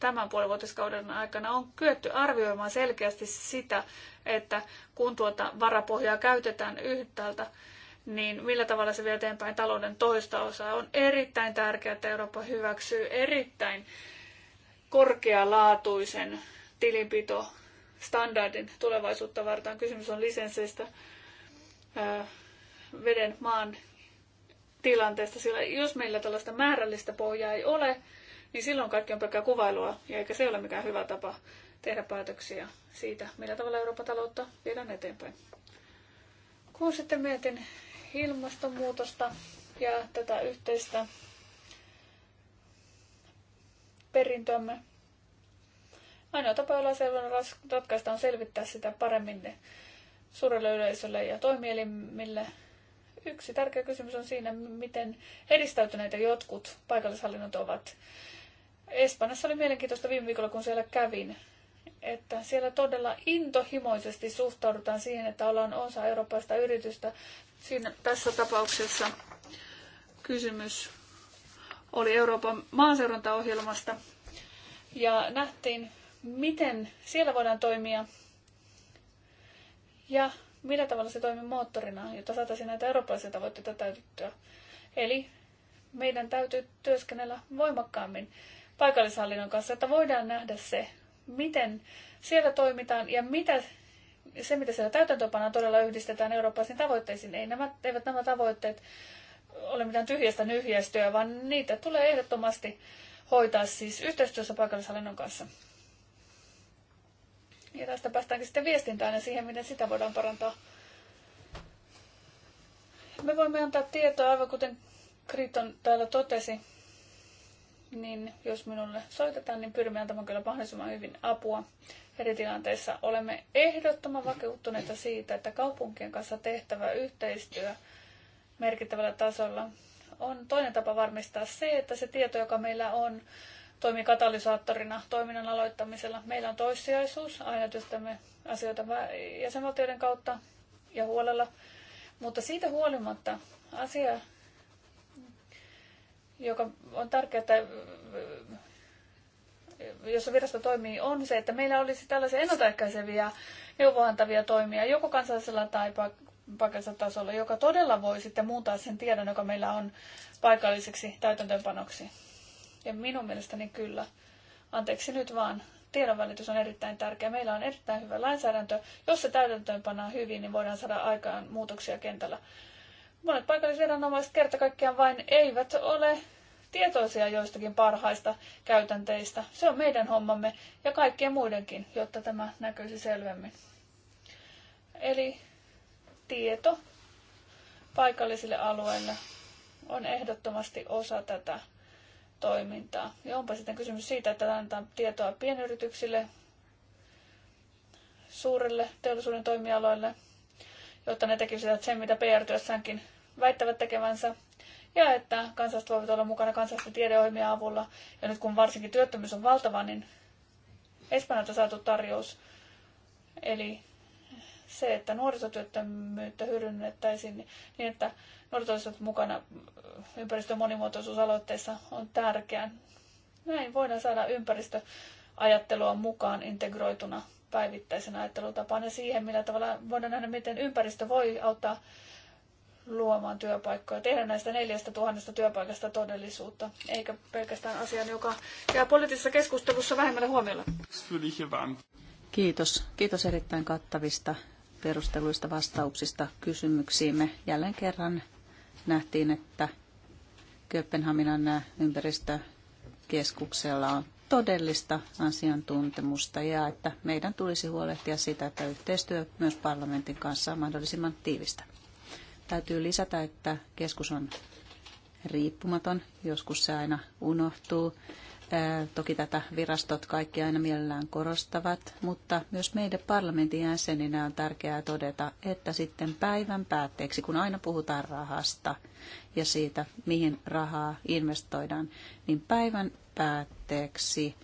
tämän puolivuotiskauden aikana on kyetty arvioimaan selkeästi sitä, että kun tuota varapohjaa käytetään yhtäältä, niin millä tavalla se vie eteenpäin talouden toista osaa. On erittäin tärkeää, että Eurooppa hyväksyy erittäin korkealaatuisen tilinpito standardin tulevaisuutta varten. Kysymys on lisensseistä, veden, maan tilanteesta, sillä jos meillä tällaista määrällistä pohjaa ei ole, niin silloin kaikki on pelkkää kuvailua, ja eikä se ole mikään hyvä tapa tehdä päätöksiä siitä, millä tavalla Euroopan taloutta viedään eteenpäin. Kun sitten mietin ilmastonmuutosta ja tätä yhteistä perintöämme. Ainoa tapa, jolla se ratkaista on selvittää sitä paremmin ne suurelle yleisölle ja toimielimille. Yksi tärkeä kysymys on siinä, miten edistäytyneitä jotkut paikallishallinnot ovat. Espanjassa oli mielenkiintoista viime viikolla, kun siellä kävin, että siellä todella intohimoisesti suhtaudutaan siihen, että ollaan osa eurooppalaista yritystä Siinä tässä tapauksessa kysymys oli Euroopan maaseurantaohjelmasta ja nähtiin, miten siellä voidaan toimia ja millä tavalla se toimii moottorina, jotta saataisiin näitä eurooppalaisia tavoitteita täytettyä. Eli meidän täytyy työskennellä voimakkaammin paikallishallinnon kanssa, että voidaan nähdä se, miten siellä toimitaan ja mitä se, mitä siellä täytäntöpana todella yhdistetään eurooppalaisiin tavoitteisiin, ei nämä, eivät nämä tavoitteet ole mitään tyhjästä nyhjästöä, vaan niitä tulee ehdottomasti hoitaa siis yhteistyössä paikallishallinnon kanssa. Ja tästä päästäänkin sitten viestintään ja siihen, miten sitä voidaan parantaa. Me voimme antaa tietoa, aivan kuten Kriton täällä totesi, niin jos minulle soitetaan, niin pyrimme antamaan kyllä mahdollisimman hyvin apua eri tilanteissa. Olemme ehdottoman vakuuttuneita siitä, että kaupunkien kanssa tehtävä yhteistyö merkittävällä tasolla on toinen tapa varmistaa se, että se tieto, joka meillä on, toimii katalysaattorina toiminnan aloittamisella. Meillä on toissijaisuus, aina työstämme asioita jäsenvaltioiden kautta ja huolella, mutta siitä huolimatta asia joka on tärkeää, että äh, jossa virasto toimii, on se, että meillä olisi tällaisia ennaltaehkäiseviä neuvoantavia toimia joko kansallisella tai paikallisella tasolla, joka todella voi sitten muuntaa sen tiedon, joka meillä on paikalliseksi täytäntöönpanoksi. Ja minun mielestäni kyllä. Anteeksi nyt vaan. Tiedonvälitys on erittäin tärkeä. Meillä on erittäin hyvä lainsäädäntö. Jos se pannaan hyvin, niin voidaan saada aikaan muutoksia kentällä. Monet paikallisviranomaiset kerta kaikkiaan vain eivät ole tietoisia joistakin parhaista käytänteistä. Se on meidän hommamme ja kaikkien muidenkin, jotta tämä näkyisi selvemmin. Eli tieto paikallisille alueille on ehdottomasti osa tätä toimintaa. Ja onpa sitten kysymys siitä, että annetaan tietoa pienyrityksille, suurille teollisuuden toimialoille, jotta ne tekisivät sen, mitä PR-työssäänkin väittävät tekevänsä, ja että kansalaiset voivat olla mukana kansallisten tiedeohjelmien avulla. Ja nyt kun varsinkin työttömyys on valtava, niin Espanjalta saatu tarjous, eli se, että nuorisotyöttömyyttä hyödynnettäisiin niin, niin että nuoret olisivat mukana ympäristön monimuotoisuusaloitteissa, on tärkeää. Näin voidaan saada ympäristöajattelua mukaan integroituna päivittäisen ajattelutapaan ja siihen, millä tavalla voidaan nähdä, miten ympäristö voi auttaa luomaan työpaikkoja, tehdä näistä neljästä tuhannesta työpaikasta todellisuutta, eikä pelkästään asian, joka jää poliittisessa keskustelussa vähemmälle huomiolle. Kiitos. Kiitos erittäin kattavista perusteluista vastauksista kysymyksiimme. Jälleen kerran nähtiin, että Kööpenhaminan ympäristökeskuksella on todellista asiantuntemusta ja että meidän tulisi huolehtia sitä, että yhteistyö myös parlamentin kanssa on mahdollisimman tiivistä. Täytyy lisätä, että keskus on riippumaton. Joskus se aina unohtuu. Toki tätä virastot kaikki aina mielellään korostavat, mutta myös meidän parlamentin jäseninä on tärkeää todeta, että sitten päivän päätteeksi, kun aina puhutaan rahasta ja siitä, mihin rahaa investoidaan, niin päivän päätteeksi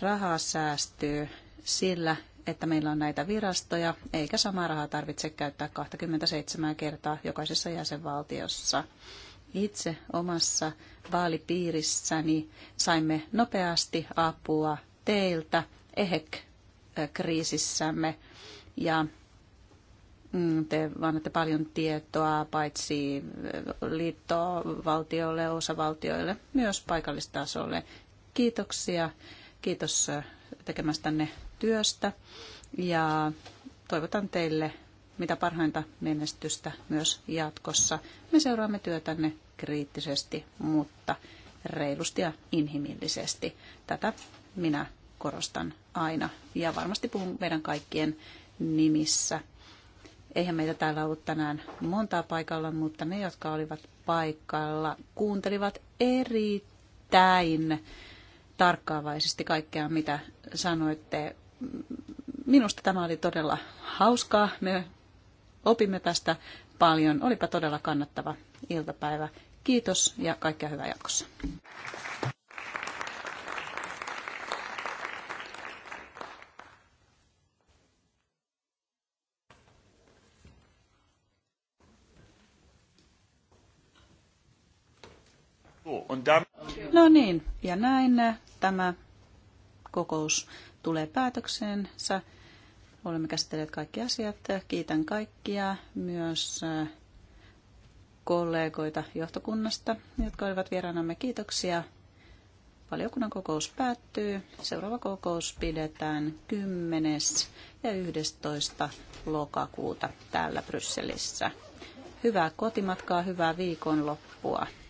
rahaa säästyy sillä että meillä on näitä virastoja, eikä samaa rahaa tarvitse käyttää 27 kertaa jokaisessa jäsenvaltiossa. Itse omassa vaalipiirissäni saimme nopeasti apua teiltä EHEC-kriisissämme ja mm, te annatte paljon tietoa paitsi liittovaltioille, osavaltioille, myös paikallistasolle. Kiitoksia. Kiitos tekemästänne työstä ja toivotan teille mitä parhainta menestystä myös jatkossa. Me seuraamme työtänne kriittisesti, mutta reilusti ja inhimillisesti. Tätä minä korostan aina ja varmasti puhun meidän kaikkien nimissä. Eihän meitä täällä ollut tänään montaa paikalla, mutta ne, jotka olivat paikalla, kuuntelivat erittäin tarkkaavaisesti kaikkea, mitä sanoitte. Minusta tämä oli todella hauskaa. Me opimme tästä paljon. Olipa todella kannattava iltapäivä. Kiitos ja kaikkea hyvää jatkossa. Oh, no niin, ja näin tämä kokous tulee päätöksensä. Olemme käsitelleet kaikki asiat. Kiitän kaikkia, myös äh, kollegoita johtokunnasta, jotka olivat vieraanamme. Kiitoksia. Valiokunnan kokous päättyy. Seuraava kokous pidetään 10. ja 11. lokakuuta täällä Brysselissä. Hyvää kotimatkaa, hyvää viikonloppua.